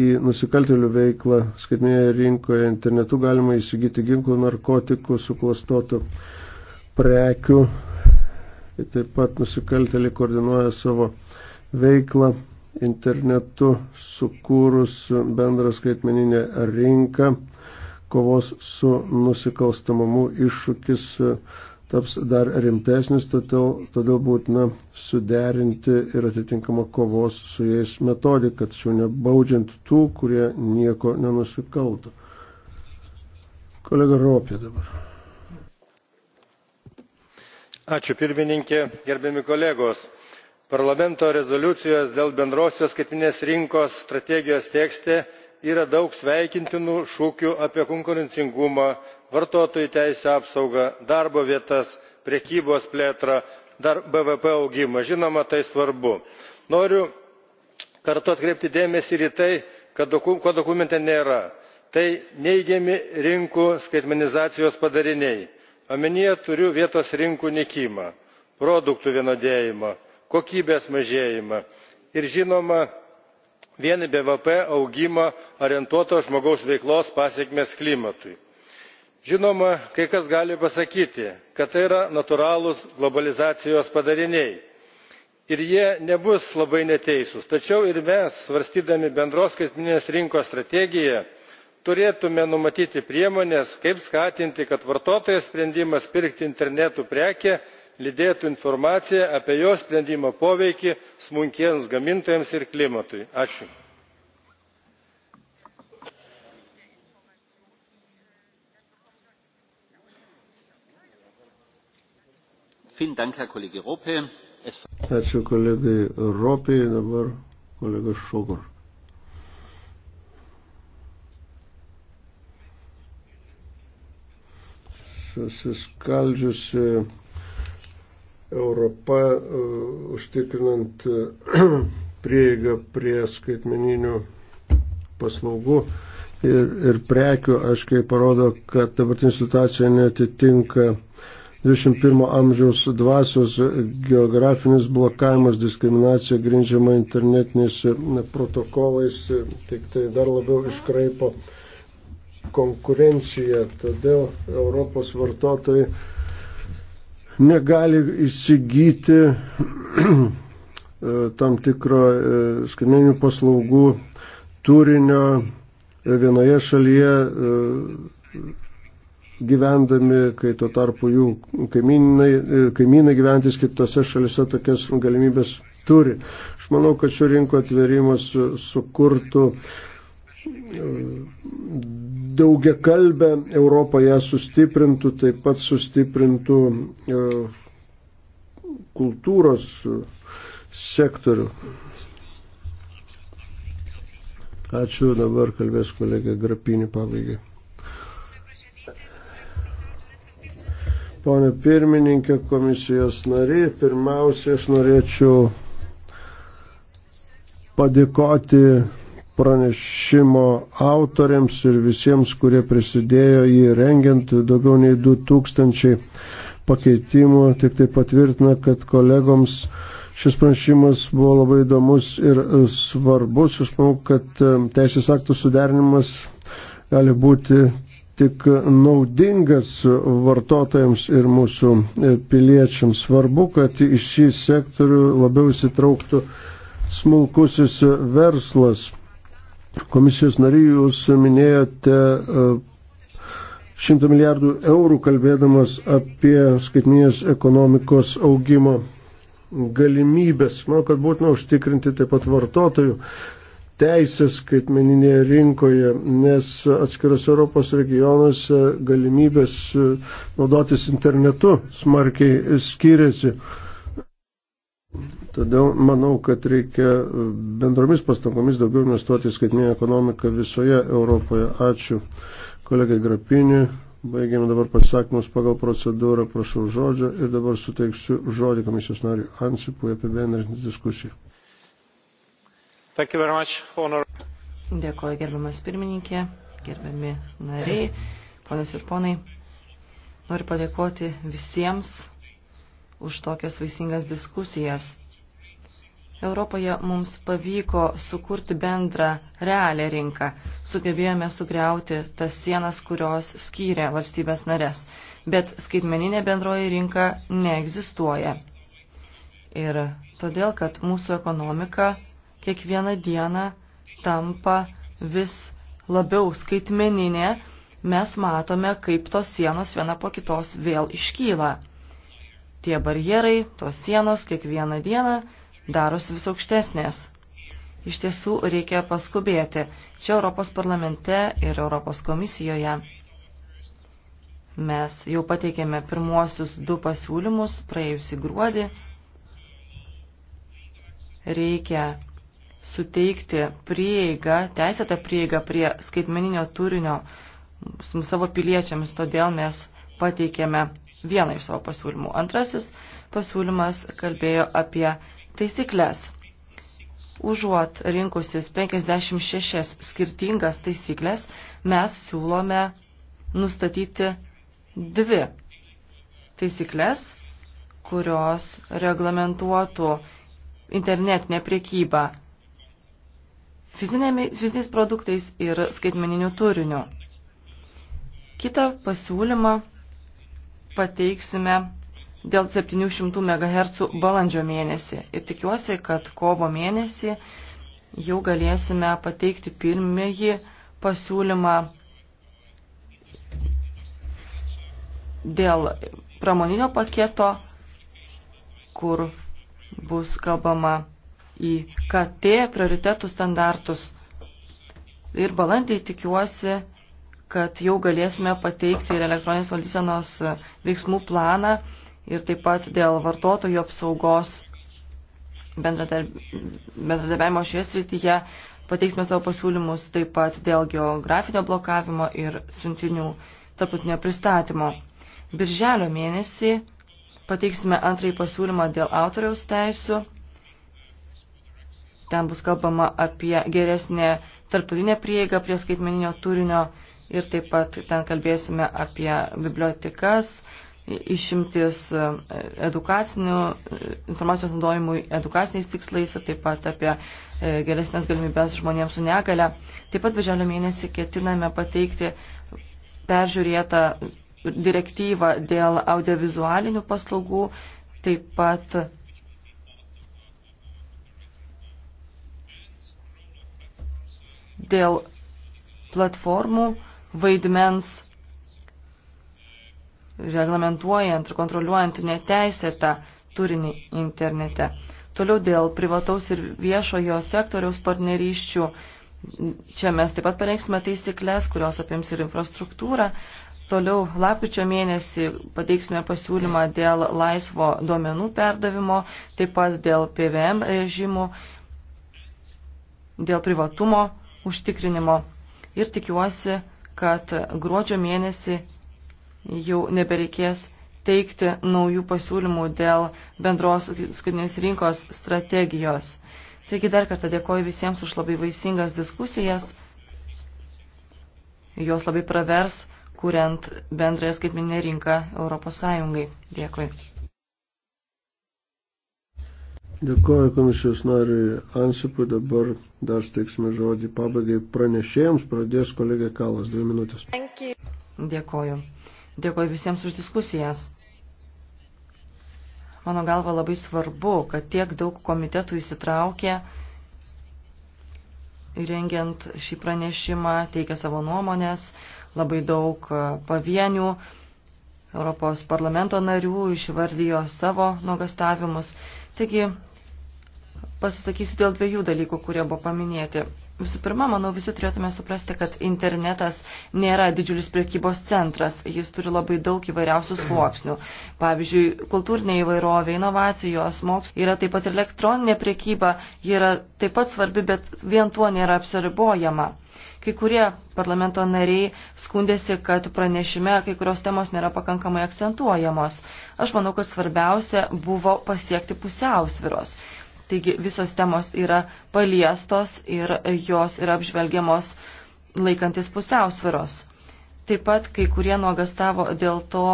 į nusikaltelių veiklą skaitmėje rinkoje internetu galima įsigyti ginklų, narkotikų, suklastotų prekių. Ir taip pat nusikalteliai koordinuoja savo veiklą internetu sukūrus bendrą skaitmeninę rinką kovos su nusikalstamumu iššūkis e, taps dar rimtesnis, todėl, todėl būtina suderinti ir atitinkamą kovos su jais metodiką, tačiau nebaudžiant tų, kurie nieko nenusikalto. Kolega Ropė dabar. Ačiū pirmininkė, gerbiami kolegos. Parlamento rezoliucijos dėl bendrosios skaitminės rinkos strategijos tekste yra daug sveikintinų šūkių apie konkurencingumą vartotojų teisių apsaugą darbo vietas prekybos plėtrą bvp augimą. žinoma tai svarbu. noriu kartu atkreipti dėmesį ir į tai ko dokumente nėra tai neigiami rinkų skaitmenizacijos padariniai. omenyje turiu vietos rinkų nykimą produktų vienodėjimą kokybės mažėjimą ir žinoma vien į bvp augimą orientuotos žmogaus veiklos pasekmes klimatui. žinoma kai kas gali pasakyti kad tai yra natūralūs globalizacijos padariniai ir jie nebus labai neteisūs tačiau ir mes svarstydami bendros skaitmeninės rinkos strategiją turėtume numatyti priemones kaip skatinti kad vartotojo sprendimas pirkti internetu prekę lydėtų informacija apie jo sprendimo poveikį smulkiems gamintojams ir klimatui. Ačiū kolegai Ropiai, dabar kolega Šogor. Susiskaldžiusi Europa uh, užtikrinant uh, prieigą prie skaitmeninių paslaugų ir, ir prekių, aiškiai parodo, kad dabartinė situacija netitinka 21 amžiaus dvasios geografinis blokavimas, diskriminacija grindžiama internetiniais uh, protokolais, tik tai dar labiau iškraipo konkurenciją. Todėl Europos vartotojai negali įsigyti e, tam tikro e, skaitmeninių paslaugų turinio e, vienoje šalyje gyvendami, kai tuo tarpu jų kaimynai, kaimynai gyventis kitose šalise tokias galimybės turi. Aš manau, kad šio rinko atverimas sukurtų daugia kalbę Europą ją sustiprintų, taip pat sustiprintų e, kultūros e, sektorių. Ačiū, dabar kalbės kolegė Grapinį pabaigai. Pone pirmininkė, komisijos nariai, pirmiausia, aš norėčiau padėkoti pranešimo autoriams ir visiems, kurie prisidėjo jį rengiant daugiau nei 2000 pakeitimų, tik tai patvirtina, kad kolegoms šis pranešimas buvo labai įdomus ir svarbus. Aš manau, kad teisės aktų suderinimas gali būti tik naudingas vartotojams ir mūsų e, piliečiams. Svarbu, kad į šį sektorių labiau įsitrauktų smulkusis verslas. Komisijos nariai, jūs minėjote 100 e, milijardų eurų kalbėdamas apie skaitminės ekonomikos augimo galimybės. Manau, kad būtina užtikrinti taip pat vartotojų teisės skaitmeninėje rinkoje, nes atskiras Europos regionuose galimybės e, naudotis internetu smarkiai skiriasi. Todėl manau, kad reikia bendromis pastangomis daugiau investuoti į skaitinę ekonomiką visoje Europoje. Ačiū kolegai Grapiniui. Baigėme dabar pasakymus pagal procedūrą, prašau žodžio ir dabar suteiksiu žodį komisijos nariui Ansipui apibendrinti diskusiją. Dėkuoju gerbiamas pirmininkė, gerbiami nariai, ponios ir ponai. Noriu padėkoti visiems už tokias vaisingas diskusijas. Europoje mums pavyko sukurti bendrą realią rinką. Sugebėjome sugriauti tas sienas, kurios skyrė valstybės narės. Bet skaitmeninė bendroji rinka neegzistuoja. Ir todėl, kad mūsų ekonomika kiekvieną dieną tampa vis labiau skaitmeninė, mes matome, kaip tos sienos viena po kitos vėl iškyla tie barjerai, tos sienos kiekvieną dieną darosi vis aukštesnės. Iš tiesų reikia paskubėti. Čia Europos parlamente ir Europos komisijoje mes jau pateikėme pirmuosius du pasiūlymus praėjusį gruodį. Reikia suteikti prieigą, teisėtą prieigą prie skaitmeninio turinio savo piliečiams, todėl mes pateikėme vieną iš savo pasiūlymų. Antrasis pasiūlymas kalbėjo apie taisyklės. Užuot rinkusis 56 skirtingas taisyklės, mes siūlome nustatyti dvi taisyklės, kurios reglamentuotų internetinę priekybą fiziniais produktais ir skaitmeniniu turiniu. Kita pasiūlyma pateiksime dėl 700 MHz balandžio mėnesį. Ir tikiuosi, kad kovo mėnesį jau galėsime pateikti pirmieji pasiūlymą dėl pramoninio paketo, kur bus kalbama į KT prioritetų standartus. Ir balandį tikiuosi kad jau galėsime pateikti ir elektroninės valdysenos veiksmų planą ir taip pat dėl vartotojų apsaugos bendradarbiavimo šioje srityje pateiksime savo pasiūlymus taip pat dėl geografinio blokavimo ir siuntinių tarptautinio pristatymo. Birželio mėnesį pateiksime antrąjį pasiūlymą dėl autoriaus teisų. Ten bus kalbama apie geresnę tarptautinę prieigą prie skaitmeninio turinio ir taip pat ten kalbėsime apie bibliotekas, išimtis e, edukacinių, e, informacijos naudojimui edukaciniais tikslais, taip pat apie e, geresnės galimybės žmonėms su negale. Taip pat beželio mėnesį ketiname pateikti peržiūrėtą direktyvą dėl audiovizualinių paslaugų, taip pat dėl platformų vaidmens reglamentuojant ir kontroliuojant neteisėtą turinį internete. Toliau dėl privataus ir viešojo sektoriaus partnerysčių. Čia mes taip pat pareiksime taisyklės, kurios apims ir infrastruktūrą. Toliau lapkričio mėnesį pateiksime pasiūlymą dėl laisvo duomenų perdavimo, taip pat dėl PVM režimų, dėl privatumo užtikrinimo. Ir tikiuosi, kad gruodžio mėnesį jau nebereikės teikti naujų pasiūlymų dėl bendros skaitinės rinkos strategijos. Taigi dar kartą dėkoju visiems už labai vaisingas diskusijas. Jos labai pravers, kuriant bendrąją skaitminę rinką Europos Sąjungai. Dėkui. Dėkuoju komisijos nariui Ansipui, dabar dar steiksime žodį pabaigai pranešėjams, pradės kolegė Kalas, dvi minutės. Dėkuoju. Dėkuoju visiems už diskusijas. Mano galva labai svarbu, kad tiek daug komitetų įsitraukė rengiant šį pranešimą, teikia savo nuomonės, labai daug pavienių Europos parlamento narių išvardijo savo nuogastavimus. Taigi pasisakysiu dėl dviejų dalykų, kurie buvo paminėti. Visų pirma, manau, visi turėtume suprasti, kad internetas nėra didžiulis priekybos centras. Jis turi labai daug įvairiausių sluoksnių. Pavyzdžiui, kultūrinė įvairovė, inovacijos, moks. Yra taip pat ir elektroninė priekyba. Ji yra taip pat svarbi, bet vien tuo nėra apsiribojama. Kai kurie parlamento nariai skundėsi, kad pranešime kai kurios temos nėra pakankamai akcentuojamos. Aš manau, kad svarbiausia buvo pasiekti pusiausviros. Taigi visos temos yra paliestos ir jos yra apžvelgiamos laikantis pusiausviros. Taip pat kai kurie nuogastavo dėl to,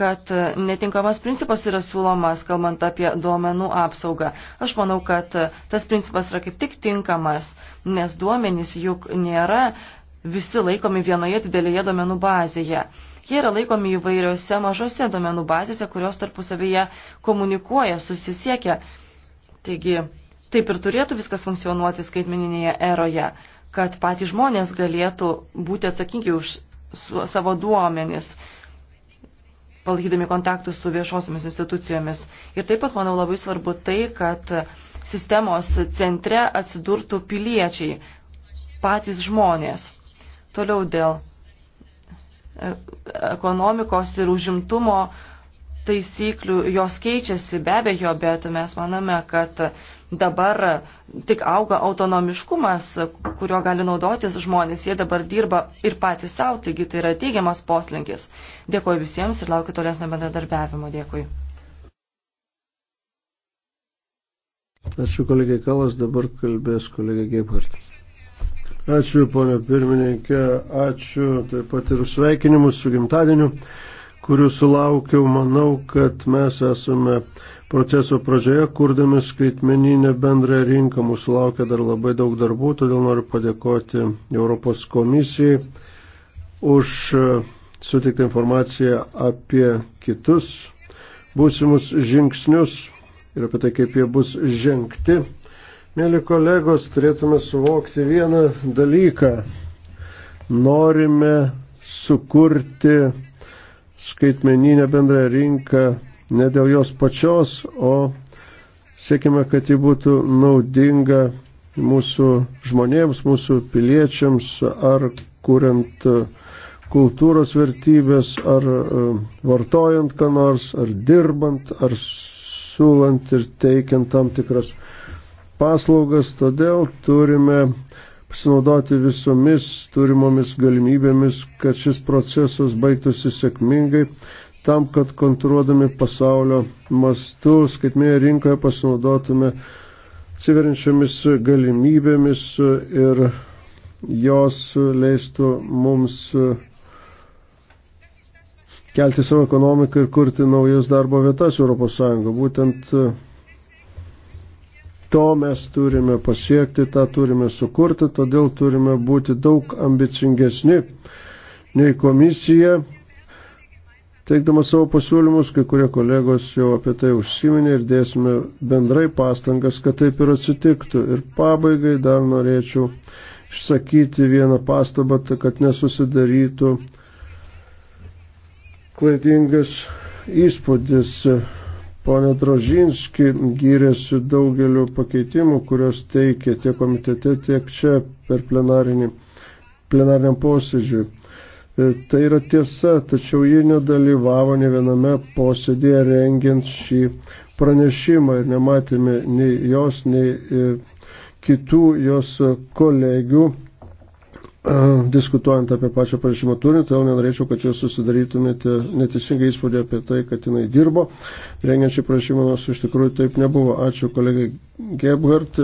kad netinkamas principas yra siūlomas, kalbant apie duomenų apsaugą. Aš manau, kad tas principas yra kaip tik tinkamas, nes duomenys juk nėra visi laikomi vienoje didelėje duomenų bazėje. Jie yra laikomi įvairiose mažose duomenų bazėse, kurios tarpusavyje komunikuoja, susisiekia Taigi, taip ir turėtų viskas funkcionuoti skaitmeninėje eroje, kad patys žmonės galėtų būti atsakingi už savo duomenis, palaikydami kontaktus su viešosiomis institucijomis. Ir taip pat, manau, labai svarbu tai, kad sistemos centre atsidurtų piliečiai, patys žmonės. Toliau dėl e, ekonomikos ir užimtumo taisyklių, jos keičiasi be abejo, bet mes manome, kad dabar tik auga autonomiškumas, kurio gali naudotis žmonės, jie dabar dirba ir patys savo, taigi tai yra teigiamas poslinkis. Dėkuoju visiems ir laukiu tolesnio bendradarbiavimo. Dėkui. Ačiū kolegai Kalas, dabar kalbės kolegai Gebhardt. Ačiū, ponia pirmininkė, ačiū taip pat ir sveikinimus su gimtadieniu kurių sulaukiau, manau, kad mes esame proceso pradžioje, kurdami skaitmeninę bendrą rinką, mūsų laukia dar labai daug darbų, todėl noriu padėkoti Europos komisijai už e, sutiktą informaciją apie kitus būsimus žingsnius ir apie tai, kaip jie bus žengti. Mėly kolegos, turėtume suvokti vieną dalyką. Norime sukurti skaitmeninę bendrąją rinką ne dėl jos pačios, o siekime, kad ji būtų naudinga mūsų žmonėms, mūsų piliečiams, ar kuriant e, kultūros vertybės, ar e, vartojant ką nors, ar dirbant, ar siūlant ir teikiant tam tikras paslaugas. Todėl turime pasinaudoti visomis turimomis galimybėmis, kad šis procesas baigtųsi sėkmingai, tam, kad kontruodami pasaulio mastu skaitmėje rinkoje pasinaudotume atsiverinčiomis galimybėmis ir jos leistų mums kelti savo ekonomiką ir kurti naujas darbo vietas Europos Sąjungo. Būtent to mes turime pasiekti, tą turime sukurti, todėl turime būti daug ambicingesni nei komisija. Teikdamas savo pasiūlymus, kai kurie kolegos jau apie tai užsiminė ir dėsime bendrai pastangas, kad taip ir atsitiktų. Ir pabaigai dar norėčiau išsakyti vieną pastabą, tai kad nesusidarytų klaidingas įspūdis Pone Drožinski gyrėsi daugeliu pakeitimų, kurios teikė tiek komitete, tiek čia per plenarinį, plenariniam posėdžiui. E, tai yra tiesa, tačiau ji nedalyvavo ne viename posėdėje rengiant šį pranešimą ir nematėme nei jos, nei e, kitų jos kolegių diskutuojant apie pačią pranešimo turinį, todėl nenorėčiau, kad jūs susidarytumėte neteisingą įspūdį apie tai, kad jinai dirbo. Rengiančiai pranešimą nors iš tikrųjų taip nebuvo. Ačiū kolegai Gebhardt.